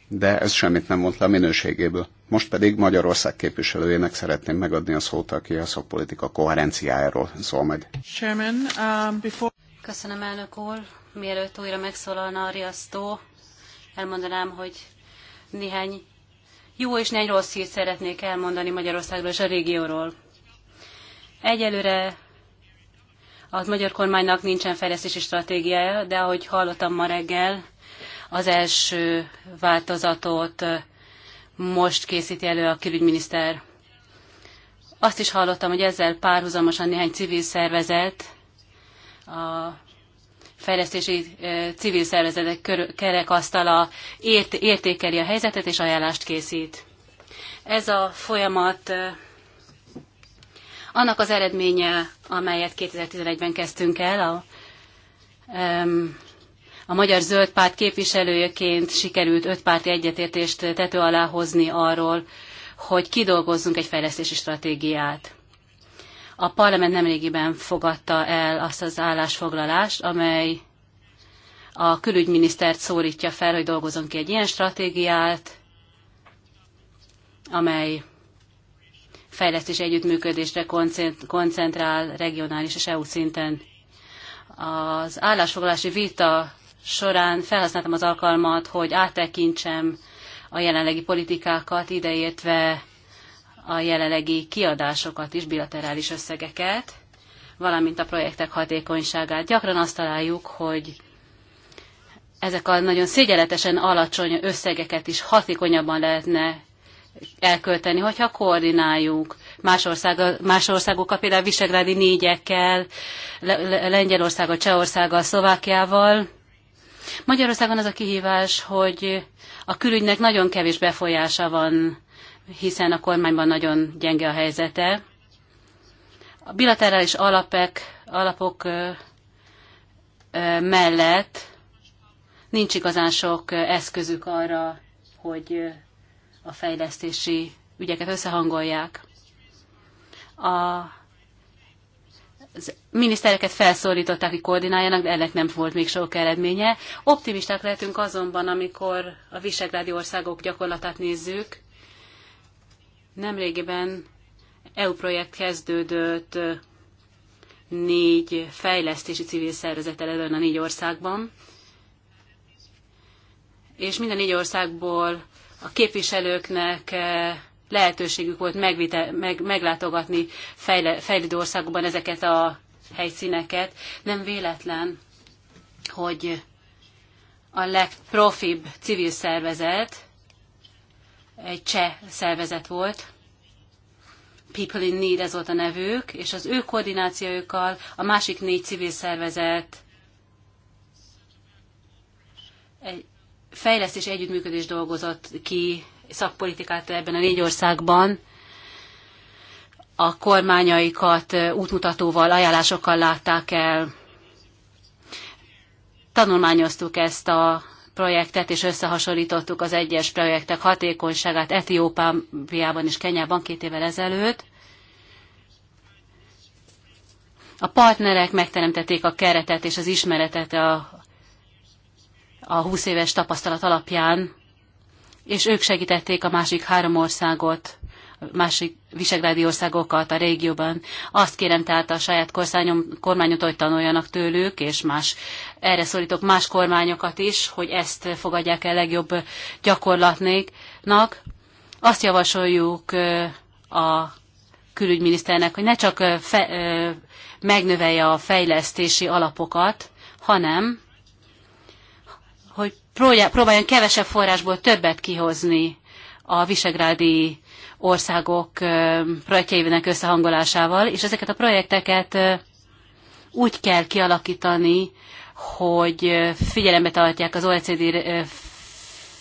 de ez semmit nem mondta a minőségéből. Most pedig Magyarország képviselőjének szeretném megadni a szót, aki a szakpolitika koherenciájáról szól majd. Chairman, um, before... Köszönöm, elnök úr. Mielőtt újra megszólalna a riasztó, elmondanám, hogy néhány jó és néhány rossz hírt szeretnék elmondani Magyarországról és a régióról. Egyelőre a magyar kormánynak nincsen fejlesztési stratégiája, de ahogy hallottam ma reggel, az első változatot most készíti elő a külügyminiszter. Azt is hallottam, hogy ezzel párhuzamosan néhány civil szervezet, a fejlesztési civil szervezetek kerekasztala ért, értékeli a helyzetet és ajánlást készít. Ez a folyamat annak az eredménye, amelyet 2011-ben kezdtünk el, a, a Magyar Zöld Párt képviselőjeként sikerült öt párti egyetértést tető alá hozni arról, hogy kidolgozzunk egy fejlesztési stratégiát. A parlament nemrégiben fogadta el azt az állásfoglalást, amely a külügyminisztert szólítja fel, hogy dolgozzon ki egy ilyen stratégiát, amely fejlesztés együttműködésre koncentrál regionális és EU szinten. Az állásfoglalási vita során felhasználtam az alkalmat, hogy áttekintsem a jelenlegi politikákat, ideértve a jelenlegi kiadásokat is, bilaterális összegeket, valamint a projektek hatékonyságát. Gyakran azt találjuk, hogy ezek a nagyon szégyenletesen alacsony összegeket is hatékonyabban lehetne elkölteni, hogyha koordináljuk más, ország, más országokkal, például Visegrádi négyekkel, Lengyelországgal, Csehországgal, Szlovákiával. Magyarországon az a kihívás, hogy a külügynek nagyon kevés befolyása van, hiszen a kormányban nagyon gyenge a helyzete. A bilaterális alapek, alapok mellett nincs igazán sok eszközük arra, hogy a fejlesztési ügyeket összehangolják. A minisztereket felszólították, hogy koordináljanak, de ennek nem volt még sok eredménye. Optimisták lehetünk azonban, amikor a visegrádi országok gyakorlatát nézzük. Nemrégiben EU projekt kezdődött négy fejlesztési civil szervezettel előn a négy országban, és minden négy országból a képviselőknek eh, lehetőségük volt megvite, meg, meglátogatni fejle, fejlődő országokban ezeket a helyszíneket. Nem véletlen, hogy a legprofibb civil szervezet egy cseh szervezet volt, People in Need ez volt a nevük, és az ő koordinációjukkal a másik négy civil szervezet egy fejlesztés együttműködés dolgozott ki szakpolitikát ebben a négy országban, a kormányaikat útmutatóval, ajánlásokkal látták el. Tanulmányoztuk ezt a projektet, és összehasonlítottuk az egyes projektek hatékonyságát Etiópiában és Kenyában két évvel ezelőtt. A partnerek megteremtették a keretet és az ismeretet a a 20 éves tapasztalat alapján, és ők segítették a másik három országot, a másik visegrádi országokat a régióban. Azt kérem tehát a saját kormányot, hogy tanuljanak tőlük, és más, erre szólítok más kormányokat is, hogy ezt fogadják el legjobb gyakorlatnak. Azt javasoljuk a külügyminiszternek, hogy ne csak fe, megnövelje a fejlesztési alapokat, hanem hogy próbáljon kevesebb forrásból többet kihozni a visegrádi országok projektjeinek összehangolásával, és ezeket a projekteket úgy kell kialakítani, hogy figyelembe tartják az OECD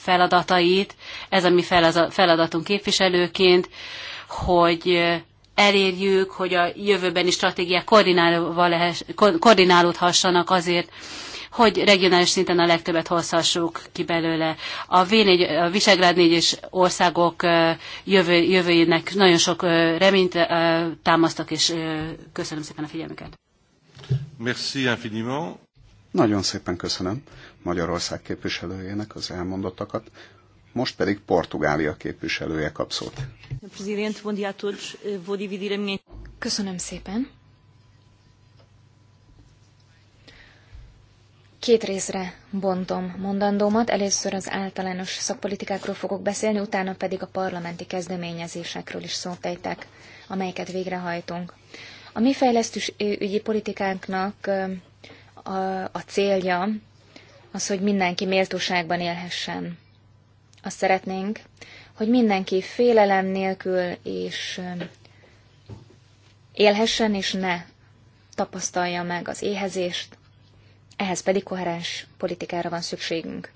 feladatait, ez a mi feladatunk képviselőként, hogy elérjük, hogy a jövőbeni stratégiák koordinálódhassanak azért, hogy regionális szinten a legtöbbet hozhassuk ki belőle. A, V4, a Visegrád 4 és országok jövő, jövőjének nagyon sok reményt támasztak, és köszönöm szépen a figyelmüket. Merci infiniment. Nagyon szépen köszönöm Magyarország képviselőjének az elmondottakat. Most pedig Portugália képviselője kap szót. Köszönöm szépen. Két részre bontom mondandómat. Először az általános szakpolitikákról fogok beszélni, utána pedig a parlamenti kezdeményezésekről is szótejtek, amelyeket végrehajtunk. A mi ügyi politikánknak a célja az, hogy mindenki méltóságban élhessen. Azt szeretnénk, hogy mindenki félelem nélkül és élhessen, és ne tapasztalja meg az éhezést, ehhez pedig koherens politikára van szükségünk.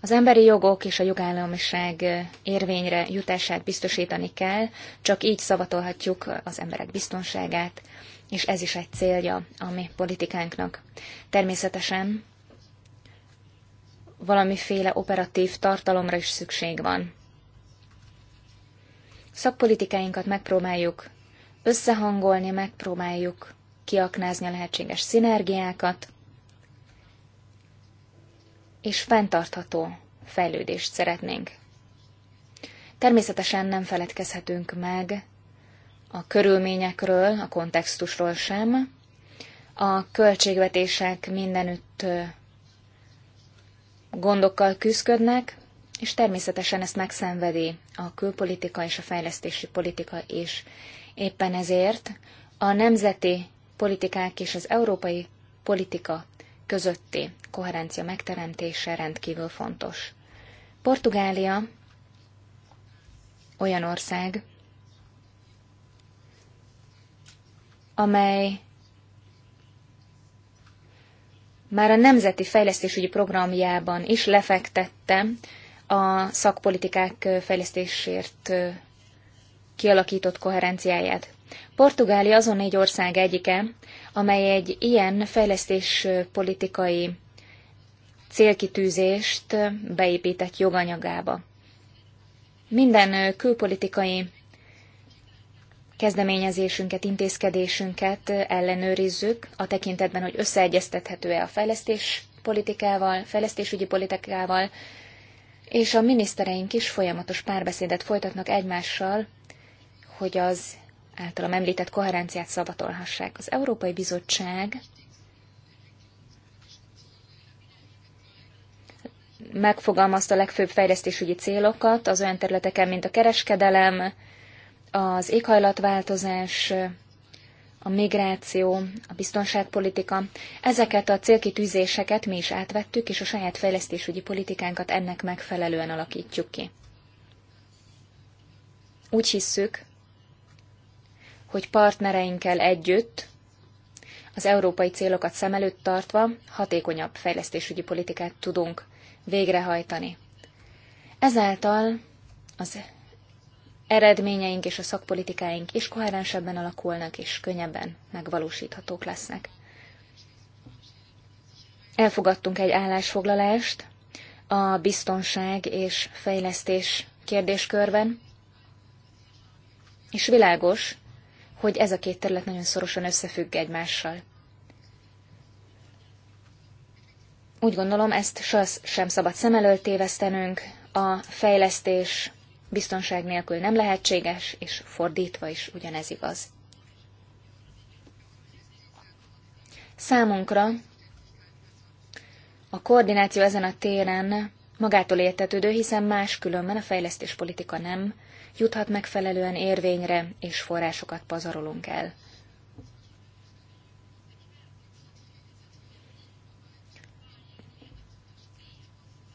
Az emberi jogok és a jogállamiság érvényre jutását biztosítani kell, csak így szavatolhatjuk az emberek biztonságát, és ez is egy célja a mi politikánknak. Természetesen valamiféle operatív tartalomra is szükség van. Szakpolitikáinkat megpróbáljuk összehangolni, megpróbáljuk kiaknázni a lehetséges szinergiákat, és fenntartható fejlődést szeretnénk. Természetesen nem feledkezhetünk meg a körülményekről, a kontextusról sem. A költségvetések mindenütt gondokkal küzdködnek, és természetesen ezt megszenvedi a külpolitika és a fejlesztési politika is. Éppen ezért a nemzeti politikák és az európai politika közötti koherencia megteremtése rendkívül fontos. Portugália olyan ország, amely már a Nemzeti Fejlesztésügyi Programjában is lefektette a szakpolitikák fejlesztésért kialakított koherenciáját. Portugália azon négy ország egyike, amely egy ilyen fejlesztéspolitikai célkitűzést beépített joganyagába. Minden külpolitikai kezdeményezésünket, intézkedésünket ellenőrizzük a tekintetben, hogy összeegyeztethető-e a fejlesztés politikával, fejlesztésügyi politikával, és a minisztereink is folyamatos párbeszédet folytatnak egymással, hogy az általam említett koherenciát szavatolhassák. Az Európai Bizottság megfogalmazta a legfőbb fejlesztésügyi célokat az olyan területeken, mint a kereskedelem, az éghajlatváltozás, a migráció, a biztonságpolitika. Ezeket a célkitűzéseket mi is átvettük, és a saját fejlesztésügyi politikánkat ennek megfelelően alakítjuk ki. Úgy hisszük, hogy partnereinkkel együtt, az európai célokat szem előtt tartva hatékonyabb fejlesztésügyi politikát tudunk végrehajtani. Ezáltal az eredményeink és a szakpolitikáink is koherensebben alakulnak és könnyebben megvalósíthatók lesznek. Elfogadtunk egy állásfoglalást a biztonság és fejlesztés kérdéskörben, és világos, hogy ez a két terület nagyon szorosan összefügg egymással. Úgy gondolom, ezt sem szabad szem elől tévesztenünk, a fejlesztés biztonság nélkül nem lehetséges, és fordítva is ugyanez igaz. Számunkra a koordináció ezen a téren magától értetődő, hiszen más különben a fejlesztéspolitika nem juthat megfelelően érvényre, és forrásokat pazarolunk el.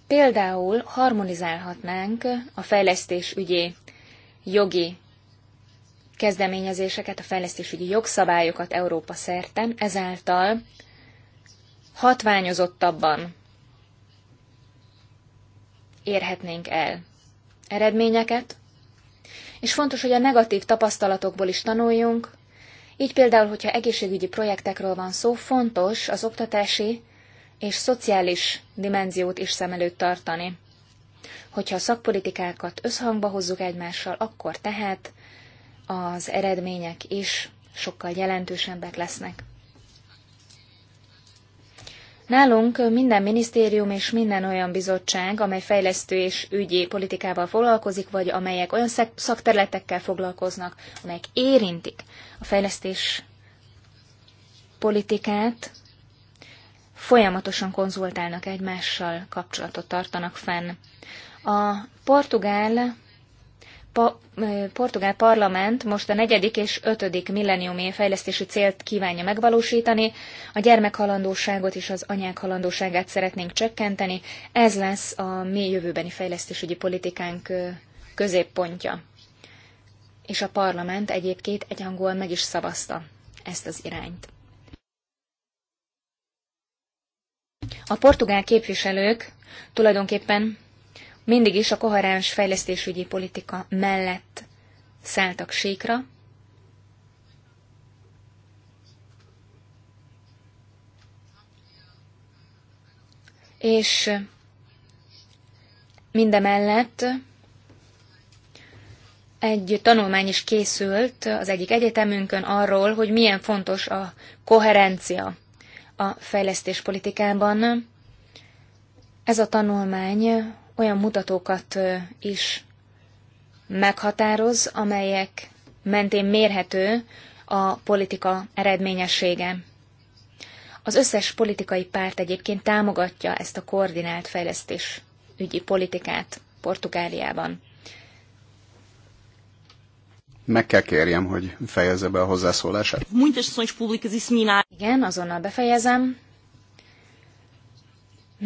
Például harmonizálhatnánk a fejlesztés ügyi jogi kezdeményezéseket, a fejlesztésügyi jogszabályokat Európa szerte, ezáltal hatványozottabban érhetnénk el eredményeket, és fontos, hogy a negatív tapasztalatokból is tanuljunk. Így például, hogyha egészségügyi projektekről van szó, fontos az oktatási és szociális dimenziót is szem előtt tartani. Hogyha a szakpolitikákat összhangba hozzuk egymással, akkor tehát az eredmények is sokkal jelentősebbek lesznek. Nálunk minden minisztérium és minden olyan bizottság, amely fejlesztő és ügyi politikával foglalkozik, vagy amelyek olyan szakterületekkel foglalkoznak, amelyek érintik a fejlesztés politikát, folyamatosan konzultálnak egymással, kapcsolatot tartanak fenn. A portugál pa- portugál parlament most a negyedik és ötödik milleniumi fejlesztési célt kívánja megvalósítani, a gyermekhalandóságot és az anyák halandóságát szeretnénk csökkenteni, ez lesz a mi jövőbeni fejlesztésügyi politikánk középpontja. És a parlament egyébként egyhangúan meg is szavazta ezt az irányt. A portugál képviselők tulajdonképpen mindig is a koherens fejlesztésügyi politika mellett szálltak síkra, és mindemellett egy tanulmány is készült az egyik egyetemünkön arról, hogy milyen fontos a koherencia a fejlesztéspolitikában. Ez a tanulmány olyan mutatókat is meghatároz, amelyek mentén mérhető a politika eredményessége. Az összes politikai párt egyébként támogatja ezt a koordinált fejlesztés ügyi politikát Portugáliában. Meg kell kérjem, hogy fejezze be a hozzászólását. E Igen, azonnal befejezem.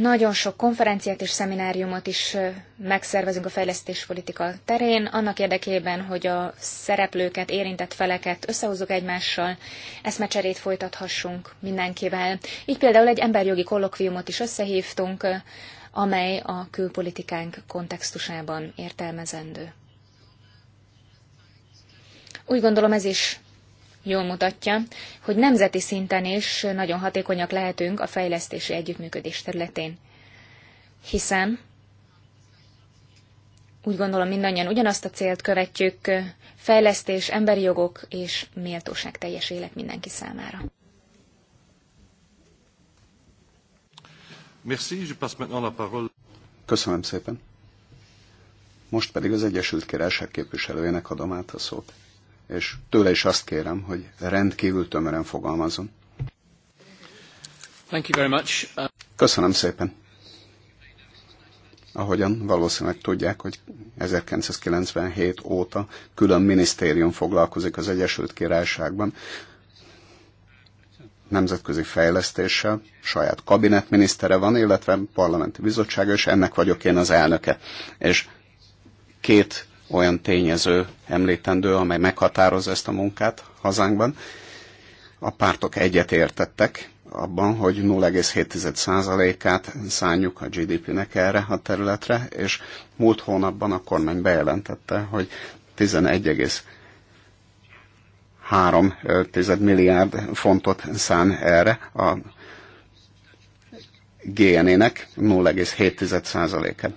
Nagyon sok konferenciát és szemináriumot is megszervezünk a fejlesztéspolitika terén, annak érdekében, hogy a szereplőket, érintett feleket összehozzuk egymással, eszmecserét folytathassunk mindenkivel. Így például egy emberjogi kollokviumot is összehívtunk, amely a külpolitikánk kontextusában értelmezendő. Úgy gondolom ez is jól mutatja, hogy nemzeti szinten is nagyon hatékonyak lehetünk a fejlesztési együttműködés területén. Hiszen úgy gondolom mindannyian ugyanazt a célt követjük, fejlesztés, emberi jogok és méltóság teljes élet mindenki számára. Merci, Köszönöm szépen. Most pedig az Egyesült Királyság képviselőjének adom át a szót és tőle is azt kérem, hogy rendkívül tömören fogalmazom. Köszönöm szépen. Ahogyan valószínűleg tudják, hogy 1997 óta külön minisztérium foglalkozik az Egyesült Királyságban nemzetközi fejlesztéssel, saját kabinetminisztere van, illetve parlamenti bizottsága, és ennek vagyok én az elnöke. És két olyan tényező említendő, amely meghatározza ezt a munkát hazánkban. A pártok egyetértettek abban, hogy 0,7%-át szánjuk a GDP-nek erre a területre, és múlt hónapban a kormány bejelentette, hogy 11,3 milliárd fontot szán erre a GNE-nek 0,7%-át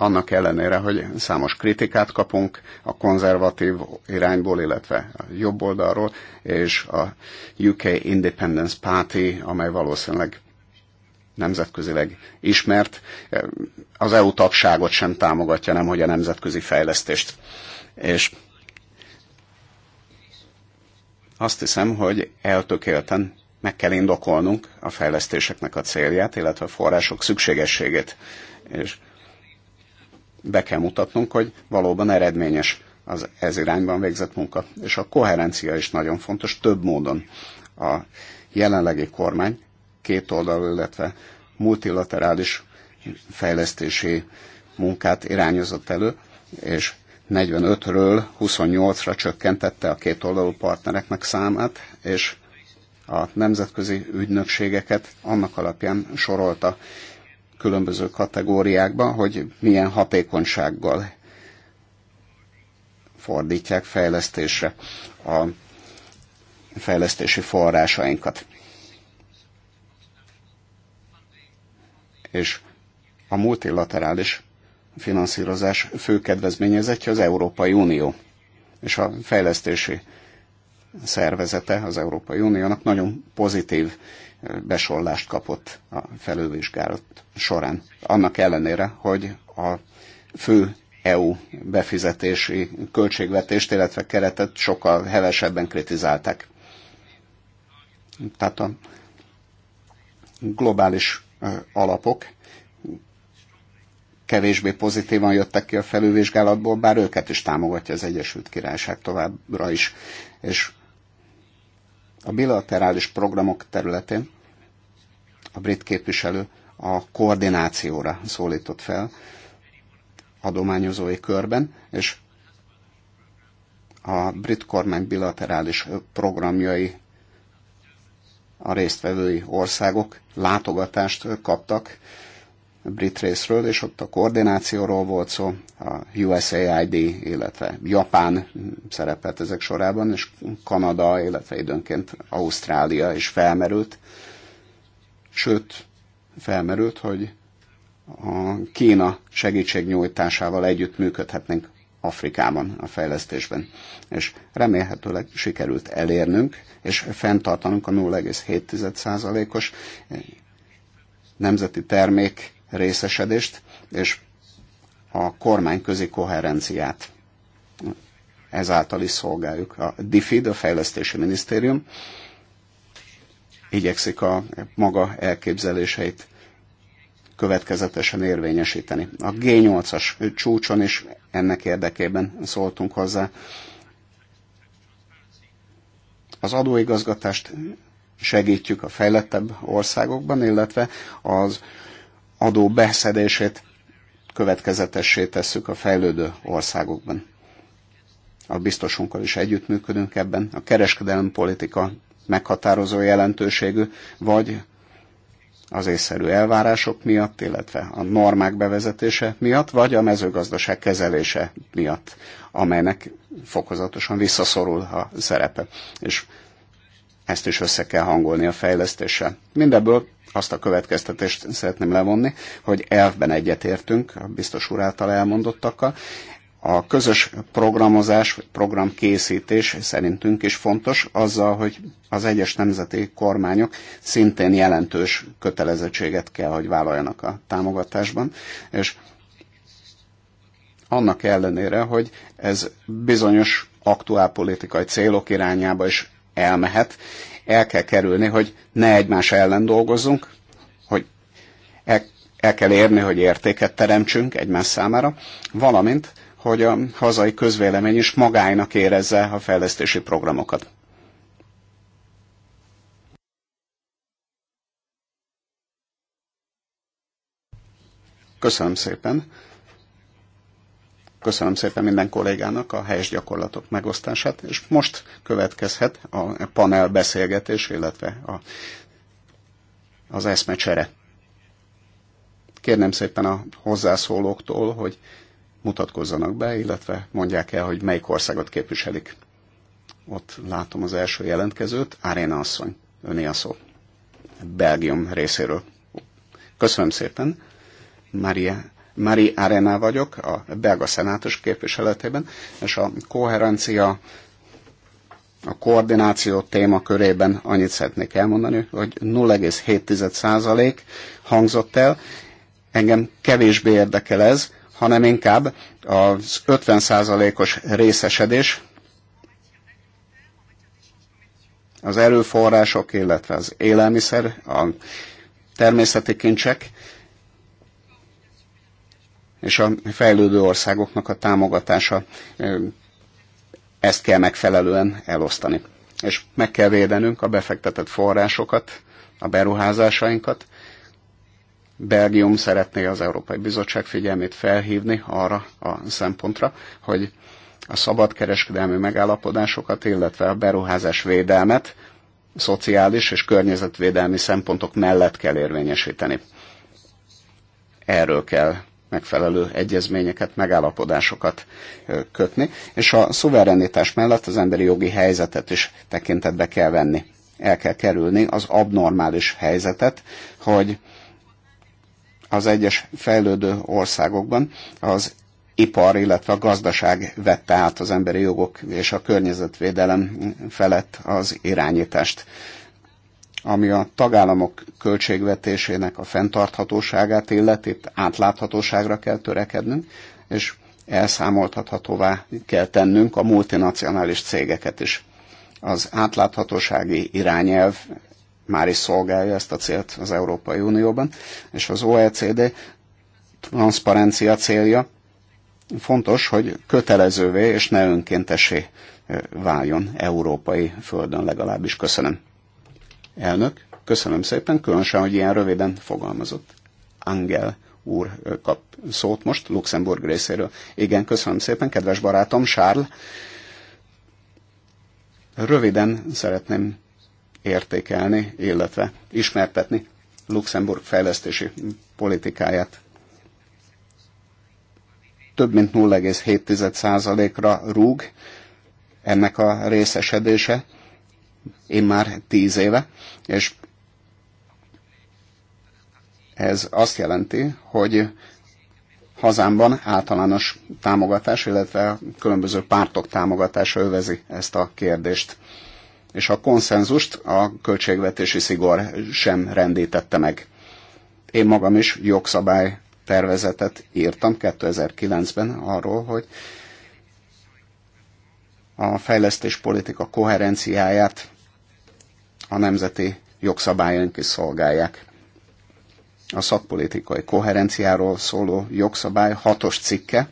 annak ellenére, hogy számos kritikát kapunk a konzervatív irányból, illetve a jobb oldalról, és a UK Independence Party, amely valószínűleg nemzetközileg ismert, az EU tagságot sem támogatja, nem hogy a nemzetközi fejlesztést. És azt hiszem, hogy eltökélten meg kell indokolnunk a fejlesztéseknek a célját, illetve a források szükségességét. És be kell mutatnunk, hogy valóban eredményes az ez irányban végzett munka. És a koherencia is nagyon fontos több módon. A jelenlegi kormány két oldal, illetve multilaterális fejlesztési munkát irányozott elő, és 45-ről 28-ra csökkentette a kétoldalú partnereknek számát, és a nemzetközi ügynökségeket annak alapján sorolta különböző kategóriákban, hogy milyen hatékonysággal fordítják fejlesztésre a fejlesztési forrásainkat. És a multilaterális finanszírozás fő kedvezményezetje az Európai Unió, és a fejlesztési szervezete az Európai Uniónak nagyon pozitív besollást kapott a felülvizsgálat során. Annak ellenére, hogy a fő EU befizetési költségvetést, illetve keretet sokkal hevesebben kritizálták. Tehát a globális alapok kevésbé pozitívan jöttek ki a felülvizsgálatból, bár őket is támogatja az Egyesült Királyság továbbra is. És a bilaterális programok területén a brit képviselő a koordinációra szólított fel adományozói körben, és a brit kormány bilaterális programjai a résztvevői országok látogatást kaptak brit részről, és ott a koordinációról volt szó, a USAID, illetve Japán szerepelt ezek sorában, és Kanada, illetve időnként Ausztrália is felmerült. Sőt, felmerült, hogy a Kína segítségnyújtásával együtt működhetnénk Afrikában a fejlesztésben. És remélhetőleg sikerült elérnünk, és fenntartanunk a 0,7%-os nemzeti termék részesedést és a kormányközi koherenciát. Ezáltal is szolgáljuk. A DFID, a Fejlesztési Minisztérium igyekszik a maga elképzeléseit következetesen érvényesíteni. A G8-as csúcson is ennek érdekében szóltunk hozzá. Az adóigazgatást segítjük a fejlettebb országokban, illetve az adó beszedését következetessé tesszük a fejlődő országokban. A biztosunkkal is együttműködünk ebben. A kereskedelmi politika meghatározó jelentőségű, vagy az észszerű elvárások miatt, illetve a normák bevezetése miatt, vagy a mezőgazdaság kezelése miatt, amelynek fokozatosan visszaszorul a szerepe. És ezt is össze kell hangolni a fejlesztéssel. Mindebből azt a következtetést szeretném levonni, hogy elfben egyetértünk a biztos úr által elmondottakkal. A közös programozás, programkészítés szerintünk is fontos, azzal, hogy az egyes nemzeti kormányok szintén jelentős kötelezettséget kell, hogy vállaljanak a támogatásban, és annak ellenére, hogy ez bizonyos aktuál politikai célok irányába is elmehet, el kell kerülni, hogy ne egymás ellen dolgozzunk, hogy el, el kell érni, hogy értéket teremtsünk egymás számára, valamint, hogy a hazai közvélemény is magáinak érezze a fejlesztési programokat. Köszönöm szépen. Köszönöm szépen minden kollégának a helyes gyakorlatok megosztását, és most következhet a panel beszélgetés, illetve a, az eszmecsere. Kérném szépen a hozzászólóktól, hogy mutatkozzanak be, illetve mondják el, hogy melyik országot képviselik. Ott látom az első jelentkezőt, Aréna asszony, öné a szó. Belgium részéről. Köszönöm szépen. Maria Mari Arena vagyok, a belga szenátus képviseletében, és a koherencia, a koordináció téma körében annyit szeretnék elmondani, hogy 0,7% hangzott el. Engem kevésbé érdekel ez, hanem inkább az 50%-os részesedés az erőforrások, illetve az élelmiszer, a természeti kincsek és a fejlődő országoknak a támogatása ezt kell megfelelően elosztani. És meg kell védenünk a befektetett forrásokat, a beruházásainkat. Belgium szeretné az Európai Bizottság figyelmét felhívni arra a szempontra, hogy a szabadkereskedelmi megállapodásokat, illetve a beruházás védelmet szociális és környezetvédelmi szempontok mellett kell érvényesíteni. Erről kell megfelelő egyezményeket, megállapodásokat kötni, és a szuverenitás mellett az emberi jogi helyzetet is tekintetbe kell venni. El kell kerülni az abnormális helyzetet, hogy az egyes fejlődő országokban az ipar, illetve a gazdaság vette át az emberi jogok és a környezetvédelem felett az irányítást ami a tagállamok költségvetésének a fenntarthatóságát illeti, itt átláthatóságra kell törekednünk, és elszámoltathatóvá kell tennünk a multinacionális cégeket is. Az átláthatósági irányelv már is szolgálja ezt a célt az Európai Unióban, és az OECD transzparencia célja fontos, hogy kötelezővé és ne önkéntesé váljon európai földön legalábbis. Köszönöm. Elnök, köszönöm szépen, különösen, hogy ilyen röviden fogalmazott. Angel úr kap szót most Luxemburg részéről. Igen, köszönöm szépen, kedves barátom, Sárl. Röviden szeretném értékelni, illetve ismertetni Luxemburg fejlesztési politikáját. Több mint 0,7%-ra rúg ennek a részesedése én már tíz éve, és ez azt jelenti, hogy hazámban általános támogatás, illetve különböző pártok támogatása övezi ezt a kérdést. És a konszenzust a költségvetési szigor sem rendítette meg. Én magam is jogszabály tervezetet írtam 2009-ben arról, hogy a fejlesztéspolitika koherenciáját a nemzeti jogszabályaink is szolgálják. A szakpolitikai koherenciáról szóló jogszabály hatos cikke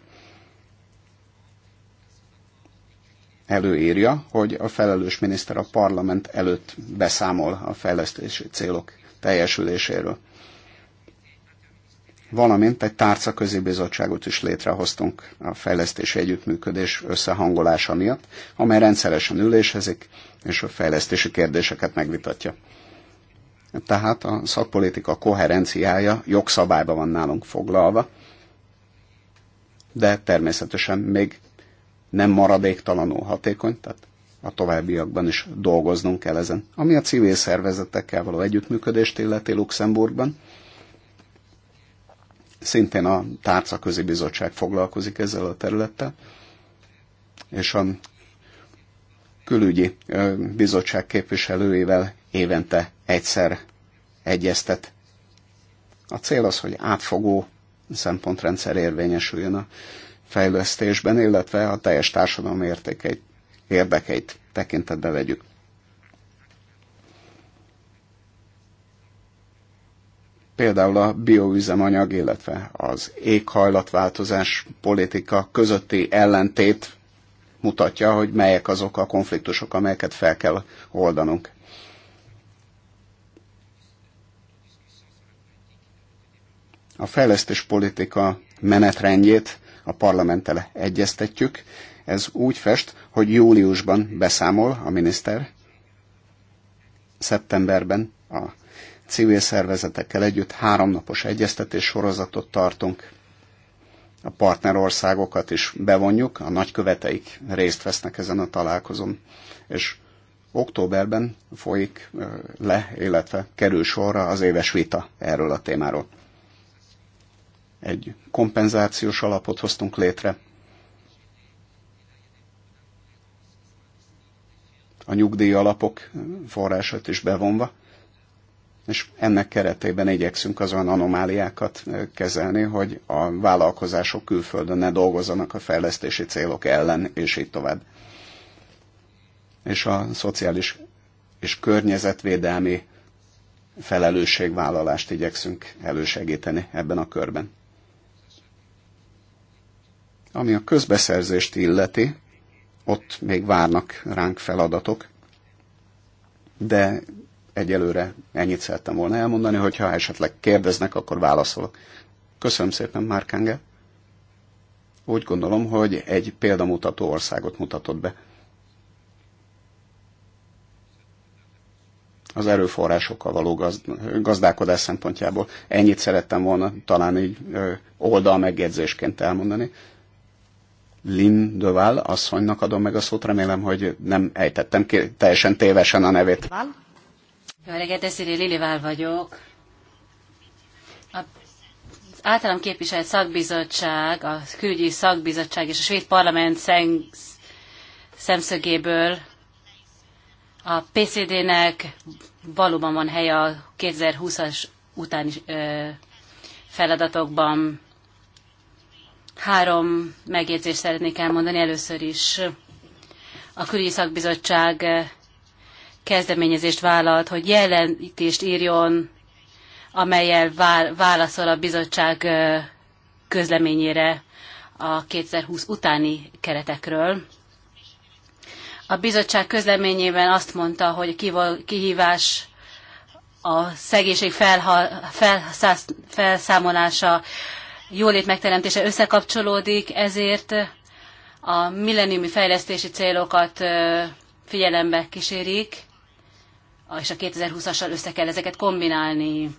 előírja, hogy a felelős miniszter a parlament előtt beszámol a fejlesztési célok teljesüléséről valamint egy tárca közébizottságot is létrehoztunk a fejlesztési együttműködés összehangolása miatt, amely rendszeresen ülésezik, és a fejlesztési kérdéseket megvitatja. Tehát a szakpolitika koherenciája jogszabályban van nálunk foglalva, de természetesen még nem maradéktalanul hatékony, tehát a továbbiakban is dolgoznunk kell ezen. Ami a civil szervezetekkel való együttműködést illeti Luxemburgban, Szintén a Tárca Közibizottság foglalkozik ezzel a területtel, és a külügyi bizottság képviselőivel évente egyszer egyeztet. A cél az, hogy átfogó szempontrendszer érvényesüljön a fejlesztésben, illetve a teljes társadalom értékeit, érdekeit tekintetbe vegyük. például a bioüzemanyag, illetve az éghajlatváltozás politika közötti ellentét mutatja, hogy melyek azok a konfliktusok, amelyeket fel kell oldanunk. A fejlesztés politika menetrendjét a parlamenttel egyeztetjük. Ez úgy fest, hogy júliusban beszámol a miniszter, szeptemberben a civil szervezetekkel együtt háromnapos egyeztetés sorozatot tartunk. A partnerországokat is bevonjuk, a nagyköveteik részt vesznek ezen a találkozón, és októberben folyik le, illetve kerül sorra az éves vita erről a témáról. Egy kompenzációs alapot hoztunk létre. A nyugdíj alapok forrását is bevonva, és ennek keretében igyekszünk az olyan anomáliákat kezelni, hogy a vállalkozások külföldön ne dolgozzanak a fejlesztési célok ellen, és így tovább. És a szociális és környezetvédelmi felelősségvállalást igyekszünk elősegíteni ebben a körben. Ami a közbeszerzést illeti, ott még várnak ránk feladatok, de Egyelőre ennyit szerettem volna elmondani, hogyha esetleg kérdeznek, akkor válaszolok. Köszönöm szépen, Márkánge. Úgy gondolom, hogy egy példamutató országot mutatott be. az erőforrásokkal való gazd, gazdálkodás szempontjából. Ennyit szerettem volna talán így oldal megjegyzésként elmondani. Lynn Döval asszonynak adom meg a szót, remélem, hogy nem ejtettem ki teljesen tévesen a nevét. Val? Jó reggelt, Desiré Lilivál vagyok. Az általam képviselt szakbizottság, a külügyi szakbizottság és a svéd parlament szemszögéből a PCD-nek valóban van helye a 2020-as utáni feladatokban. Három megjegyzést szeretnék elmondani először is. A külügyi szakbizottság kezdeményezést vállalt, hogy jelentést írjon, amelyel válaszol a bizottság közleményére a 2020 utáni keretekről. A bizottság közleményében azt mondta, hogy a kihívás a szegénység felszámolása, jólét megteremtése összekapcsolódik, ezért a milleniumi fejlesztési célokat figyelembe kísérik, és a 2020-assal össze kell ezeket kombinálni.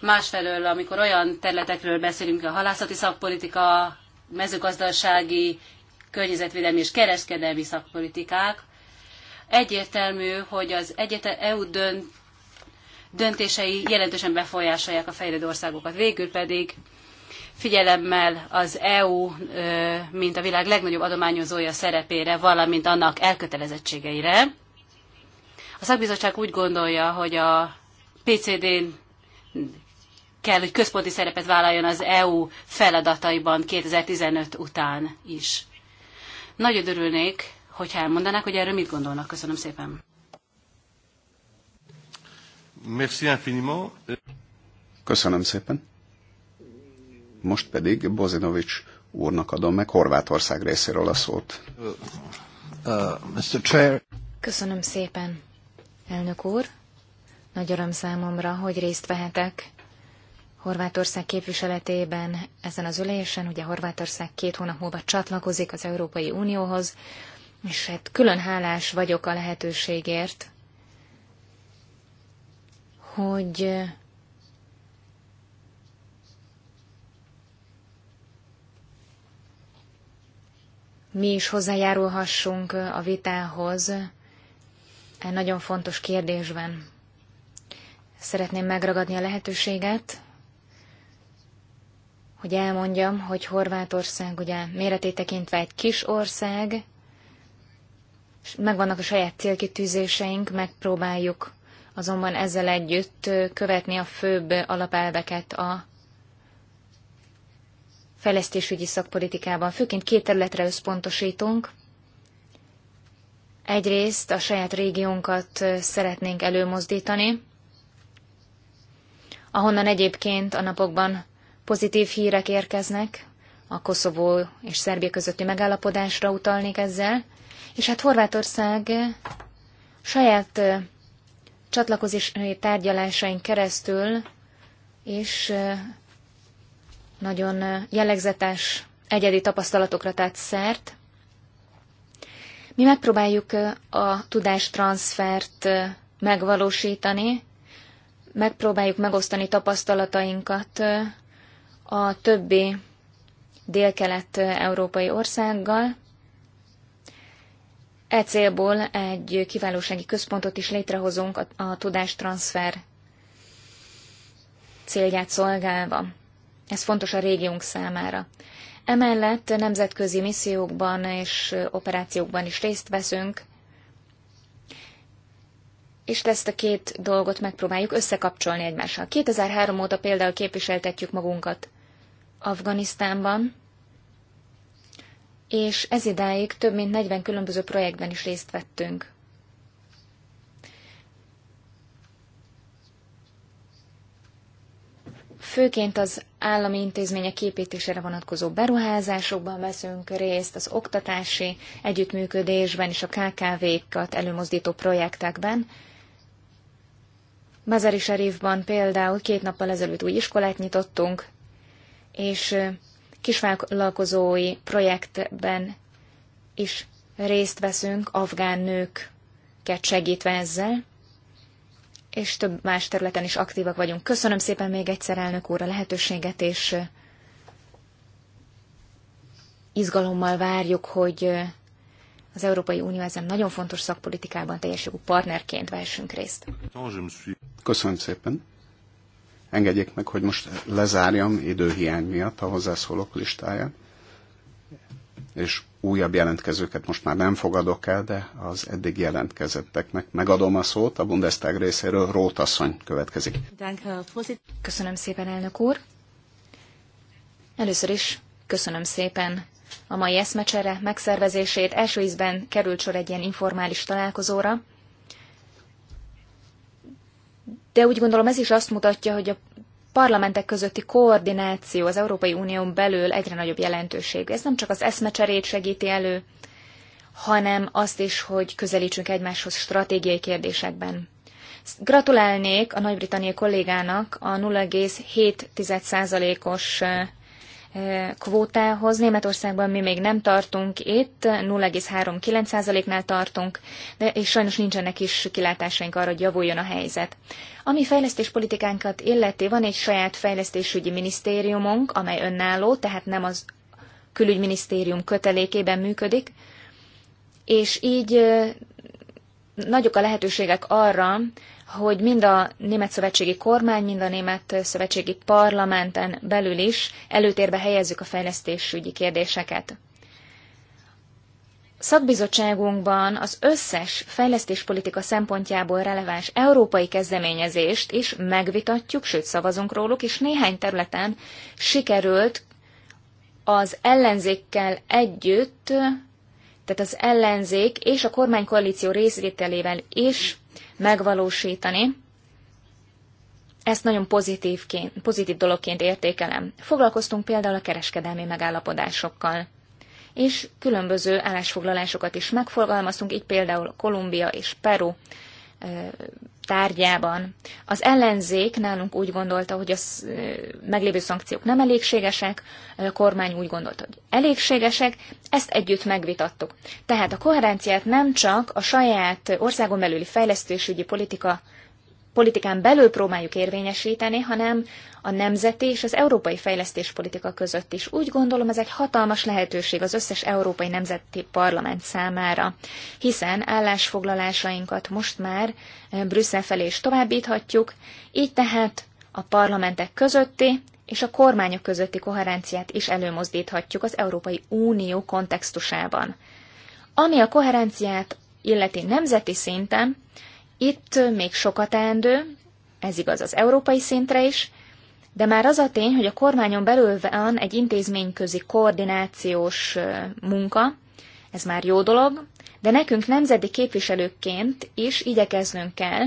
Másfelől, amikor olyan területekről beszélünk, a halászati szakpolitika, mezőgazdasági, környezetvédelmi és kereskedelmi szakpolitikák, egyértelmű, hogy az egyetem EU dönt, döntései jelentősen befolyásolják a fejlődő országokat. Végül pedig figyelemmel az EU, mint a világ legnagyobb adományozója szerepére, valamint annak elkötelezettségeire, a szakbizottság úgy gondolja, hogy a PCD-n kell, hogy központi szerepet vállaljon az EU feladataiban 2015 után is. Nagyon örülnék, hogyha elmondanák, hogy erről mit gondolnak. Köszönöm szépen. Merci infiniment. Köszönöm szépen. Most pedig Bozinovics úrnak adom meg Horvátország részéről a szót. Uh, uh, Mr. Chair. Köszönöm szépen elnök úr. Nagy öröm számomra, hogy részt vehetek Horvátország képviseletében ezen az ülésen. Ugye Horvátország két hónap múlva csatlakozik az Európai Unióhoz, és hát külön hálás vagyok a lehetőségért, hogy mi is hozzájárulhassunk a vitához egy nagyon fontos kérdésben. Szeretném megragadni a lehetőséget, hogy elmondjam, hogy Horvátország ugye méretét tekintve egy kis ország, és megvannak a saját célkitűzéseink, megpróbáljuk azonban ezzel együtt követni a főbb alapelveket a fejlesztésügyi szakpolitikában. Főként két területre összpontosítunk, Egyrészt a saját régiónkat szeretnénk előmozdítani, ahonnan egyébként a napokban pozitív hírek érkeznek, a Koszovó és Szerbia közötti megállapodásra utalnék ezzel, és hát Horvátország saját csatlakozási tárgyalásaink keresztül és nagyon jellegzetes egyedi tapasztalatokra tett szert, mi megpróbáljuk a tudástranszfert megvalósítani, megpróbáljuk megosztani tapasztalatainkat a többi délkelet-európai országgal. E célból egy kiválósági központot is létrehozunk a, a tudástranszfer célját szolgálva. Ez fontos a régiónk számára. Emellett nemzetközi missziókban és operációkban is részt veszünk, és ezt a két dolgot megpróbáljuk összekapcsolni egymással. 2003 óta például képviseltetjük magunkat Afganisztánban, és ez idáig több mint 40 különböző projektben is részt vettünk. főként az állami intézmények képítésére vonatkozó beruházásokban veszünk részt, az oktatási együttműködésben és a KKV-kat előmozdító projektekben. Mazari Serifban például két nappal ezelőtt új iskolát nyitottunk, és kisvállalkozói projektben is részt veszünk afgán nőket segítve ezzel és több más területen is aktívak vagyunk. Köszönöm szépen még egyszer, elnök úr, a lehetőséget, és izgalommal várjuk, hogy az Európai Unió ezen nagyon fontos szakpolitikában teljes jogú partnerként vessünk részt. Köszönöm szépen. Engedjék meg, hogy most lezárjam időhiány miatt a hozzászólók listáját és újabb jelentkezőket most már nem fogadok el, de az eddig jelentkezetteknek megadom a szót. A Bundestag részéről asszony következik. Köszönöm szépen, elnök úr. Először is köszönöm szépen a mai eszmecsere megszervezését. Első ízben került sor egy ilyen informális találkozóra, de úgy gondolom ez is azt mutatja, hogy a parlamentek közötti koordináció az Európai Unión belül egyre nagyobb jelentőség. Ez nem csak az eszmecserét segíti elő, hanem azt is, hogy közelítsünk egymáshoz stratégiai kérdésekben. Gratulálnék a nagy-britanniai kollégának a 0,7%-os E, kvótához. Németországban mi még nem tartunk itt, 0,39%-nál tartunk, de és sajnos nincsenek is kilátásaink arra, hogy javuljon a helyzet. Ami fejlesztéspolitikánkat illeti, van egy saját fejlesztésügyi minisztériumunk, amely önálló, tehát nem az külügyminisztérium kötelékében működik, és így e, nagyok a lehetőségek arra, hogy mind a német szövetségi kormány, mind a német szövetségi parlamenten belül is előtérbe helyezzük a fejlesztésügyi kérdéseket. Szakbizottságunkban az összes fejlesztéspolitika szempontjából releváns európai kezdeményezést is megvitatjuk, sőt szavazunk róluk, és néhány területen sikerült az ellenzékkel együtt, tehát az ellenzék és a kormánykoalíció részvételével is megvalósítani. Ezt nagyon pozitívként, pozitív dologként értékelem. Foglalkoztunk például a kereskedelmi megállapodásokkal, és különböző állásfoglalásokat is megfogalmaztunk, így például Kolumbia és Peru tárgyában. Az ellenzék nálunk úgy gondolta, hogy a meglévő szankciók nem elégségesek, a kormány úgy gondolta, hogy elégségesek, ezt együtt megvitattuk. Tehát a koherenciát nem csak a saját országon belüli fejlesztésügyi politika politikán belül próbáljuk érvényesíteni, hanem a nemzeti és az európai fejlesztéspolitika között is. Úgy gondolom, ez egy hatalmas lehetőség az összes európai nemzeti parlament számára, hiszen állásfoglalásainkat most már eh, Brüsszel felé is továbbíthatjuk, így tehát a parlamentek közötti és a kormányok közötti koherenciát is előmozdíthatjuk az Európai Unió kontextusában. Ami a koherenciát illeti nemzeti szinten, itt még sokat teendő, ez igaz az európai szintre is, de már az a tény, hogy a kormányon belül van egy intézményközi koordinációs munka, ez már jó dolog, de nekünk nemzeti képviselőkként is igyekeznünk kell,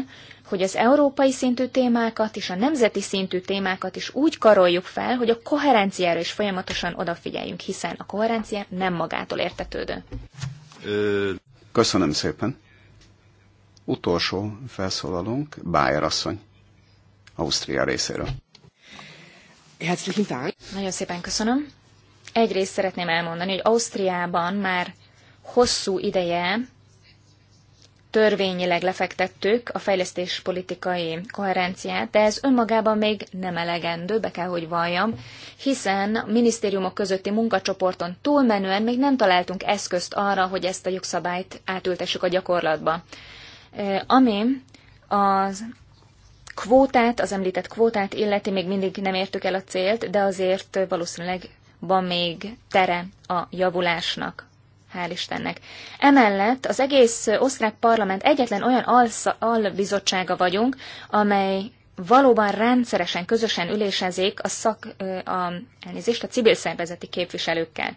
hogy az európai szintű témákat és a nemzeti szintű témákat is úgy karoljuk fel, hogy a koherenciára is folyamatosan odafigyeljünk, hiszen a koherencia nem magától értetődő. Köszönöm szépen. Utolsó felszólalunk, Bájer asszony, Ausztria részéről. Nagyon szépen köszönöm. Egyrészt szeretném elmondani, hogy Ausztriában már hosszú ideje törvényileg lefektettük a fejlesztéspolitikai koherenciát, de ez önmagában még nem elegendő, be kell, hogy valljam, hiszen a minisztériumok közötti munkacsoporton túlmenően még nem találtunk eszközt arra, hogy ezt a jogszabályt átültessük a gyakorlatba. Ami az kvótát, az említett kvótát illeti, még mindig nem értük el a célt, de azért valószínűleg van még tere a javulásnak. Hál' Istennek. Emellett az egész osztrák parlament egyetlen olyan albizottsága vagyunk, amely valóban rendszeresen, közösen ülésezik a szak, a, elnézést, a civil szervezeti képviselőkkel.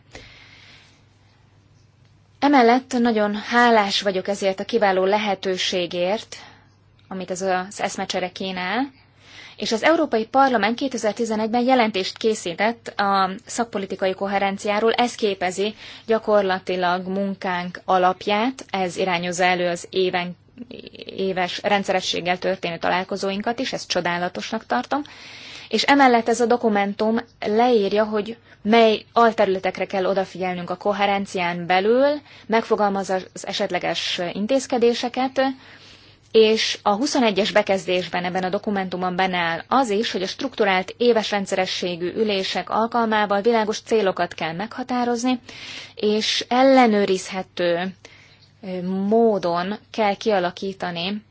Emellett nagyon hálás vagyok ezért a kiváló lehetőségért, amit ez az eszmecsere kínál, és az Európai Parlament 2011-ben jelentést készített a szakpolitikai koherenciáról, ez képezi gyakorlatilag munkánk alapját, ez irányozza elő az éven, éves rendszerességgel történő találkozóinkat is, ezt csodálatosnak tartom, és emellett ez a dokumentum leírja, hogy mely alterületekre kell odafigyelnünk a koherencián belül, megfogalmazza az esetleges intézkedéseket, és a 21-es bekezdésben ebben a dokumentumban benne áll az is, hogy a strukturált éves rendszerességű ülések alkalmával világos célokat kell meghatározni, és ellenőrizhető módon kell kialakítani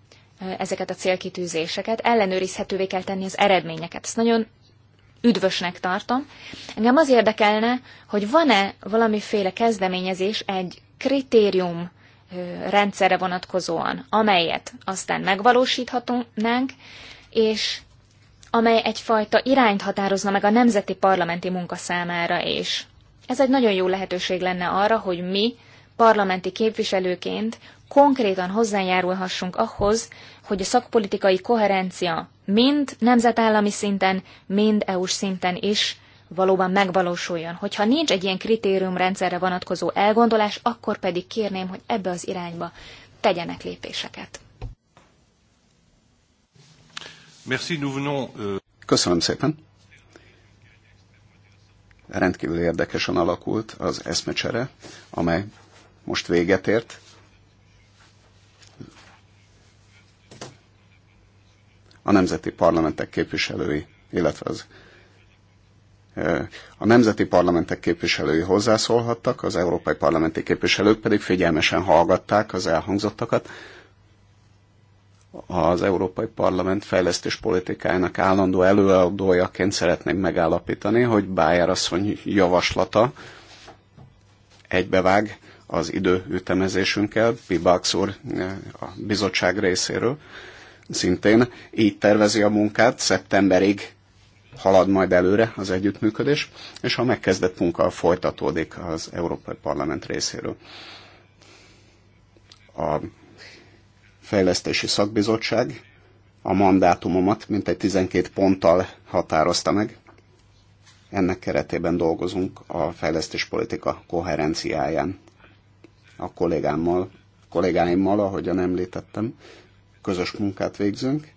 ezeket a célkitűzéseket, ellenőrizhetővé kell tenni az eredményeket. Ezt nagyon üdvösnek tartom. Engem az érdekelne, hogy van-e valamiféle kezdeményezés egy kritérium rendszerre vonatkozóan, amelyet aztán megvalósíthatunk, és amely egyfajta irányt határozna meg a nemzeti parlamenti munka számára is. Ez egy nagyon jó lehetőség lenne arra, hogy mi parlamenti képviselőként konkrétan hozzájárulhassunk ahhoz, hogy a szakpolitikai koherencia mind nemzetállami szinten, mind EU-s szinten is valóban megvalósuljon. Hogyha nincs egy ilyen kritériumrendszerre vonatkozó elgondolás, akkor pedig kérném, hogy ebbe az irányba tegyenek lépéseket. Euh, Köszönöm szépen. Rendkívül érdekesen alakult az eszmecsere, amely most véget ért. a nemzeti parlamentek képviselői, illetve az a nemzeti parlamentek képviselői hozzászólhattak, az európai parlamenti képviselők pedig figyelmesen hallgatták az elhangzottakat. Az Európai Parlament fejlesztés politikájának állandó előadójaként szeretném megállapítani, hogy Bájer asszony javaslata egybevág az időütemezésünkkel, Pibax úr a bizottság részéről, szintén így tervezi a munkát, szeptemberig halad majd előre az együttműködés, és a megkezdett munka folytatódik az Európai Parlament részéről. A Fejlesztési Szakbizottság a mandátumomat mintegy 12 ponttal határozta meg. Ennek keretében dolgozunk a fejlesztéspolitika koherenciáján. A kollégámmal, kollégáimmal, ahogyan említettem, közös munkát végzünk.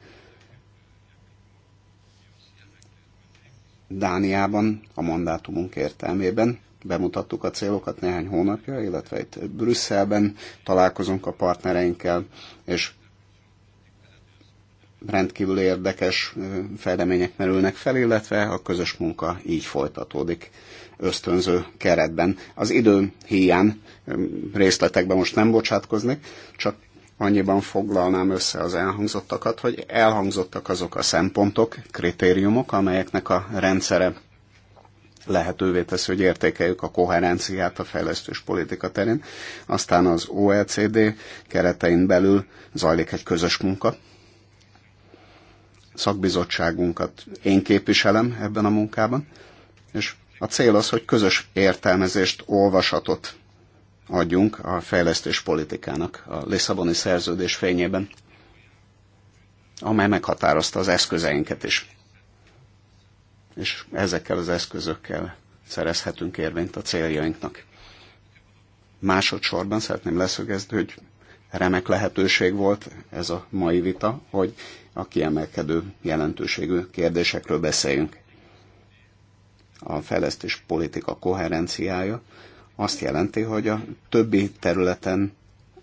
Dániában a mandátumunk értelmében bemutattuk a célokat néhány hónapja, illetve itt Brüsszelben találkozunk a partnereinkkel, és rendkívül érdekes fejlemények merülnek fel, illetve a közös munka így folytatódik ösztönző keretben. Az idő hiány részletekben most nem bocsátkoznék, csak annyiban foglalnám össze az elhangzottakat, hogy elhangzottak azok a szempontok, kritériumok, amelyeknek a rendszere lehetővé teszi, hogy értékeljük a koherenciát a fejlesztős politika terén. Aztán az OECD keretein belül zajlik egy közös munka. Szakbizottságunkat én képviselem ebben a munkában, és a cél az, hogy közös értelmezést, olvasatot adjunk a fejlesztés politikának a Lisszaboni szerződés fényében, amely meghatározta az eszközeinket is. És ezekkel az eszközökkel szerezhetünk érvényt a céljainknak. Másodszorban szeretném leszögezni, hogy remek lehetőség volt ez a mai vita, hogy a kiemelkedő jelentőségű kérdésekről beszéljünk. A fejlesztés politika koherenciája azt jelenti, hogy a többi területen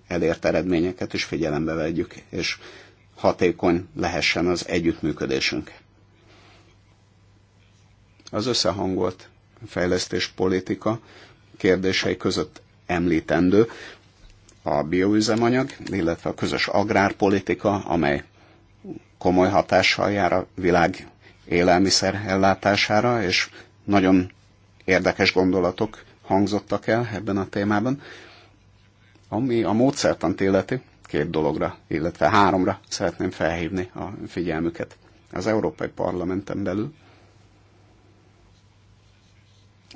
elért eredményeket is figyelembe vegyük, és hatékony lehessen az együttműködésünk. Az összehangolt fejlesztés politika kérdései között említendő a bioüzemanyag, illetve a közös agrárpolitika, amely komoly hatással jár a világ élelmiszer ellátására, és nagyon érdekes gondolatok hangzottak el ebben a témában. Ami a módszertant illeti, két dologra, illetve háromra szeretném felhívni a figyelmüket. Az Európai Parlamenten belül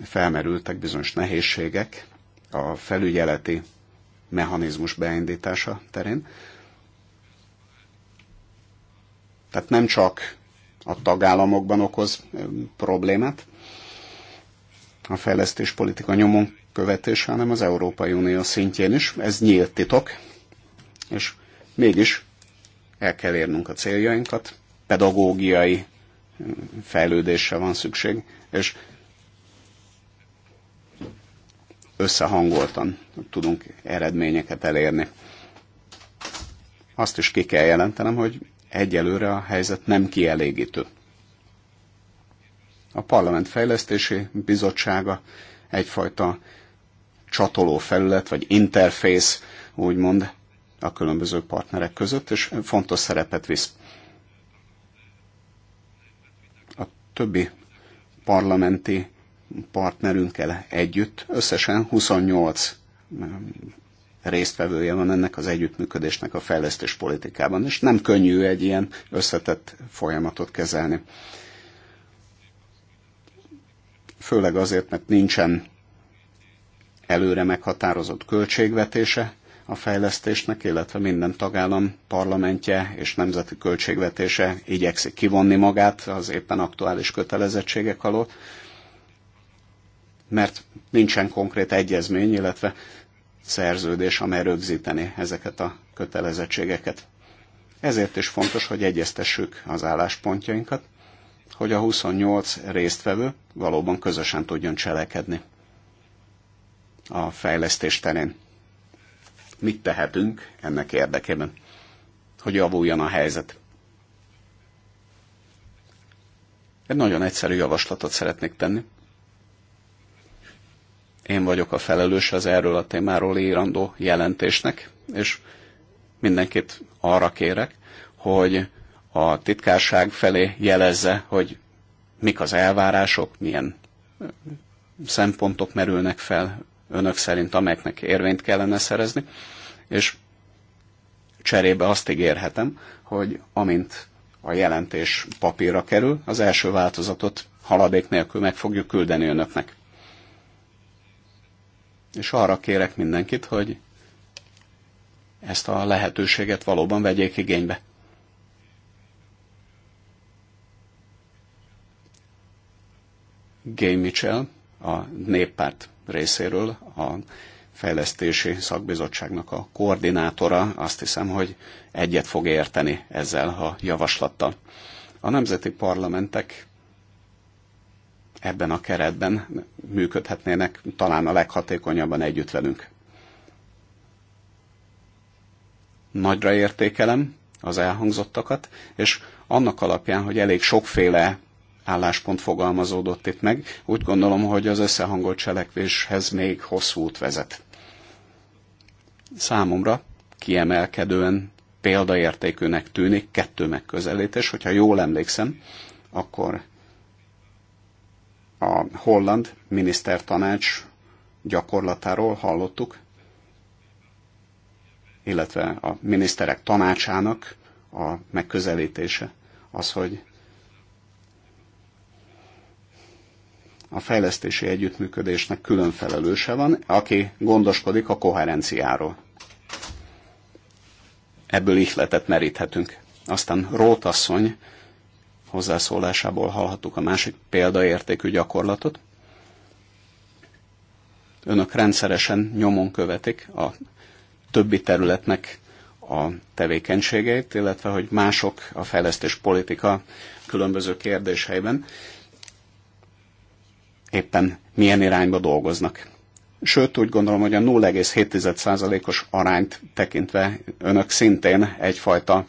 felmerültek bizonyos nehézségek a felügyeleti mechanizmus beindítása terén. Tehát nem csak a tagállamokban okoz problémát, a fejlesztés politika nyomon követés, hanem az Európai Unió szintjén is. Ez nyílt titok, és mégis el kell érnünk a céljainkat, pedagógiai mm, fejlődésre van szükség, és összehangoltan tudunk eredményeket elérni. Azt is ki kell jelentenem, hogy egyelőre a helyzet nem kielégítő a Parlament Fejlesztési Bizottsága egyfajta csatoló felület, vagy interfész, úgymond, a különböző partnerek között, és fontos szerepet visz. A többi parlamenti partnerünkkel együtt összesen 28 eh, résztvevője van ennek az együttműködésnek a fejlesztés politikában, és nem könnyű egy ilyen összetett folyamatot kezelni főleg azért, mert nincsen előre meghatározott költségvetése a fejlesztésnek, illetve minden tagállam parlamentje és nemzeti költségvetése igyekszik kivonni magát az éppen aktuális kötelezettségek alól, mert nincsen konkrét egyezmény, illetve szerződés, amely rögzíteni ezeket a kötelezettségeket. Ezért is fontos, hogy egyeztessük az álláspontjainkat, hogy a 28 résztvevő valóban közösen tudjon cselekedni a fejlesztés terén. Mit tehetünk ennek érdekében, hogy javuljon a helyzet? Egy nagyon egyszerű javaslatot szeretnék tenni. Én vagyok a felelős az erről a témáról írandó jelentésnek, és mindenkit arra kérek, hogy a titkárság felé jelezze, hogy mik az elvárások, milyen szempontok merülnek fel önök szerint, amelyeknek érvényt kellene szerezni, és cserébe azt ígérhetem, hogy amint a jelentés papírra kerül, az első változatot haladék nélkül meg fogjuk küldeni önöknek. És arra kérek mindenkit, hogy ezt a lehetőséget valóban vegyék igénybe. Gay Mitchell a néppárt részéről a fejlesztési szakbizottságnak a koordinátora, azt hiszem, hogy egyet fog érteni ezzel a javaslattal. A nemzeti parlamentek ebben a keretben működhetnének talán a leghatékonyabban együtt velünk. Nagyra értékelem az elhangzottakat, és annak alapján, hogy elég sokféle álláspont fogalmazódott itt meg. Úgy gondolom, hogy az összehangolt cselekvéshez még hosszú út vezet. Számomra kiemelkedően példaértékűnek tűnik kettő megközelítés. Hogyha jól emlékszem, akkor a holland minisztertanács gyakorlatáról hallottuk, illetve a miniszterek tanácsának a megközelítése az, hogy a fejlesztési együttműködésnek külön felelőse van, aki gondoskodik a koherenciáról. Ebből ihletet meríthetünk. Aztán Rótasszony hozzászólásából hallhattuk a másik példaértékű gyakorlatot. Önök rendszeresen nyomon követik a többi területnek a tevékenységeit, illetve hogy mások a fejlesztés politika különböző kérdéseiben éppen milyen irányba dolgoznak. Sőt, úgy gondolom, hogy a 0,7%-os arányt tekintve önök szintén egyfajta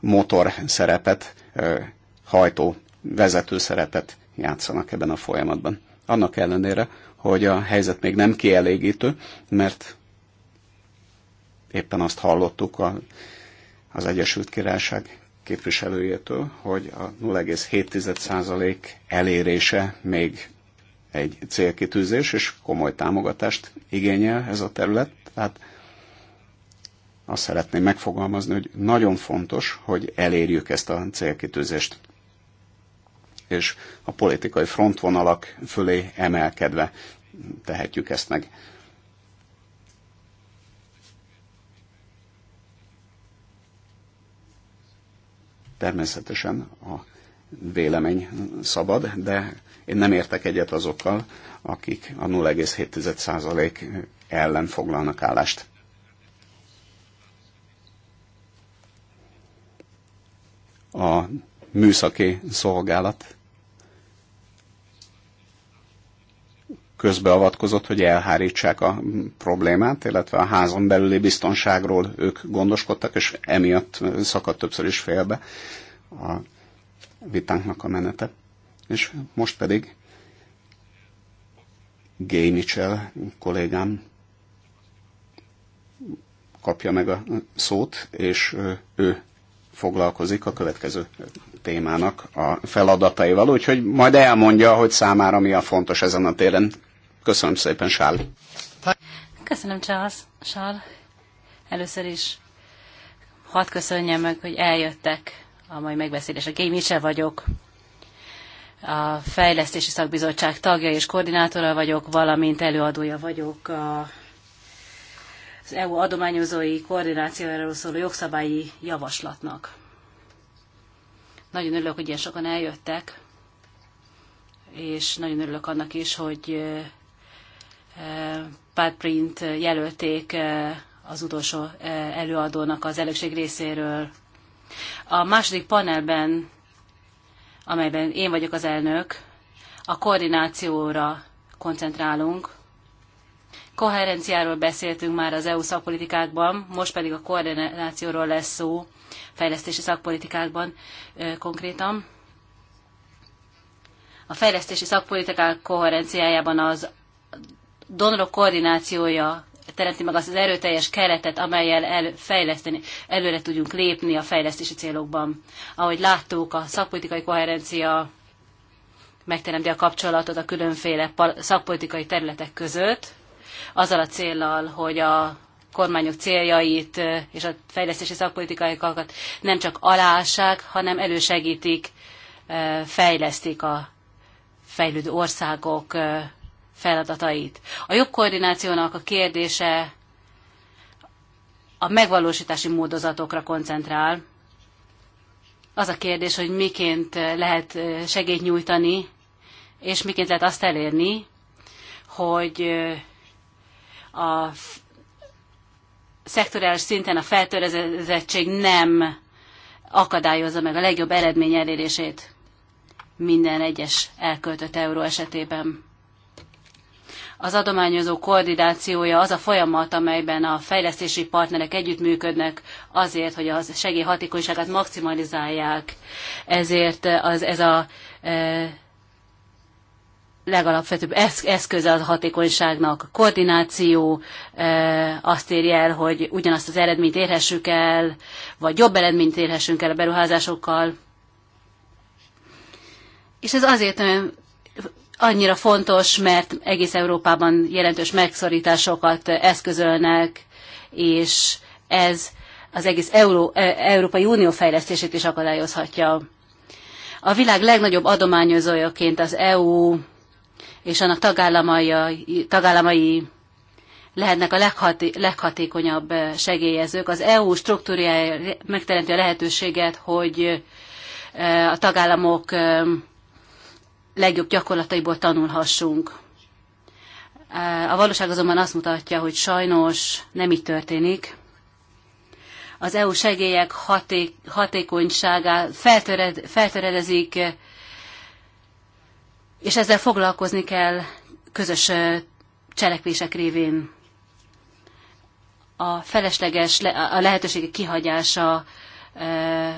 motor szerepet, hajtó, vezető szerepet játszanak ebben a folyamatban. Annak ellenére, hogy a helyzet még nem kielégítő, mert éppen azt hallottuk a, az Egyesült Királyság képviselőjétől, hogy a 0,7% elérése még egy célkitűzés, és komoly támogatást igényel ez a terület. Tehát azt szeretném megfogalmazni, hogy nagyon fontos, hogy elérjük ezt a célkitűzést. És a politikai frontvonalak fölé emelkedve tehetjük ezt meg. Természetesen a vélemény szabad, de én nem értek egyet azokkal, akik a 0,7% ellen foglalnak állást. A műszaki szolgálat közbeavatkozott, hogy elhárítsák a problémát, illetve a házon belüli biztonságról ők gondoskodtak, és emiatt szakadt többször is félbe a vitánknak a menete. És most pedig Gay Mitchell kollégám kapja meg a szót, és ő foglalkozik a következő témának a feladataival, úgyhogy majd elmondja, hogy számára mi a fontos ezen a téren. Köszönöm szépen, Sál. Köszönöm, Charles. Sál. Először is hadd köszönjem meg, hogy eljöttek a mai megbeszélésre. Gay Mitchell vagyok, a Fejlesztési Szakbizottság tagja és koordinátora vagyok, valamint előadója vagyok a, az EU adományozói koordinációjáról szóló jogszabályi javaslatnak. Nagyon örülök, hogy ilyen sokan eljöttek, és nagyon örülök annak is, hogy Pat Print jelölték az utolsó előadónak az elnökség részéről a második panelben, amelyben én vagyok az elnök, a koordinációra koncentrálunk. Koherenciáról beszéltünk már az EU szakpolitikákban, most pedig a koordinációról lesz szó fejlesztési szakpolitikákban konkrétan. A fejlesztési szakpolitikák koherenciájában az donorok koordinációja teremti meg azt az erőteljes keretet, amelyel el, fejleszteni, előre tudjunk lépni a fejlesztési célokban. Ahogy láttuk, a szakpolitikai koherencia megteremti a kapcsolatot a különféle szakpolitikai területek között, azzal a céllal, hogy a kormányok céljait és a fejlesztési szakpolitikáikat nem csak alássák, hanem elősegítik, fejlesztik a fejlődő országok feladatait. A jobb koordinációnak a kérdése a megvalósítási módozatokra koncentrál. Az a kérdés, hogy miként lehet segélyt nyújtani, és miként lehet azt elérni, hogy a szektorális szinten a feltörezettség nem akadályozza meg a legjobb eredmény elérését minden egyes elköltött euró esetében. Az adományozó koordinációja az a folyamat, amelyben a fejlesztési partnerek együttműködnek azért, hogy a segély hatékonyságát maximalizálják. Ezért az, ez a e, legalapvetőbb eszköze az hatékonyságnak. Koordináció koordináció e, azt írja el, hogy ugyanazt az eredményt érhessük el, vagy jobb eredményt érhessünk el a beruházásokkal. És ez azért annyira fontos, mert egész Európában jelentős megszorításokat eszközölnek, és ez az egész Euró, e- Európai Unió fejlesztését is akadályozhatja. A világ legnagyobb adományozójaként az EU és annak tagállamai, tagállamai lehetnek a leghati, leghatékonyabb segélyezők. Az EU struktúrája megteremti a lehetőséget, hogy e, a tagállamok e, legjobb gyakorlataiból tanulhassunk. A valóság azonban azt mutatja, hogy sajnos nem így történik. Az EU segélyek haték, hatékonyságá feltöred, feltöredezik, és ezzel foglalkozni kell közös cselekvések révén. A felesleges, a lehetőségek kihagyása,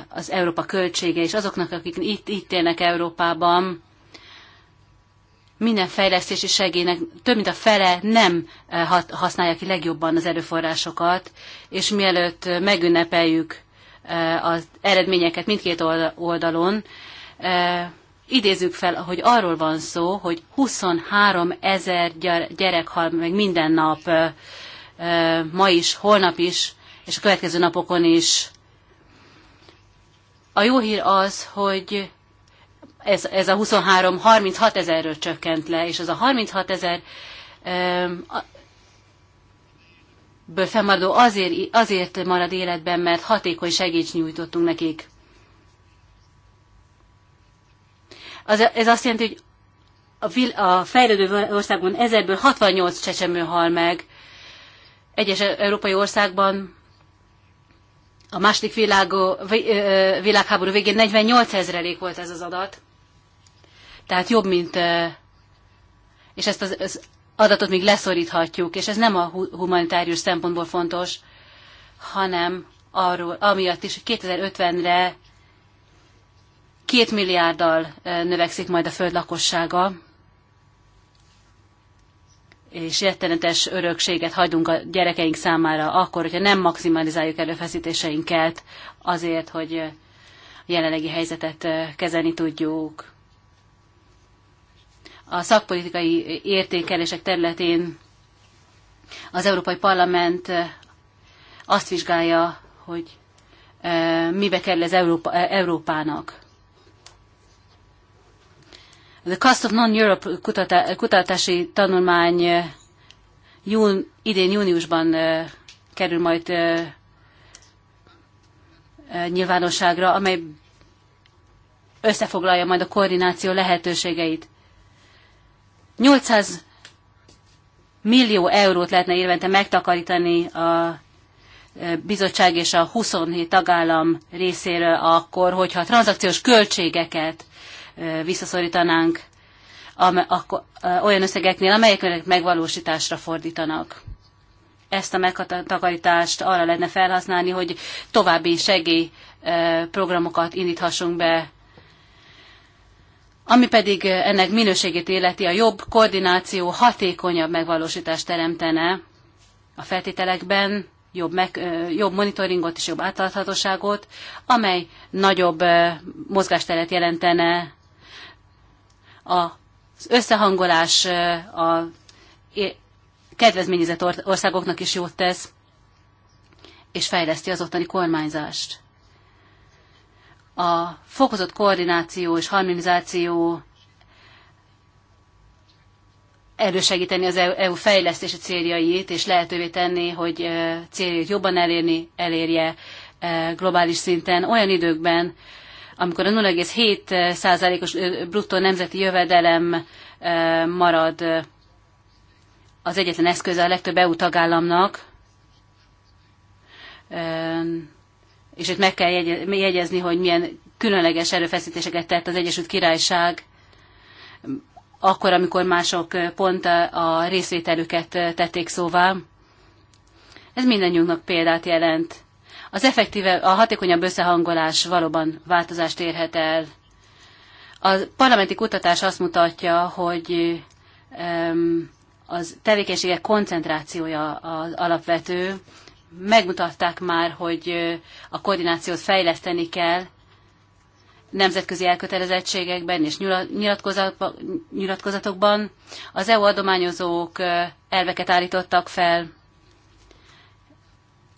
az Európa költsége, és azoknak, akik itt, itt élnek Európában, minden fejlesztési segélynek több mint a fele nem eh, használja ki legjobban az erőforrásokat, és mielőtt eh, megünnepeljük eh, az eredményeket mindkét oldalon, idézzük fel, hogy arról van szó, hogy 23 ezer gyerek hal meg minden nap, ma is, holnap is, és a következő napokon is. A jó hír az, hogy ez, ez a 23 36 ezerről csökkent le, és az a 36 ezer ből fennmaradó azért, azért marad életben, mert hatékony segíts nyújtottunk nekik. Az, e- ez azt jelenti, hogy a, vil, a fejlődő országban ezerből 68 csecsemő hal meg. Egyes e- európai országban a második világó, világháború végén 48 ezrelék volt ez az adat. Tehát jobb, mint... És ezt az, az adatot még leszoríthatjuk, és ez nem a humanitárius szempontból fontos, hanem arról, amiatt is, hogy 2050-re két milliárddal növekszik majd a föld lakossága, és rettenetes örökséget hagyunk a gyerekeink számára akkor, hogyha nem maximalizáljuk előfeszítéseinket azért, hogy a jelenlegi helyzetet kezelni tudjuk a szakpolitikai értékelések területén az Európai Parlament eh, azt vizsgálja, hogy eh, mibe kerül az Európa, eh, Európának. The Cost of Non-Europe kutatási tanulmány jún, idén júniusban kerül majd nyilvánosságra, amely összefoglalja majd a koordináció lehetőségeit. 800 millió eurót lehetne évente megtakarítani a e, bizottság és a 27 tagállam részéről akkor, hogyha a tranzakciós költségeket e, visszaszorítanánk e, olyan összegeknél, amelyeknek megvalósításra fordítanak. Ezt a megtakarítást arra lehetne felhasználni, hogy további segélyprogramokat indíthassunk be ami pedig eh, ennek minőségét életi, a jobb koordináció hatékonyabb megvalósítást teremtene a feltételekben, jobb, meg, eh, jobb monitoringot és jobb átláthatóságot, amely nagyobb eh, mozgásteret jelentene az összehangolás a kedvezményezett országoknak is jót tesz, és fejleszti az ottani kormányzást a fokozott koordináció és harmonizáció elősegíteni az EU e fejlesztési céljait, és lehetővé tenni, hogy céljait jobban elérni, elérje globális szinten olyan időkben, amikor a 0,7%-os bruttó nemzeti jövedelem marad az egyetlen eszköze a legtöbb EU tagállamnak, és itt meg kell jegyezni, hogy milyen különleges erőfeszítéseket tett az Egyesült Királyság, akkor, amikor mások pont a részvételüket tették szóvá. Ez mindannyiunknak példát jelent. Az effektíve, a hatékonyabb összehangolás valóban változást érhet el. A parlamenti kutatás azt mutatja, hogy az tevékenységek koncentrációja az alapvető, megmutatták már, hogy a koordinációt fejleszteni kell nemzetközi elkötelezettségekben és nyilatkozatokban. Az EU adományozók elveket állítottak fel,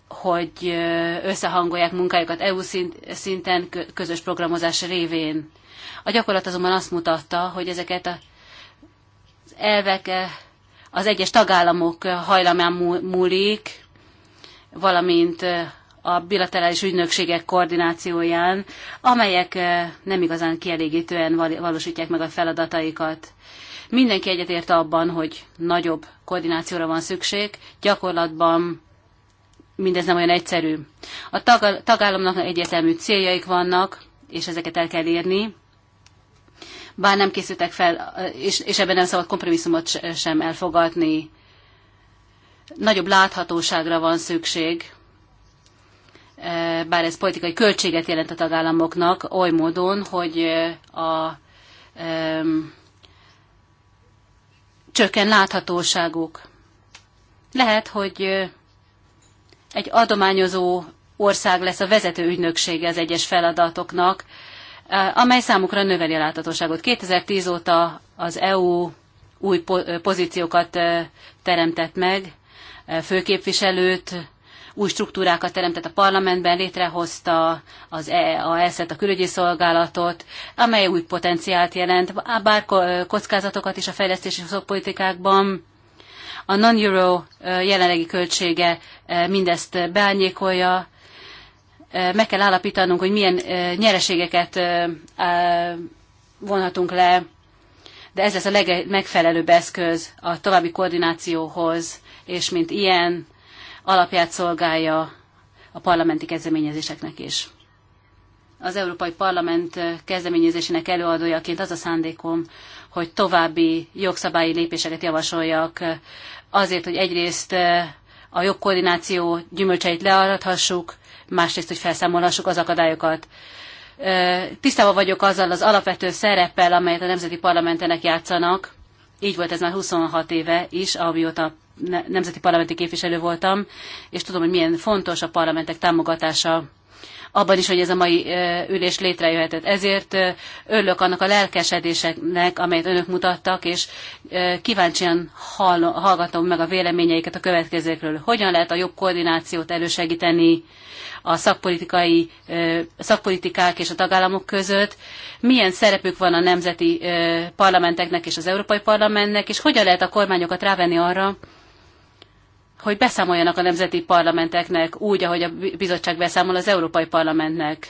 hogy összehangolják munkájukat EU szinten közös programozás révén. A gyakorlat azonban azt mutatta, hogy ezeket az elveket az egyes tagállamok hajlamán múlik, valamint a bilaterális ügynökségek koordinációján, amelyek nem igazán kielégítően valósítják meg a feladataikat. Mindenki egyetért abban, hogy nagyobb koordinációra van szükség, gyakorlatban mindez nem olyan egyszerű. A tagállamnak egyértelmű céljaik vannak, és ezeket el kell érni, bár nem készültek fel, és, és ebben nem szabad kompromisszumot sem elfogadni. Nagyobb láthatóságra van szükség, e, bár ez politikai költséget jelent a tagállamoknak, oly módon, hogy e, a um, csökken láthatóságuk. Lehet, hogy egy adományozó ország lesz a vezető ügynöksége az egyes feladatoknak, amely számukra növeli a láthatóságot. 2010 óta az EU új pozíciókat teremtett meg, főképviselőt, új struktúrákat teremtett a parlamentben, létrehozta az esz e et a külügyi szolgálatot, amely új potenciált jelent, bár kockázatokat is a fejlesztési szakpolitikákban. A non-euro jelenlegi költsége mindezt beányékolja. Meg kell állapítanunk, hogy milyen nyereségeket vonhatunk le, de ez lesz a legmegfelelőbb eszköz a további koordinációhoz és mint ilyen alapját szolgálja a parlamenti kezdeményezéseknek is. Az Európai Parlament kezdeményezésének előadójaként az a szándékom, hogy további jogszabályi lépéseket javasoljak azért, hogy egyrészt eh, a jogkoordináció gyümölcseit learadhassuk, másrészt, hogy felszámolhassuk az akadályokat. Eh, tisztában vagyok azzal az alapvető szereppel, amelyet a nemzeti parlamentenek játszanak. Így volt ez már 26 éve is, amióta nemzeti parlamenti képviselő voltam, és tudom, hogy milyen fontos a parlamentek támogatása abban is, hogy ez a mai ülés létrejöhetett. Ezért örülök annak a lelkesedéseknek, amelyet önök mutattak, és kíváncsian hallgatom meg a véleményeiket a következőkről. Hogyan lehet a jobb koordinációt elősegíteni a szakpolitikai, szakpolitikák és a tagállamok között, milyen szerepük van a nemzeti parlamenteknek és az Európai Parlamentnek, és hogyan lehet a kormányokat rávenni arra, hogy beszámoljanak a nemzeti parlamenteknek úgy, ahogy a bizottság beszámol az Európai Parlamentnek.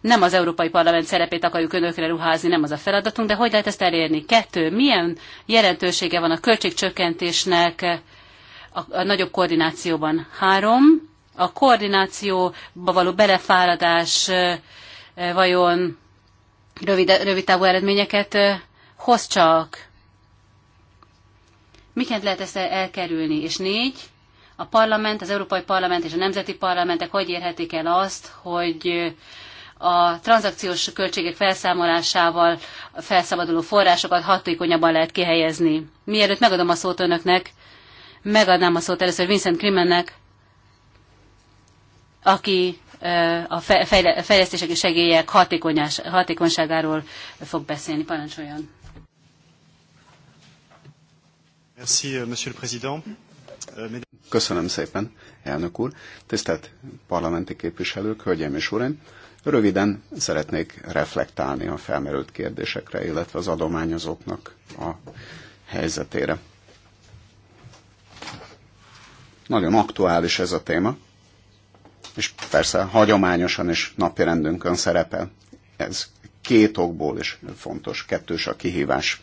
Nem az Európai Parlament szerepét akarjuk önökre ruházni, nem az a feladatunk, de hogy lehet ezt elérni? Kettő, milyen jelentősége van a költségcsökkentésnek a, a nagyobb koordinációban? Három, a koordinációba való belefáradás vajon rövid, rövid távú eredményeket hoz csak? Miként lehet ezt elkerülni? És négy, a parlament, az Európai Parlament és a nemzeti parlamentek hogy érhetik el azt, hogy a tranzakciós költségek felszámolásával felszabaduló forrásokat hatékonyabban lehet kihelyezni. Mielőtt megadom a szót önöknek, megadnám a szót először Vincent Krimennek, aki a fejlesztések és segélyek hatékonyságáról fog beszélni. Parancsoljon! Euh, euh, Köszönöm szépen, elnök úr. Tisztelt parlamenti képviselők, hölgyeim és uraim! Röviden szeretnék reflektálni a felmerült kérdésekre, illetve az adományozóknak a helyzetére. Nagyon aktuális ez a téma, és persze hagyományosan is napirendünkön szerepel. Ez két okból is fontos, kettős a kihívás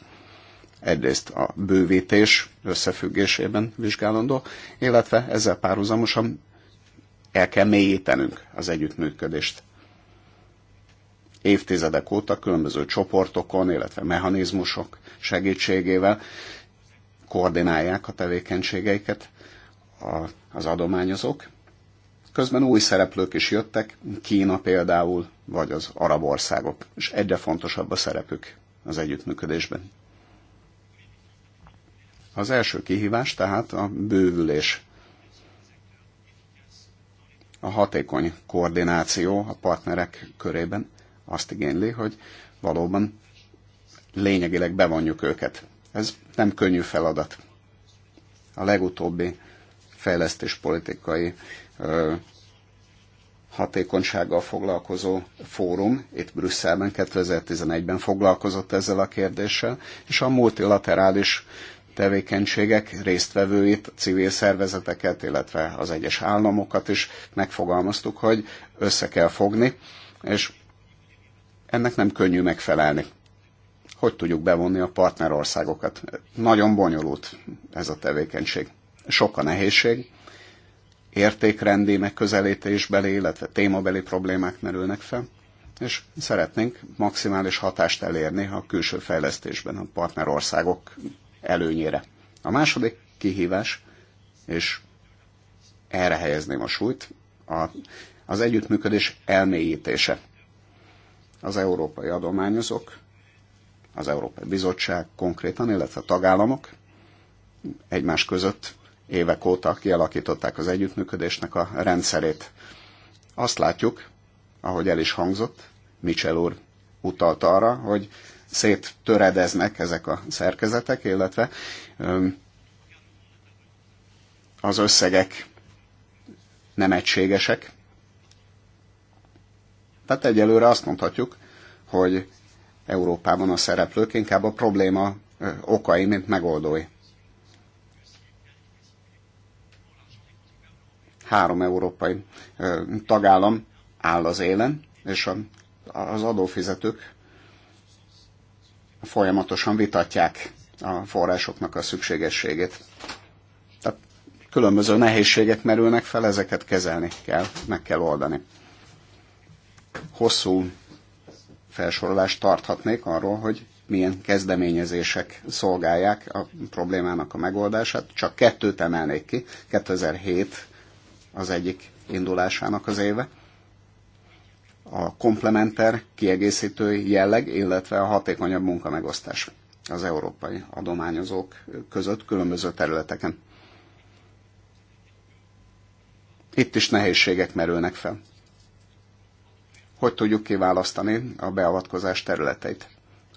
egyrészt a bővítés összefüggésében vizsgálandó, illetve ezzel párhuzamosan el kell mélyítenünk az együttműködést. Évtizedek óta különböző csoportokon, illetve mechanizmusok segítségével koordinálják a tevékenységeiket az adományozók. Közben új szereplők is jöttek, Kína például, vagy az arab országok, és egyre fontosabb a szerepük az együttműködésben. Az első kihívás tehát a bővülés. A hatékony koordináció a partnerek körében azt igényli, hogy valóban lényegileg bevonjuk őket. Ez nem könnyű feladat. A legutóbbi fejlesztéspolitikai hatékonysággal foglalkozó fórum itt Brüsszelben 2011-ben foglalkozott ezzel a kérdéssel, és a multilaterális tevékenységek résztvevőit, civil szervezeteket, illetve az egyes államokat is megfogalmaztuk, hogy össze kell fogni, és ennek nem könnyű megfelelni. Hogy tudjuk bevonni a partnerországokat? Nagyon bonyolult ez a tevékenység. Sok a nehézség, értékrendi megközelítésbeli, illetve témabeli problémák merülnek fel, és szeretnénk maximális hatást elérni a külső fejlesztésben a partnerországok előnyére. A második kihívás, és erre helyezném a súlyt, a, az együttműködés elmélyítése. Az európai adományozók, az Európai Bizottság konkrétan, illetve a tagállamok egymás között évek óta kialakították az együttműködésnek a rendszerét. Azt látjuk, ahogy el is hangzott, Michel úr utalta arra, hogy széttöredeznek ezek a szerkezetek, illetve az összegek nem egységesek. Tehát egyelőre azt mondhatjuk, hogy Európában a szereplők inkább a probléma okai, mint megoldói. Három európai tagállam áll az élen, és az adófizetők folyamatosan vitatják a forrásoknak a szükségességét. Tehát különböző nehézségek merülnek fel, ezeket kezelni kell, meg kell oldani. Hosszú felsorolást tarthatnék arról, hogy milyen kezdeményezések szolgálják a problémának a megoldását. Csak kettőt emelnék ki. 2007 az egyik indulásának az éve a komplementer, kiegészítő jelleg, illetve a hatékonyabb munkamegosztás az európai adományozók között különböző területeken. Itt is nehézségek merülnek fel. Hogy tudjuk kiválasztani a beavatkozás területeit,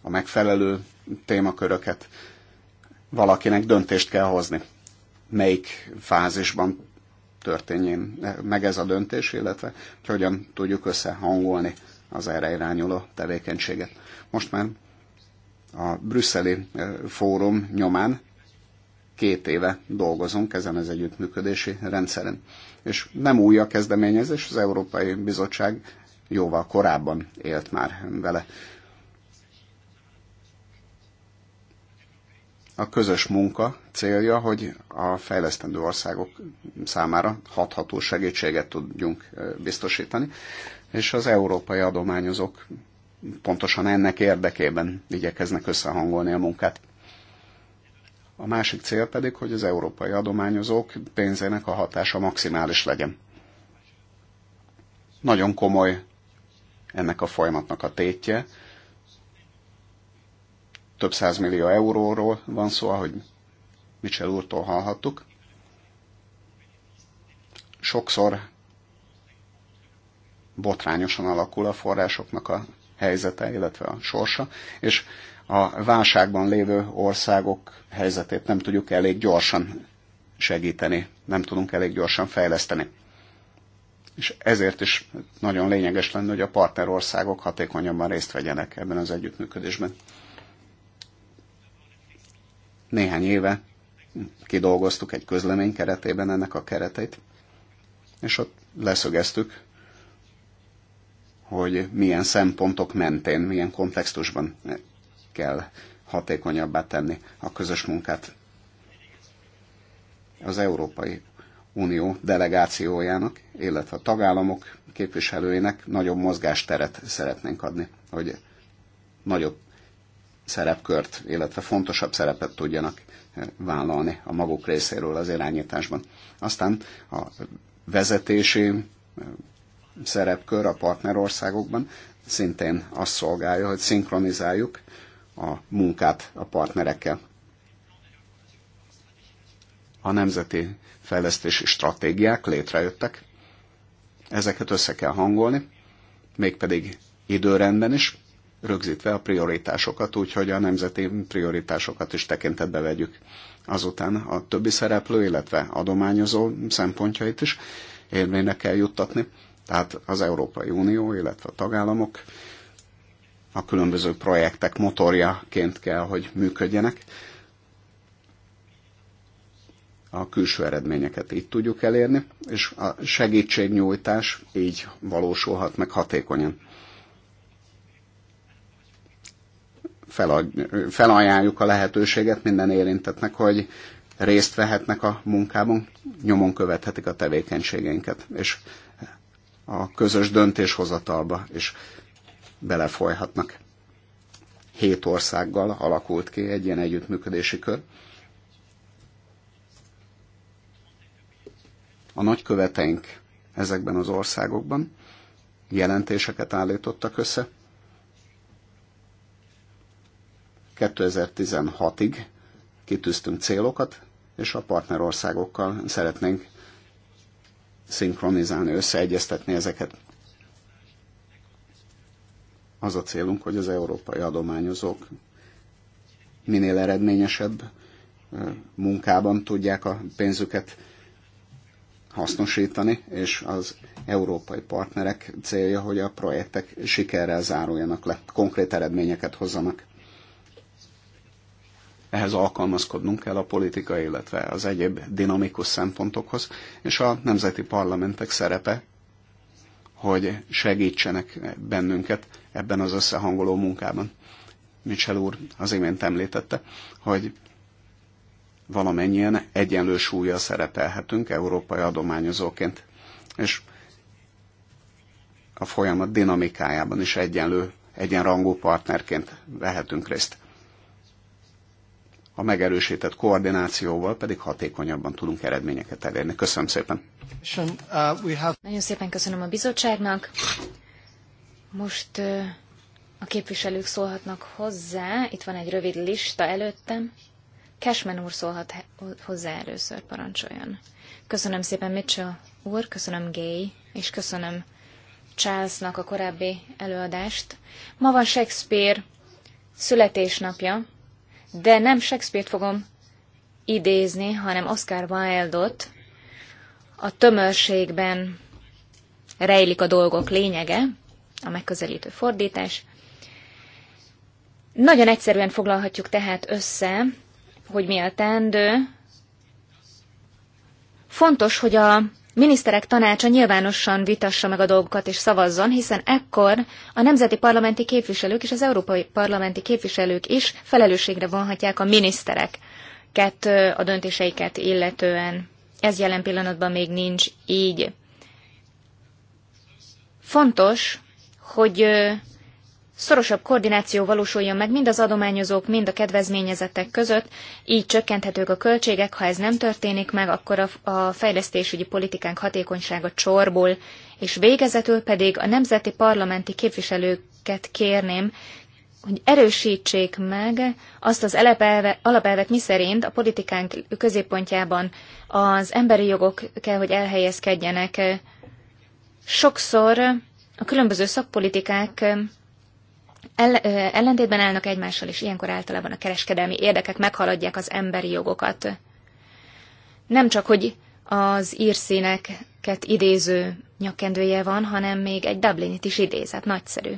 a megfelelő témaköröket? Valakinek döntést kell hozni, melyik fázisban történjen meg ez a döntés, illetve hogy hogyan tudjuk összehangolni az erre irányuló tevékenységet. Most már a brüsszeli fórum nyomán két éve dolgozunk ezen az együttműködési rendszeren. És nem új a kezdeményezés, az Európai Bizottság jóval korábban élt már vele. a közös munka célja, hogy a fejlesztendő országok számára hatható segítséget tudjunk biztosítani, és az európai adományozók pontosan ennek érdekében igyekeznek összehangolni a munkát. A másik cél pedig, hogy az európai adományozók pénzének a hatása maximális legyen. Nagyon komoly ennek a folyamatnak a tétje, több százmillió euróról van szó, ahogy Mitchell úrtól hallhattuk. Sokszor botrányosan alakul a forrásoknak a helyzete, illetve a sorsa, és a válságban lévő országok helyzetét nem tudjuk elég gyorsan segíteni, nem tudunk elég gyorsan fejleszteni. És ezért is nagyon lényeges lenne, hogy a partnerországok hatékonyabban részt vegyenek ebben az együttműködésben. Néhány éve kidolgoztuk egy közlemény keretében ennek a kereteit, és ott leszögeztük, hogy milyen szempontok mentén, milyen kontextusban kell hatékonyabbá tenni a közös munkát. Az Európai Unió delegációjának, illetve a tagállamok képviselőinek nagyobb mozgásteret szeretnénk adni, hogy nagyobb szerepkört, illetve fontosabb szerepet tudjanak eh, vállalni a maguk részéről az irányításban. Aztán a vezetési eh, szerepkör a partnerországokban szintén azt szolgálja, hogy szinkronizáljuk a munkát a partnerekkel. A nemzeti fejlesztési stratégiák létrejöttek, ezeket össze kell hangolni, mégpedig időrendben is, rögzítve a prioritásokat, úgyhogy a nemzeti prioritásokat is tekintetbe vegyük. Azután a többi szereplő, illetve adományozó szempontjait is érvényre kell juttatni. Tehát az Európai Unió, illetve a tagállamok a különböző projektek motorjaként kell, hogy működjenek. A külső eredményeket itt tudjuk elérni, és a segítségnyújtás így valósulhat meg hatékonyan felad, felajánljuk a lehetőséget minden érintetnek, hogy részt vehetnek a munkában, nyomon követhetik a tevékenységeinket, és a közös döntéshozatalba is belefolyhatnak. Hét országgal alakult ki egy ilyen együttműködési kör. A nagyköveteink ezekben az országokban jelentéseket állítottak össze, 2016-ig kitűztünk célokat, és a partnerországokkal szeretnénk szinkronizálni, összeegyeztetni ezeket. Az a célunk, hogy az európai adományozók minél eredményesebb munkában tudják a pénzüket hasznosítani, és az európai partnerek célja, hogy a projektek sikerrel záruljanak le, konkrét eredményeket hozzanak ehhez alkalmazkodnunk kell a politika, illetve az egyéb dinamikus szempontokhoz, és a nemzeti parlamentek szerepe, hogy segítsenek bennünket ebben az összehangoló munkában. Mitchell úr az imént említette, hogy valamennyien egyenlő súlya szerepelhetünk európai adományozóként, és a folyamat dinamikájában is egyenlő, egyenrangú partnerként vehetünk részt a megerősített koordinációval pedig hatékonyabban tudunk eredményeket elérni. Köszönöm szépen. Uh, Nagyon szépen köszönöm a bizottságnak. Most uh, a képviselők szólhatnak hozzá. Itt van egy rövid lista előttem. Cashman úr szólhat hozzá először, parancsoljon. Köszönöm szépen Mitchell úr, köszönöm Gay, és köszönöm Charlesnak a korábbi előadást. Ma van Shakespeare születésnapja, de nem Shakespeare-t fogom idézni, hanem Oscar Wilde-ot. A tömörségben rejlik a dolgok lényege, a megközelítő fordítás. Nagyon egyszerűen foglalhatjuk tehát össze, hogy mi a teendő. Fontos, hogy a miniszterek tanácsa nyilvánosan vitassa meg a dolgokat és szavazzon, hiszen ekkor a nemzeti parlamenti képviselők és az európai parlamenti képviselők is felelősségre vonhatják a minisztereket a döntéseiket illetően. Ez jelen pillanatban még nincs így. Fontos, hogy Szorosabb koordináció valósuljon meg mind az adományozók, mind a kedvezményezettek között, így csökkenthetők a költségek, ha ez nem történik meg, akkor a, a fejlesztésügyi politikánk hatékonysága csorból, és végezetül pedig a nemzeti parlamenti képviselőket kérném, hogy erősítsék meg azt az elepelve, alapelvet, szerint a politikánk középpontjában az emberi jogok kell, hogy elhelyezkedjenek. Sokszor a különböző szakpolitikák ellentétben állnak egymással, és ilyenkor általában a kereskedelmi érdekek meghaladják az emberi jogokat. Nem csak, hogy az írszíneket idéző nyakkendője van, hanem még egy Dublinit is idézett. Hát nagyszerű.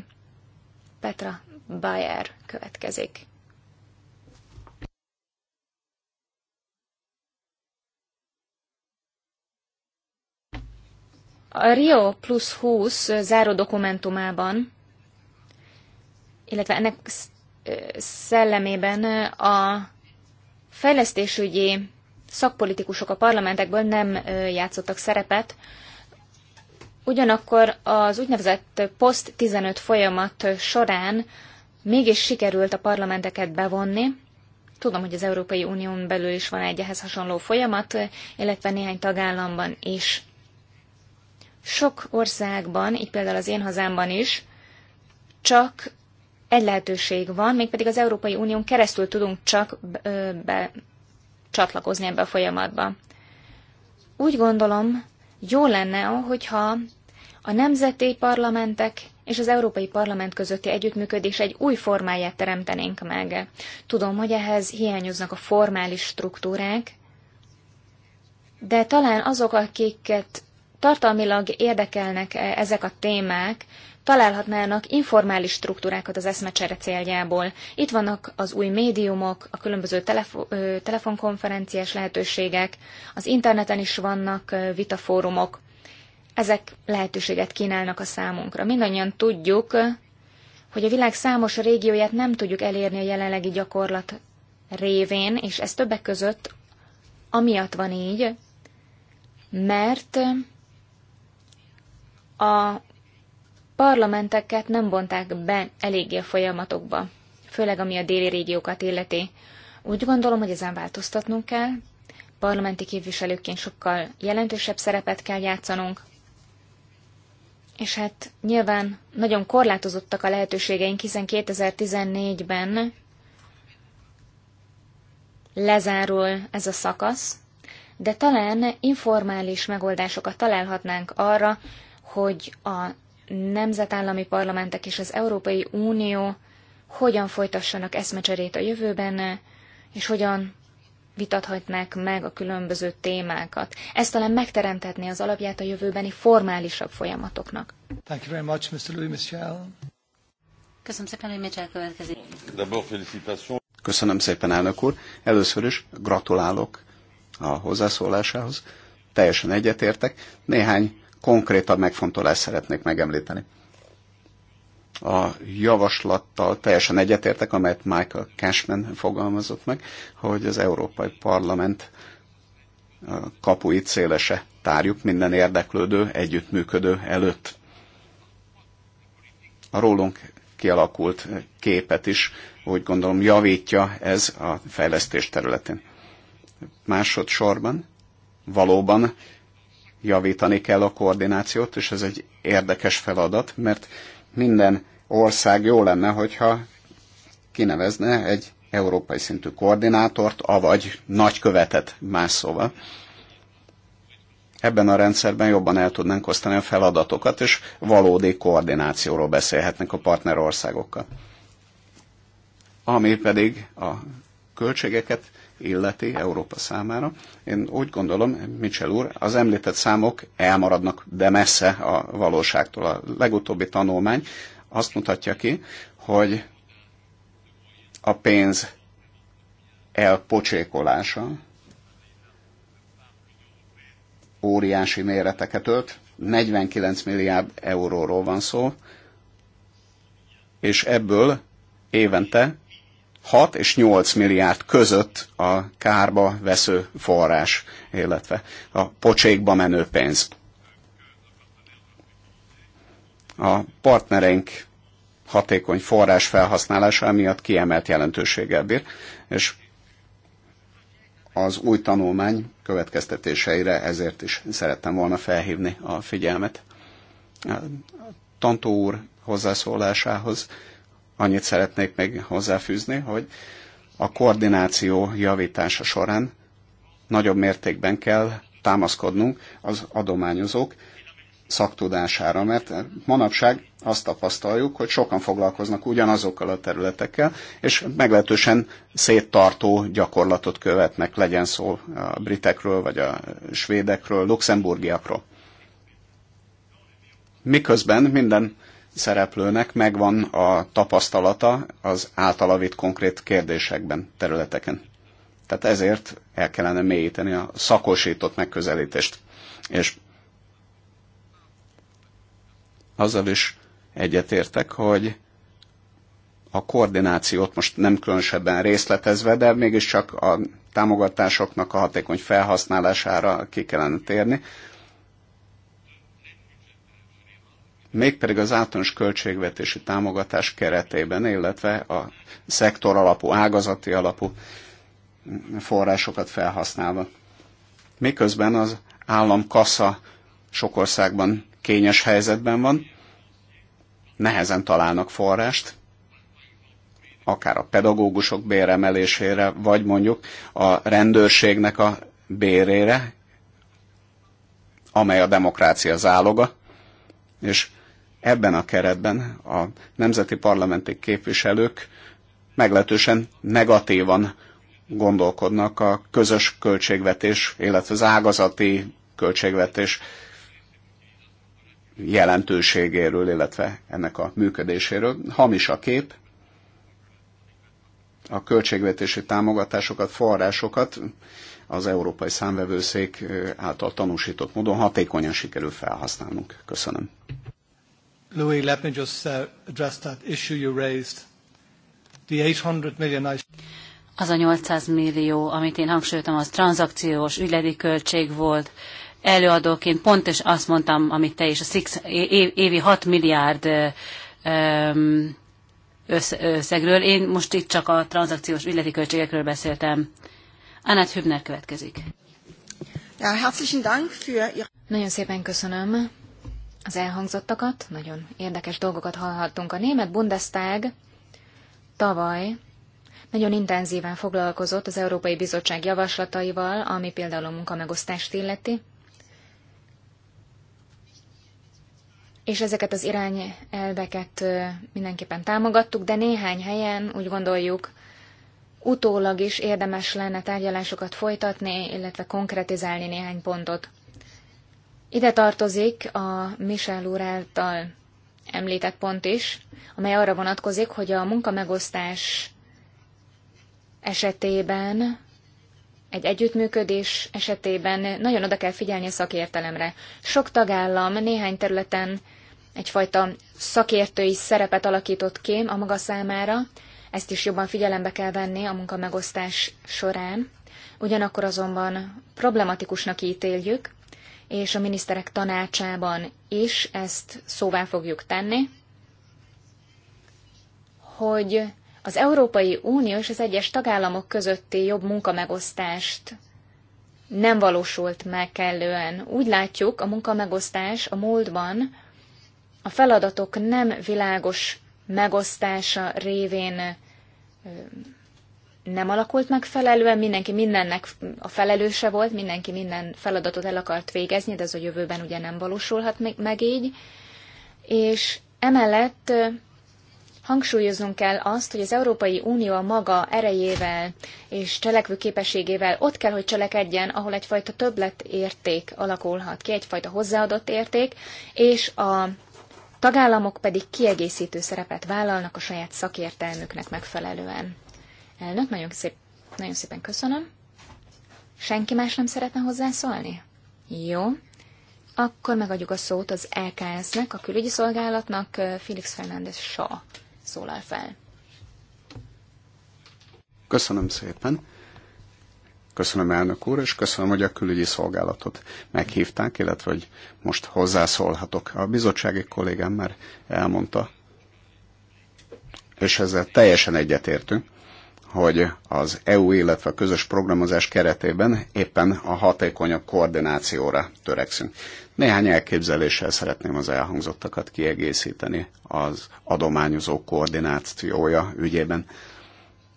Petra Bayer következik. A Rio Plus 20 záró dokumentumában illetve ennek szellemében a fejlesztésügyi szakpolitikusok a parlamentekből nem játszottak szerepet, ugyanakkor az úgynevezett POST 15 folyamat során mégis sikerült a parlamenteket bevonni. Tudom, hogy az Európai Unión belül is van egy ehhez hasonló folyamat, illetve néhány tagállamban is. Sok országban, így például az én hazámban is, csak egy lehetőség van, mégpedig az Európai Unión keresztül tudunk csak be, csatlakozni ebbe a folyamatba. Úgy gondolom, jó lenne, hogyha a nemzeti parlamentek és az Európai Parlament közötti együttműködés egy új formáját teremtenénk meg. Tudom, hogy ehhez hiányoznak a formális struktúrák, de talán azok, akiket tartalmilag érdekelnek ezek a témák, találhatnának informális struktúrákat az eszmecsere céljából. Itt vannak az új médiumok, a különböző telefo- telefonkonferenciás lehetőségek, az interneten is vannak vitafórumok. Ezek lehetőséget kínálnak a számunkra. Mindannyian tudjuk, hogy a világ számos régióját nem tudjuk elérni a jelenlegi gyakorlat révén, és ez többek között amiatt van így, mert a parlamenteket nem vonták be eléggé a folyamatokba, főleg ami a déli régiókat illeti. Úgy gondolom, hogy ezen változtatnunk kell, parlamenti képviselőként sokkal jelentősebb szerepet kell játszanunk, és hát nyilván nagyon korlátozottak a lehetőségeink, hiszen 2014-ben lezárul ez a szakasz, de talán informális megoldásokat találhatnánk arra, hogy a nemzetállami parlamentek és az Európai Unió hogyan folytassanak eszmecserét a jövőben, és hogyan vitathatnák meg a különböző témákat. Ez talán megteremthetné az alapját a jövőbeni formálisabb folyamatoknak. Thank you very much, Mr. Louis Michel. Köszönöm szépen, hogy Michel következik. Köszönöm szépen, elnök úr. Először is gratulálok a hozzászólásához. Teljesen egyetértek. Néhány konkrétabb megfontolást szeretnék megemlíteni. A javaslattal teljesen egyetértek, amelyet Michael Cashman fogalmazott meg, hogy az Európai Parlament kapui célese tárjuk minden érdeklődő, együttműködő előtt. A rólunk kialakult képet is, úgy gondolom, javítja ez a fejlesztés területén. Másodszorban valóban javítani kell a koordinációt, és ez egy érdekes feladat, mert minden ország jó lenne, hogyha kinevezne egy európai szintű koordinátort, avagy nagykövetet más szóval. Ebben a rendszerben jobban el tudnánk osztani a feladatokat, és valódi koordinációról beszélhetnek a partnerországokkal. Ami pedig a költségeket illeti Európa számára. Én úgy gondolom, Mitchell úr, az említett számok elmaradnak, de messze a valóságtól. A legutóbbi tanulmány azt mutatja ki, hogy a pénz elpocsékolása óriási méreteket ölt, 49 milliárd euróról van szó, és ebből évente 6 és 8 milliárd között a kárba vesző forrás, illetve a pocsékba menő pénz. A partnereink hatékony forrás felhasználása miatt kiemelt jelentőséggel bír, és az új tanulmány következtetéseire ezért is szerettem volna felhívni a figyelmet. Tantó úr hozzászólásához Annyit szeretnék még hozzáfűzni, hogy a koordináció javítása során nagyobb mértékben kell támaszkodnunk az adományozók szaktudására, mert manapság azt tapasztaljuk, hogy sokan foglalkoznak ugyanazokkal a területekkel, és meglehetősen széttartó gyakorlatot követnek, legyen szó a britekről, vagy a svédekről, luxemburgiakról. Miközben minden szereplőnek megvan a tapasztalata az általa vitt konkrét kérdésekben, területeken. Tehát ezért el kellene mélyíteni a szakosított megközelítést. És azzal is egyetértek, hogy a koordinációt most nem különösebben részletezve, de mégiscsak a támogatásoknak a hatékony felhasználására ki kellene térni, mégpedig az általános költségvetési támogatás keretében, illetve a szektor alapú, ágazati alapú forrásokat felhasználva. Miközben az kassa sok országban kényes helyzetben van, nehezen találnak forrást, akár a pedagógusok béremelésére, vagy mondjuk a rendőrségnek a bérére, amely a demokrácia záloga, és Ebben a keretben a nemzeti parlamenti képviselők meglehetősen negatívan gondolkodnak a közös költségvetés, illetve az ágazati költségvetés jelentőségéről, illetve ennek a működéséről. Hamis a kép, a költségvetési támogatásokat, forrásokat az Európai Számvevőszék által tanúsított módon hatékonyan sikerül felhasználnunk. Köszönöm. Louis, let me just uh, address that issue you raised. The 800 million I... Az a 800 millió, amit én hangsúlyoztam, az tranzakciós ügyleti költség volt. Előadóként pont is azt mondtam, amit te is, a six, évi 6 milliárd összegről. Én most itt csak a tranzakciós ügyleti költségekről beszéltem. Annette Hübner következik. Ja, herzlichen Dank für Nagyon szépen köszönöm az elhangzottakat, nagyon érdekes dolgokat hallhattunk. A német Bundestag tavaly nagyon intenzíven foglalkozott az Európai Bizottság javaslataival, ami például a munkamegosztást illeti, és ezeket az irányelveket mindenképpen támogattuk, de néhány helyen úgy gondoljuk, utólag is érdemes lenne tárgyalásokat folytatni, illetve konkretizálni néhány pontot. Ide tartozik a Michel úr által említett pont is, amely arra vonatkozik, hogy a munkamegosztás esetében, egy együttműködés esetében nagyon oda kell figyelni a szakértelemre. Sok tagállam néhány területen egyfajta szakértői szerepet alakított ki a maga számára, ezt is jobban figyelembe kell venni a munkamegosztás során. Ugyanakkor azonban problematikusnak ítéljük, és a miniszterek tanácsában is ezt szóvá fogjuk tenni, hogy az Európai Unió és az egyes tagállamok közötti jobb munkamegosztást nem valósult meg kellően. Úgy látjuk, a munkamegosztás a múltban a feladatok nem világos megosztása révén nem alakult megfelelően, mindenki mindennek a felelőse volt, mindenki minden feladatot el akart végezni, de ez a jövőben ugye nem valósulhat meg így. És emellett hangsúlyoznunk kell azt, hogy az Európai Unió a maga erejével és képességével ott kell, hogy cselekedjen, ahol egyfajta többletérték alakulhat ki, egyfajta hozzáadott érték, és a tagállamok pedig kiegészítő szerepet vállalnak a saját szakértelmüknek megfelelően. Elnök, nagyon, szép, nagyon szépen köszönöm. Senki más nem szeretne hozzászólni? Jó. Akkor megadjuk a szót az LKS-nek, a külügyi szolgálatnak, Felix Fernández sa szólal fel. Köszönöm szépen. Köszönöm elnök úr, és köszönöm, hogy a külügyi szolgálatot meghívták, illetve hogy most hozzászólhatok. A bizottsági kollégám már elmondta, és ezzel teljesen egyetértünk, hogy az EU, illetve a közös programozás keretében éppen a hatékonyabb koordinációra törekszünk. Néhány elképzeléssel szeretném az elhangzottakat kiegészíteni az adományozó koordinációja ügyében.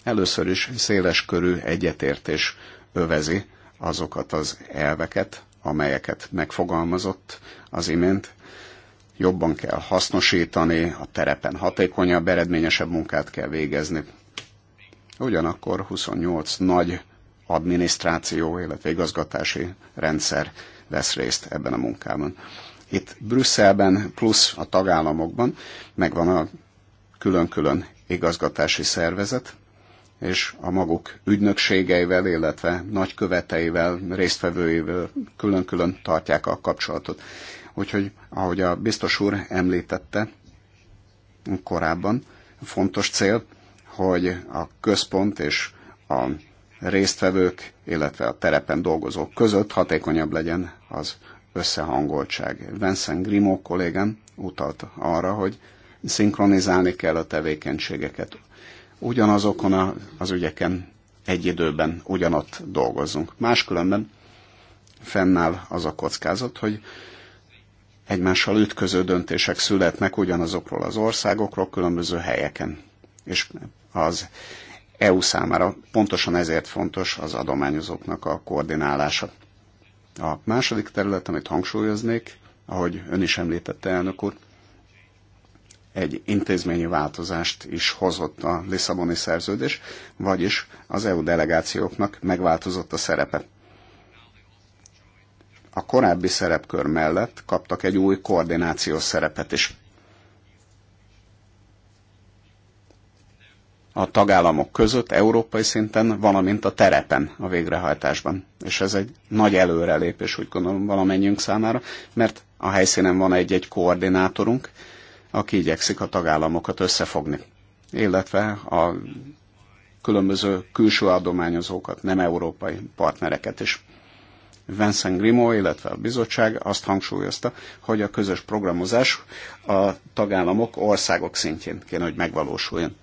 Először is széles körű egyetértés övezi azokat az elveket, amelyeket megfogalmazott az imént, jobban kell hasznosítani, a terepen hatékonyabb, eredményesebb munkát kell végezni. Ugyanakkor 28 nagy adminisztráció, illetve igazgatási rendszer vesz részt ebben a munkában. Itt Brüsszelben plusz a tagállamokban megvan a külön-külön igazgatási szervezet, és a maguk ügynökségeivel, illetve nagyköveteivel, résztvevőivel külön-külön tartják a kapcsolatot. Úgyhogy, ahogy a biztos úr említette korábban, fontos cél hogy a központ és a résztvevők, illetve a terepen dolgozók között hatékonyabb legyen az összehangoltság. Vincent Grimo kollégám utalt arra, hogy szinkronizálni kell a tevékenységeket. Ugyanazokon a, az ügyeken egy időben ugyanott dolgozzunk. Máskülönben fennáll az a kockázat, hogy egymással ütköző döntések születnek ugyanazokról az országokról, különböző helyeken. És az EU számára pontosan ezért fontos az adományozóknak a koordinálása. A második terület, amit hangsúlyoznék, ahogy ön is említette, elnök úr, egy intézményi változást is hozott a Lisszaboni szerződés, vagyis az EU delegációknak megváltozott a szerepe. A korábbi szerepkör mellett kaptak egy új koordinációs szerepet is. a tagállamok között, európai szinten, valamint a terepen, a végrehajtásban. És ez egy nagy előrelépés, úgy gondolom, valamennyünk számára, mert a helyszínen van egy-egy koordinátorunk, aki igyekszik a tagállamokat összefogni. Illetve a különböző külső adományozókat, nem európai partnereket is. Vincent Grimo, illetve a bizottság azt hangsúlyozta, hogy a közös programozás a tagállamok országok szintjén kéne, hogy megvalósuljon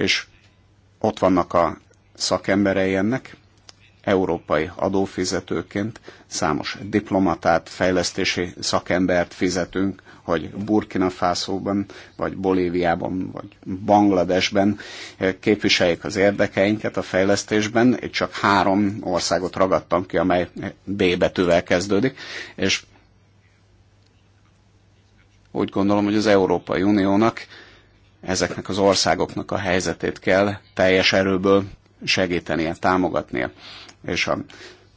és ott vannak a szakemberei ennek, európai adófizetőként számos diplomatát, fejlesztési szakembert fizetünk, hogy Burkina Fászóban, vagy Bolíviában, vagy Bangladesben képviseljék az érdekeinket a fejlesztésben. Itt csak három országot ragadtam ki, amely B betűvel kezdődik, és úgy gondolom, hogy az Európai Uniónak ezeknek az országoknak a helyzetét kell teljes erőből segítenie, támogatnia. És a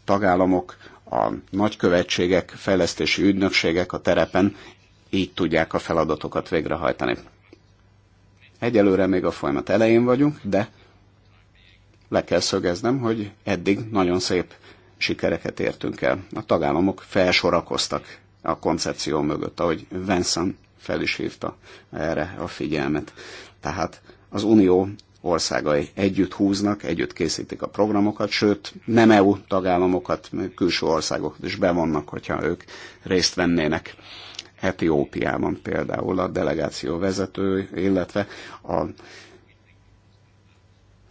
tagállamok, a nagykövetségek, fejlesztési ügynökségek a terepen így tudják a feladatokat végrehajtani. Egyelőre még a folyamat elején vagyunk, de le kell szögeznem, hogy eddig nagyon szép sikereket értünk el. A tagállamok felsorakoztak a koncepció mögött, ahogy Vincent fel is hívta erre a figyelmet. Tehát az Unió országai együtt húznak, együtt készítik a programokat, sőt, nem EU tagállamokat, külső országokat is bevonnak, hogyha ők részt vennének. Etiópiában például a delegáció vezető, illetve a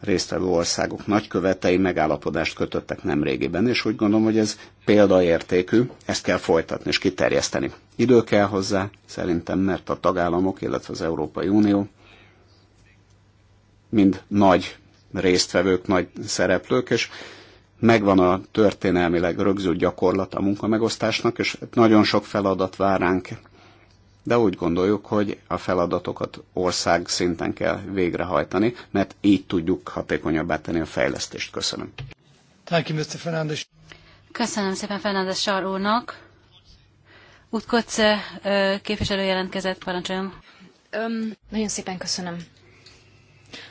résztvevő országok nagykövetei megállapodást kötöttek nemrégiben, és úgy gondolom, hogy ez példaértékű, ezt kell folytatni és kiterjeszteni. Idő kell hozzá, szerintem, mert a tagállamok, illetve az Európai Unió mind nagy résztvevők, nagy szereplők, és megvan a történelmileg rögzült gyakorlat a munkamegosztásnak, és nagyon sok feladat vár ránk. De úgy gondoljuk, hogy a feladatokat ország szinten kell végrehajtani, mert így tudjuk hatékonyabbá tenni a fejlesztést. Köszönöm. Thank you, Mr. Fernandes. Köszönöm szépen Fernandes Sar úrnak. Utkoce képviselő jelentkezett, parancsoljon. Öm, nagyon szépen köszönöm.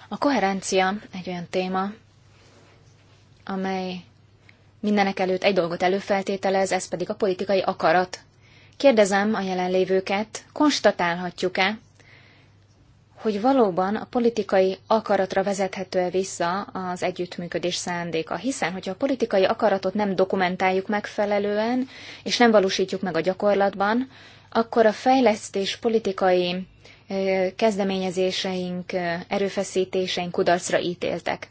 A koherencia egy olyan téma, amely mindenek előtt egy dolgot előfeltételez, ez pedig a politikai akarat. Kérdezem a jelenlévőket, konstatálhatjuk-e, hogy valóban a politikai akaratra vezethető-e vissza az együttműködés szándéka. Hiszen, hogyha a politikai akaratot nem dokumentáljuk megfelelően, és nem valósítjuk meg a gyakorlatban, akkor a fejlesztés politikai kezdeményezéseink, erőfeszítéseink kudarcra ítéltek.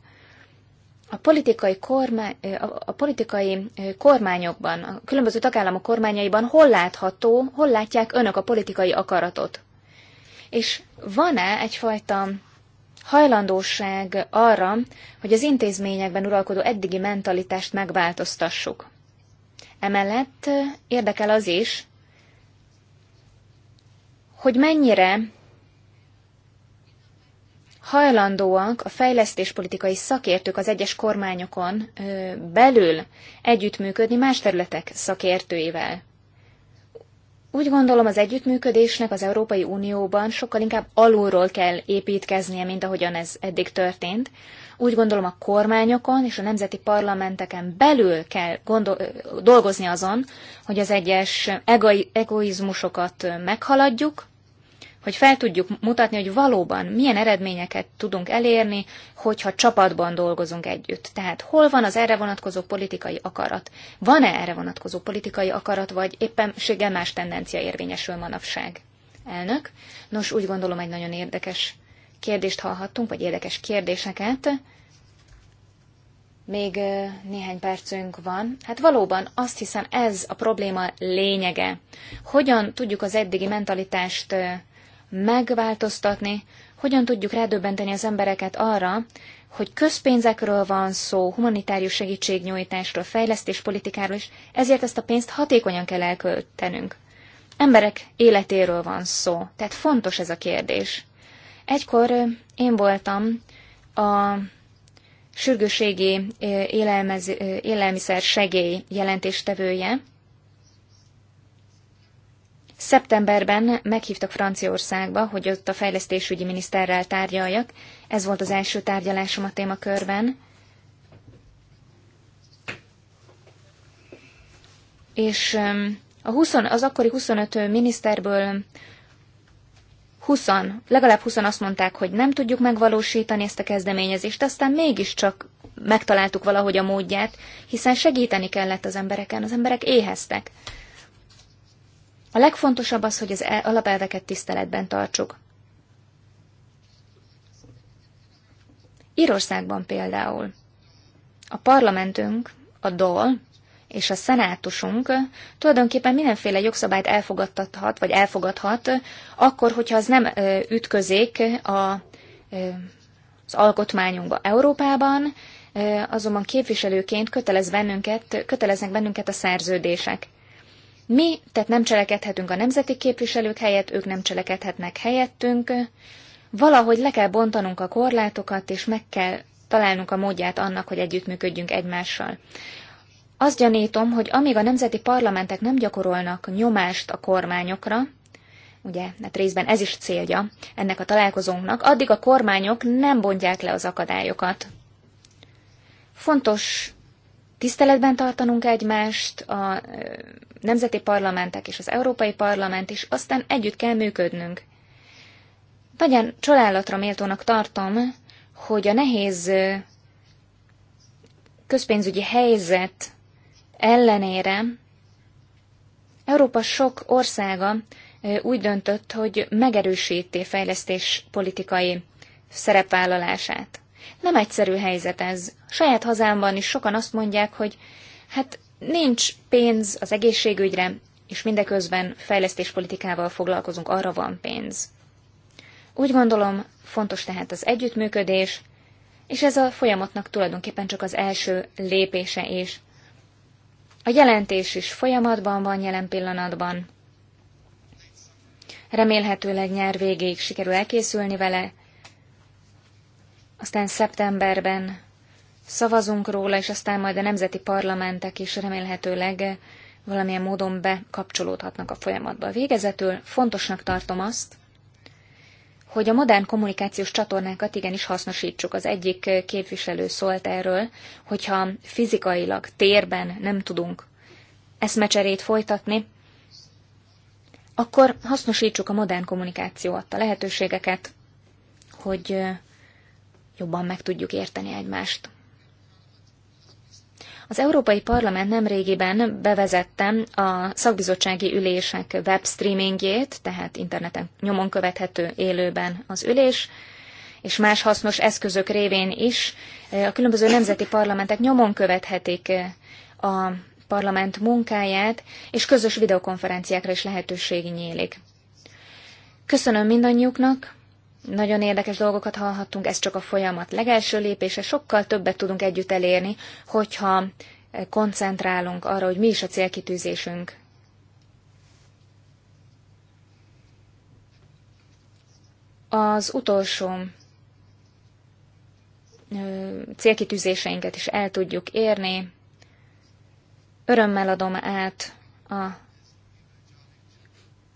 A politikai, kormány, a politikai kormányokban, a különböző tagállamok kormányaiban hol látható, hol látják önök a politikai akaratot? És van-e egyfajta hajlandóság arra, hogy az intézményekben uralkodó eddigi mentalitást megváltoztassuk. Emellett érdekel az is, hogy mennyire hajlandóak a fejlesztéspolitikai szakértők az egyes kormányokon belül együttműködni más területek szakértőivel. Úgy gondolom, az együttműködésnek az Európai Unióban sokkal inkább alulról kell építkeznie, mint ahogyan ez eddig történt. Úgy gondolom, a kormányokon és a nemzeti parlamenteken belül kell gondol- dolgozni azon, hogy az egyes egoizmusokat meghaladjuk, hogy fel tudjuk mutatni, hogy valóban milyen eredményeket tudunk elérni, hogyha csapatban dolgozunk együtt. Tehát hol van az erre vonatkozó politikai akarat? Van-e erre vonatkozó politikai akarat, vagy éppenséggel más tendencia érvényesül manapság? Elnök, nos úgy gondolom egy nagyon érdekes kérdést hallhattunk, vagy érdekes kérdéseket. Még néhány percünk van. Hát valóban azt hiszem ez a probléma lényege. Hogyan tudjuk az eddigi mentalitást megváltoztatni, hogyan tudjuk rádöbbenteni az embereket arra, hogy közpénzekről van szó, humanitárius segítségnyújtásról, fejlesztéspolitikáról, is, ezért ezt a pénzt hatékonyan kell elköltenünk. Emberek életéről van szó, tehát fontos ez a kérdés. Egykor én voltam a sürgőségi élelmiszer segély jelentéstevője, Szeptemberben meghívtak Franciaországba, hogy ott a fejlesztésügyi miniszterrel tárgyaljak. Ez volt az első tárgyalásom a témakörben. És a 20, az akkori 25 miniszterből 20, legalább 20 azt mondták, hogy nem tudjuk megvalósítani ezt a kezdeményezést, aztán mégiscsak megtaláltuk valahogy a módját, hiszen segíteni kellett az embereken, az emberek éheztek. A legfontosabb az, hogy az e- alapelveket tiszteletben tartsuk. Írországban például a parlamentünk, a DOL és a szenátusunk tulajdonképpen mindenféle jogszabályt elfogadhat, vagy elfogadhat, akkor, hogyha az nem ütközik a, az alkotmányunkba Európában, azonban képviselőként kötelez bennünket, köteleznek bennünket a szerződések. Mi, tehát nem cselekedhetünk a nemzeti képviselők helyett, ők nem cselekedhetnek helyettünk. Valahogy le kell bontanunk a korlátokat, és meg kell találnunk a módját annak, hogy együttműködjünk egymással. Azt gyanítom, hogy amíg a nemzeti parlamentek nem gyakorolnak nyomást a kormányokra, ugye, mert hát részben ez is célja ennek a találkozónknak, addig a kormányok nem bontják le az akadályokat. Fontos tiszteletben tartanunk egymást, a nemzeti parlamentek és az Európai Parlament is, aztán együtt kell működnünk. Nagyon csalálatra méltónak tartom, hogy a nehéz közpénzügyi helyzet ellenére Európa sok országa úgy döntött, hogy megerősíti fejlesztés politikai szerepvállalását. Nem egyszerű helyzet ez. Saját hazámban is sokan azt mondják, hogy hát nincs pénz az egészségügyre, és mindeközben fejlesztéspolitikával foglalkozunk, arra van pénz. Úgy gondolom, fontos tehát az együttműködés, és ez a folyamatnak tulajdonképpen csak az első lépése is. A jelentés is folyamatban van jelen pillanatban. Remélhetőleg nyár végéig sikerül elkészülni vele, aztán szeptemberben szavazunk róla, és aztán majd a nemzeti parlamentek is remélhetőleg valamilyen módon bekapcsolódhatnak a folyamatba. Végezetül fontosnak tartom azt, hogy a modern kommunikációs csatornákat igenis hasznosítsuk. Az egyik képviselő szólt erről, hogyha fizikailag, térben nem tudunk eszmecserét folytatni, akkor hasznosítsuk a modern kommunikáció adta lehetőségeket, hogy jobban meg tudjuk érteni egymást. Az Európai Parlament nemrégiben bevezettem a szakbizottsági ülések webstreamingjét, tehát interneten nyomon követhető élőben az ülés, és más hasznos eszközök révén is a különböző nemzeti parlamentek nyomon követhetik a parlament munkáját, és közös videokonferenciákra is lehetőség nyílik. Köszönöm mindannyiuknak, nagyon érdekes dolgokat hallhattunk, ez csak a folyamat legelső lépése, sokkal többet tudunk együtt elérni, hogyha koncentrálunk arra, hogy mi is a célkitűzésünk. Az utolsó célkitűzéseinket is el tudjuk érni. Örömmel adom át a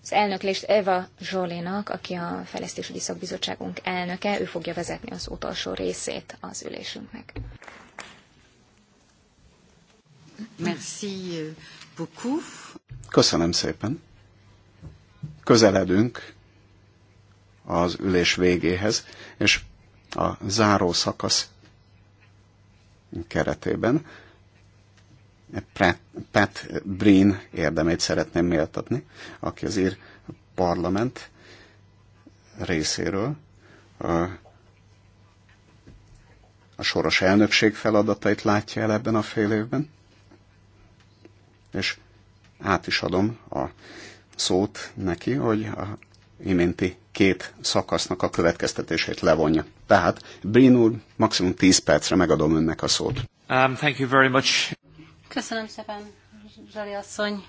az elnöklést Eva Zsolinak, aki a Fejlesztésügyi Szakbizottságunk elnöke, ő fogja vezetni az utolsó részét az ülésünknek. Merci euh, beaucoup. Köszönöm szépen. Közeledünk az ülés végéhez, és a záró szakasz keretében Pat Breen érdemét szeretném méltatni, aki az ír parlament részéről a soros elnökség feladatait látja el ebben a fél évben, és át is adom a szót neki, hogy a iménti két szakasznak a következtetését levonja. Tehát, Brin úr, maximum 10 percre megadom önnek a szót. Um, thank you very much. Köszönöm szépen, Zsali asszony.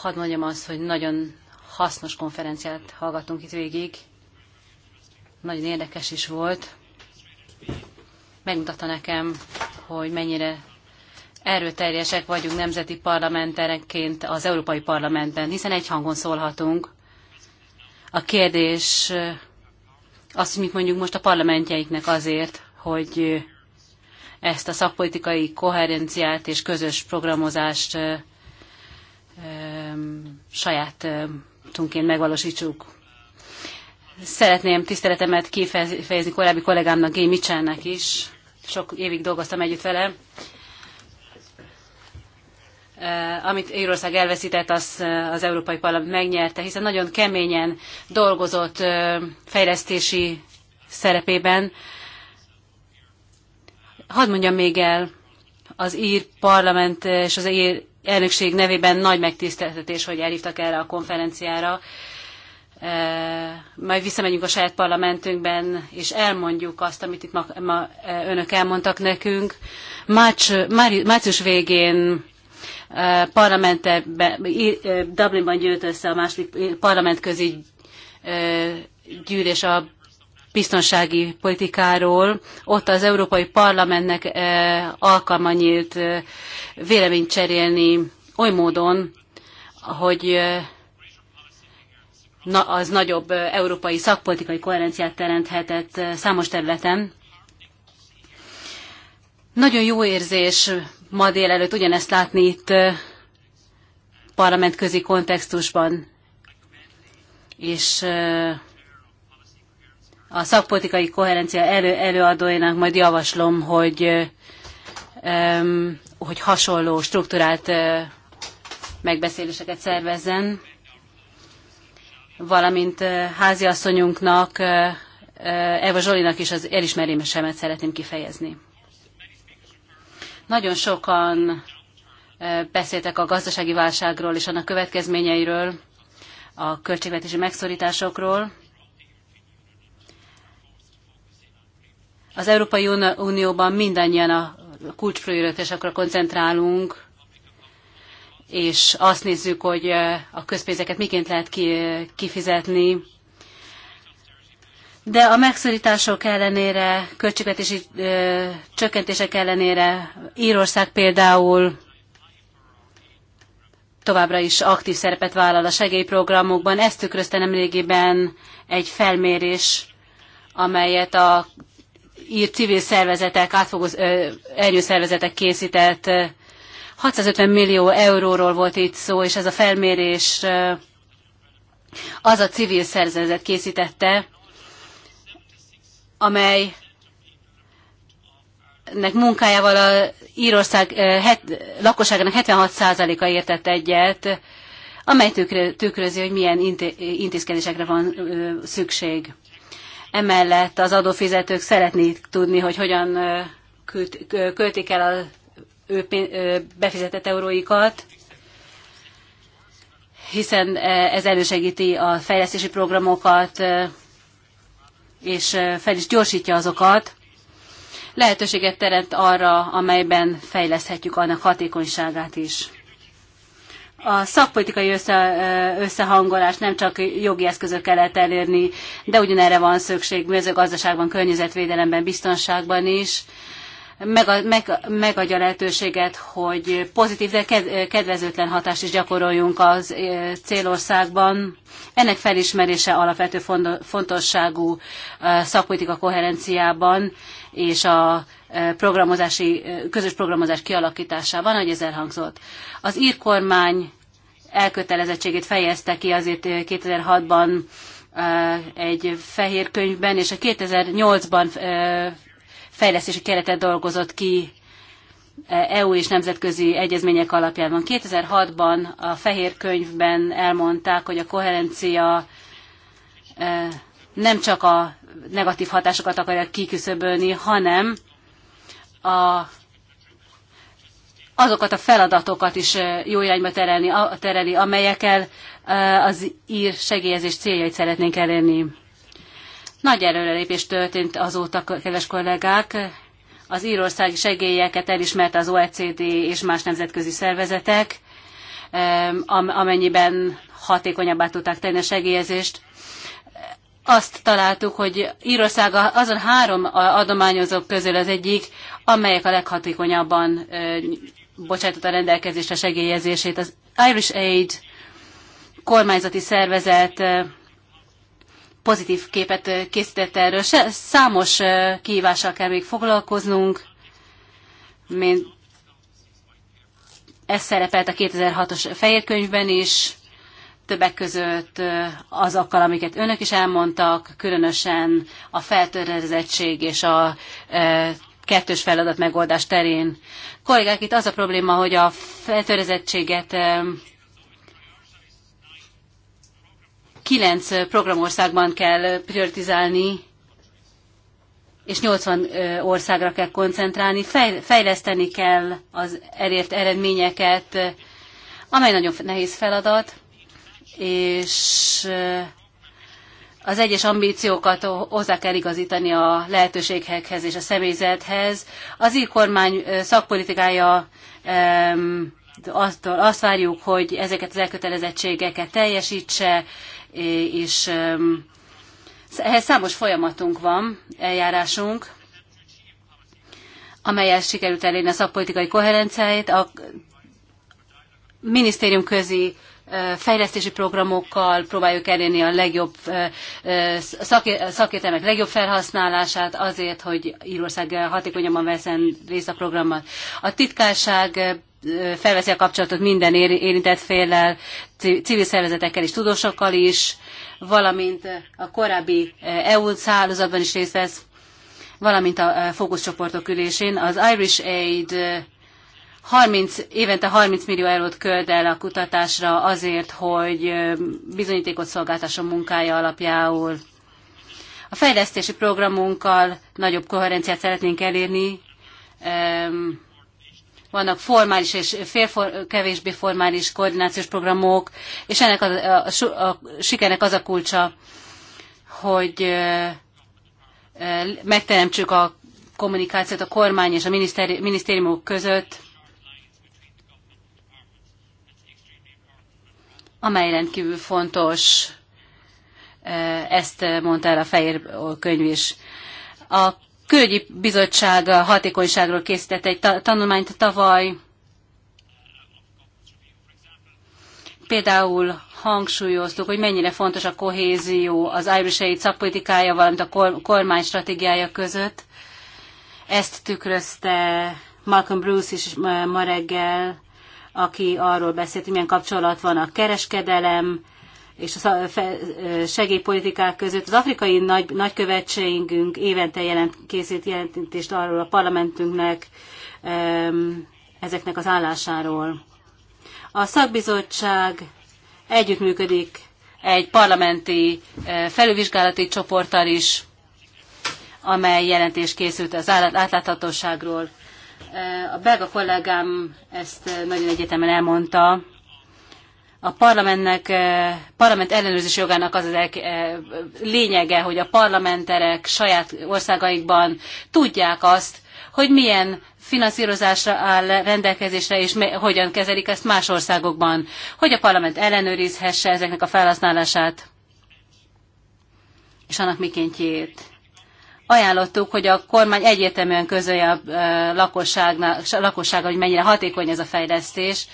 Hadd mondjam azt, hogy nagyon hasznos konferenciát hallgattunk itt végig. Nagyon érdekes is volt. Megmutatta nekem, hogy mennyire erőteljesek vagyunk nemzeti parlamenterekként az Európai Parlamentben, hiszen egy hangon szólhatunk. A kérdés az, hogy mit mondjuk most a parlamentjeinknek azért, hogy ezt a szakpolitikai koherenciát és közös programozást saját tunként megvalósítsuk. Szeretném tiszteletemet kifejezni korábbi kollégámnak, Gay Mitchellnek is. Sok évig dolgoztam együtt vele. Amit Írország elveszített, az, az Európai Parlament megnyerte, hiszen nagyon keményen dolgozott fejlesztési szerepében, Hadd mondjam még el, az ír parlament és az ír elnökség nevében nagy megtiszteltetés, hogy elhívtak erre a konferenciára. E, majd visszamegyünk a saját parlamentünkben, és elmondjuk azt, amit itt ma, ma e, önök elmondtak nekünk. Márcs, március végén e, parlamente, Dublinban gyűlt össze a második parlamentközi gyűlés a biztonsági politikáról. Ott az Európai Parlamentnek eh, alkalma nyílt eh, véleményt cserélni oly módon, hogy eh, az nagyobb európai szakpolitikai koherenciát teremthetett számos területen. Nagyon jó érzés ma délelőtt ugyanezt látni itt parlamentközi kontextusban. És a szakpolitikai koherencia elő, előadóinak majd javaslom, hogy, hogy hasonló struktúrált megbeszéléseket szervezzen, valamint háziasszonyunknak, uh, Eva Zsolinak is az elismerésemet szeretném kifejezni. Nagyon sokan beszéltek a gazdasági válságról és annak következményeiről, a költségvetési megszorításokról, Az Európai Unióban mindannyian a kulcsprioritásokra koncentrálunk, és azt nézzük, hogy a közpénzeket miként lehet kifizetni. De a megszorítások ellenére, költségvetési csökkentések ellenére Írország például továbbra is aktív szerepet vállal a segélyprogramokban. Ezt tükrözte nemrégiben egy felmérés, amelyet a ír civil szervezetek, átfogó erőszervezetek készített. 650 millió euróról volt itt szó, és ez a felmérés az a civil szervezet készítette, amely nek munkájával a Írország het, lakosságának 76%-a értett egyet, amely tükrözi, hogy milyen intézkedésekre van szükség. Emellett az adófizetők szeretnék tudni, hogy hogyan költik el a ő befizetett euróikat, hiszen ez elősegíti a fejlesztési programokat, és fel is gyorsítja azokat. Lehetőséget teremt arra, amelyben fejleszthetjük annak hatékonyságát is a szakpolitikai össze, összehangolás nem csak jogi eszközökkel lehet elérni, de ugyanerre van szükség mezőgazdaságban, környezetvédelemben, biztonságban is. Meg, meg, megadja lehetőséget, hogy pozitív, de kedvezőtlen hatást is gyakoroljunk az célországban. Ennek felismerése alapvető fontosságú szakpolitika koherenciában és a programozási, közös programozás kialakításában, ahogy ez elhangzott. Az ír kormány elkötelezettségét fejezte ki azért 2006-ban egy fehér könyvben, és a 2008-ban fejlesztési keretet dolgozott ki EU és nemzetközi egyezmények alapjában. 2006-ban a fehér könyvben elmondták, hogy a koherencia nem csak a negatív hatásokat akarja kiküszöbölni, hanem a, azokat a feladatokat is jó irányba terelni, tereli, amelyekkel az ír segélyezés céljait szeretnénk elérni. Nagy előrelépés történt azóta, kedves kollégák. Az írországi segélyeket elismerte az OECD és más nemzetközi szervezetek, amennyiben hatékonyabbá tudták tenni a segélyezést. Azt találtuk, hogy Írország azon három adományozók közül az egyik, amelyek a leghatékonyabban bocsátott a rendelkezésre segélyezését. Az Irish Aid kormányzati szervezet pozitív képet készített erről. Számos kihívással kell még foglalkoznunk, mint ez szerepelt a 2006-os fejérkönyvben is, többek között azokkal, amiket önök is elmondtak, különösen a feltöredezettség és a kettős feladat megoldás terén. Kollégák, itt az a probléma, hogy a feltörezettséget kilenc programországban kell prioritizálni, és 80 országra kell koncentrálni, fejleszteni kell az elért eredményeket, amely nagyon nehéz feladat, és az egyes ambíciókat hozzá kell igazítani a lehetőségekhez és a személyzethez. Az így kormány szakpolitikája azt, azt várjuk, hogy ezeket az elkötelezettségeket teljesítse, és ehhez számos folyamatunk van, eljárásunk, amelyel sikerült elérni a szakpolitikai koherenciáit. A minisztérium közi fejlesztési programokkal próbáljuk elérni a legjobb szakértelmek legjobb felhasználását azért, hogy Írország hatékonyabban veszen részt a programban. A titkárság felveszi a kapcsolatot minden érintett féllel, civil szervezetekkel és tudósokkal is, valamint a korábbi EU szállózatban is részt vesz, valamint a fókuszcsoportok ülésén. Az Irish Aid 30, évente 30 millió eurót költ el a kutatásra azért, hogy bizonyítékot szolgáltasson munkája alapjául. A fejlesztési programunkkal nagyobb koherenciát szeretnénk elérni. Vannak formális és félfor, kevésbé formális koordinációs programok, és ennek a, a, a, a sikernek az a kulcsa, hogy megteremtsük a kommunikációt a kormány és a minisztériumok között amely rendkívül fontos, ezt mondta el a fehér könyv is. A külügyi bizottság hatékonyságról készített egy tanulmányt tavaly, például hangsúlyoztuk, hogy mennyire fontos a kohézió az Irish Aid szakpolitikája, valamint a kormány stratégiája között. Ezt tükrözte Malcolm Bruce is ma reggel aki arról beszélt, hogy milyen kapcsolat van a kereskedelem és a segélypolitikák között. Az afrikai nagy, nagykövetségünk évente jelent, készít jelentést arról a parlamentünknek ezeknek az állásáról. A szakbizottság együttműködik egy parlamenti felülvizsgálati csoporttal is, amely jelentés készült az átláthatóságról. A belga kollégám ezt eh, nagyon egyetemen elmondta. A parlamentnek, eh, parlament ellenőrzési jogának az az eh, lényege, hogy a parlamenterek saját országaikban tudják azt, hogy milyen finanszírozásra áll rendelkezésre, és hogyan kezelik ezt más országokban, hogy a parlament ellenőrizhesse ezeknek a felhasználását és annak mikéntjét ajánlottuk, hogy a kormány egyértelműen közölje a lakossággal, hogy mennyire hatékony ez a fejlesztés.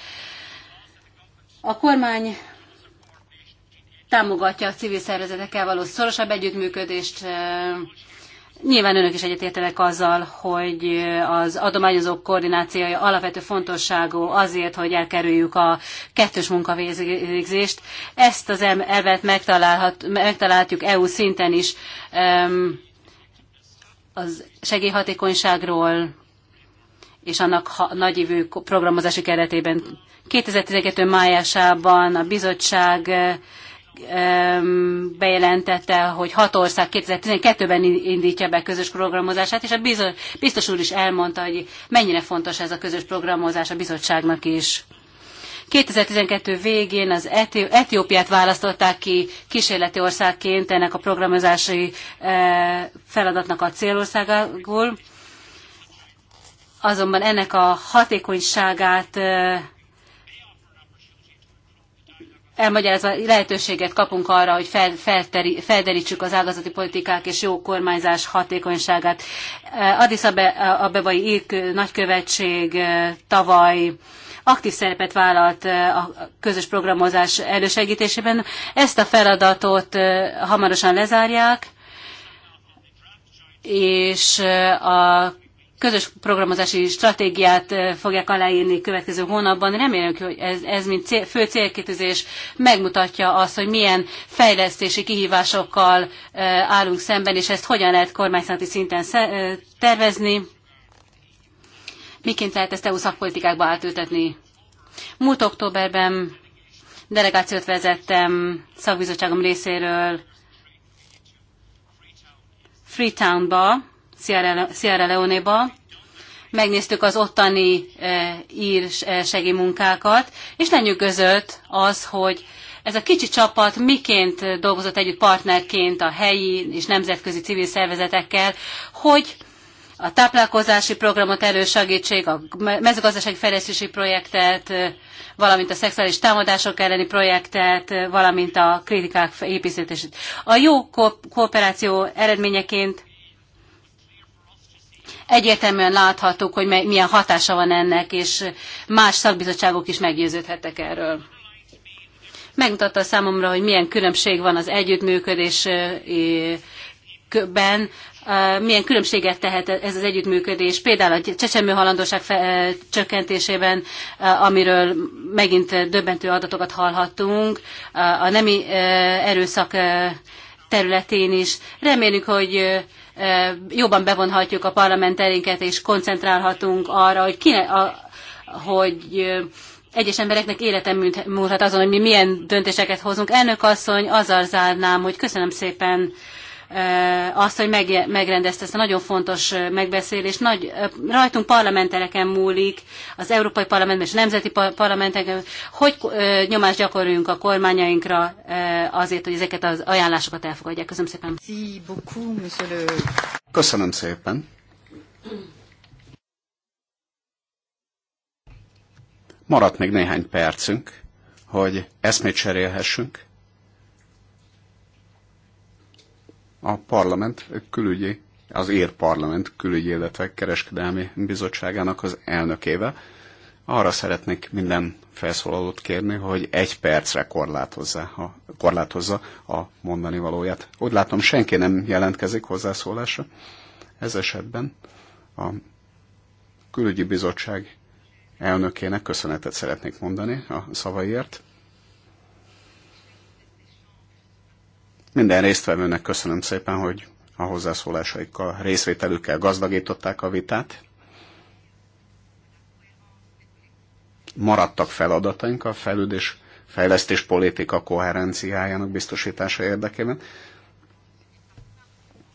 A kormány támogatja a civil szervezetekkel való szorosabb együttműködést. Nyilván önök is egyetértenek azzal, hogy az adományozók koordinációja alapvető fontosságú azért, hogy elkerüljük a kettős munkavégzést. Ezt az elvet megtalálhatjuk EU szinten is. Um, az segélyhatékonyságról és annak nagyívű programozási keretében. 2012 májásában a bizottság bejelentette, hogy hat ország 2012-ben indítja be közös programozását, és a biztos úr is elmondta, hogy mennyire fontos ez a közös programozás a bizottságnak is. 2012 végén az Eti Etiópiát választották ki kísérleti országként ennek a programozási eh, feladatnak a célországából. Azonban ennek a hatékonyságát eh, elmagyarázva lehetőséget kapunk arra, hogy fel, felteri, felderítsük az ágazati politikák és jó kormányzás hatékonyságát. Eh, Addis Abebai Ék nagykövetség tavaly aktív szerepet vállalt a közös programozás elősegítésében. Ezt a feladatot hamarosan lezárják, és a közös programozási stratégiát fogják aláírni következő hónapban. Remélem, hogy ez, ez mint cél, fő célkitűzés megmutatja azt, hogy milyen fejlesztési kihívásokkal állunk szemben, és ezt hogyan lehet kormányzati szinten tervezni miként lehet ezt EU szakpolitikákba átültetni. Múlt októberben delegációt vezettem szakbizottságom részéről Freetownba, Sierra Leone-ba, megnéztük az ottani e, ír e, segélymunkákat, és lenyűgözött az, hogy ez a kicsi csapat miként dolgozott együtt partnerként a helyi és nemzetközi civil szervezetekkel, hogy a táplálkozási programot erősegítség, a mezőgazdasági fejlesztési projektet, valamint a szexuális támadások elleni projektet, valamint a kritikák építését. A jó ko- kooperáció eredményeként egyértelműen láthatók, hogy milyen hatása van ennek, és más szakbizottságok is meggyőződhettek erről. Megmutatta számomra, hogy milyen különbség van az együttműködésben Uh, milyen különbséget tehet ez az együttműködés, például a csecsemő halandóság uh, csökkentésében, uh, amiről megint döbbentő adatokat hallhattunk, a nemi erőszak területén is. Remélünk, hogy jobban bevonhatjuk a parlamenterinket, és koncentrálhatunk arra, hogy, kine, a, hogy egyes embereknek életem múlhat azon, hogy mi milyen döntéseket hozunk. Elnök asszony, azzal zárnám, hogy köszönöm szépen Eh, azt, hogy meg, megrendezte ezt a nagyon fontos eh, megbeszélést. Nagy, eh, rajtunk parlamentereken múlik, az Európai Parlamentben és a Nemzeti Parlamenteken, hogy nyomást gyakoroljunk a kormányainkra azért, hogy ezeket az ajánlásokat elfogadják. Köszönöm szépen. Köszönöm szépen. Maradt még néhány percünk, hogy eszmét cserélhessünk a parlament külügyi, az ér parlament külügyi, illetve kereskedelmi bizottságának az elnökével. Arra szeretnék minden felszólalót kérni, hogy egy percre korlátozza a, korlátozza a mondani valóját. Úgy látom, senki nem jelentkezik hozzászólásra. Ez esetben a külügyi bizottság elnökének köszönetet szeretnék mondani a szavaiért Minden résztvevőnek köszönöm szépen, hogy a hozzászólásaikkal, részvételükkel gazdagították a vitát. Maradtak feladataink a fejlődés, fejlesztés politika koherenciájának biztosítása érdekében,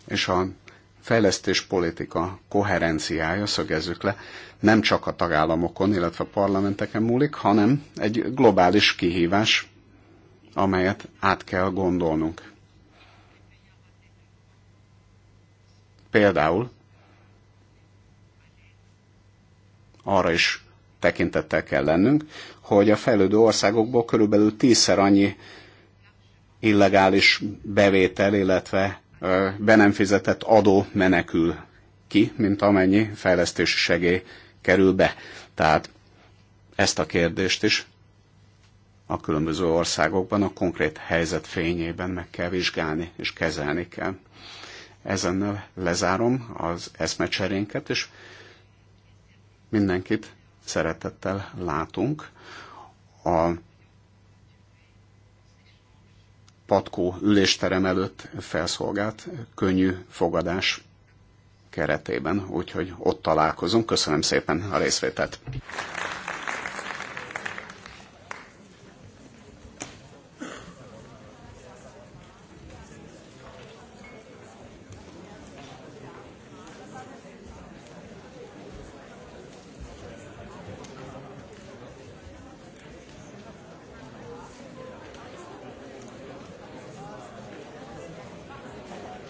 és a fejlesztés politika koherenciája, szögezzük le, nem csak a tagállamokon, illetve a parlamenteken múlik, hanem egy globális kihívás, amelyet át kell gondolnunk Például arra is tekintettel kell lennünk, hogy a fejlődő országokból körülbelül tízszer annyi illegális bevétel, illetve be nem fizetett adó menekül ki, mint amennyi fejlesztési segély kerül be. Tehát ezt a kérdést is a különböző országokban a konkrét helyzet fényében meg kell vizsgálni és kezelni kell. Ezen lezárom az eszmecserénket, és mindenkit szeretettel látunk. A patkó ülésterem előtt felszolgált könnyű fogadás keretében, úgyhogy ott találkozunk. Köszönöm szépen a részvételt!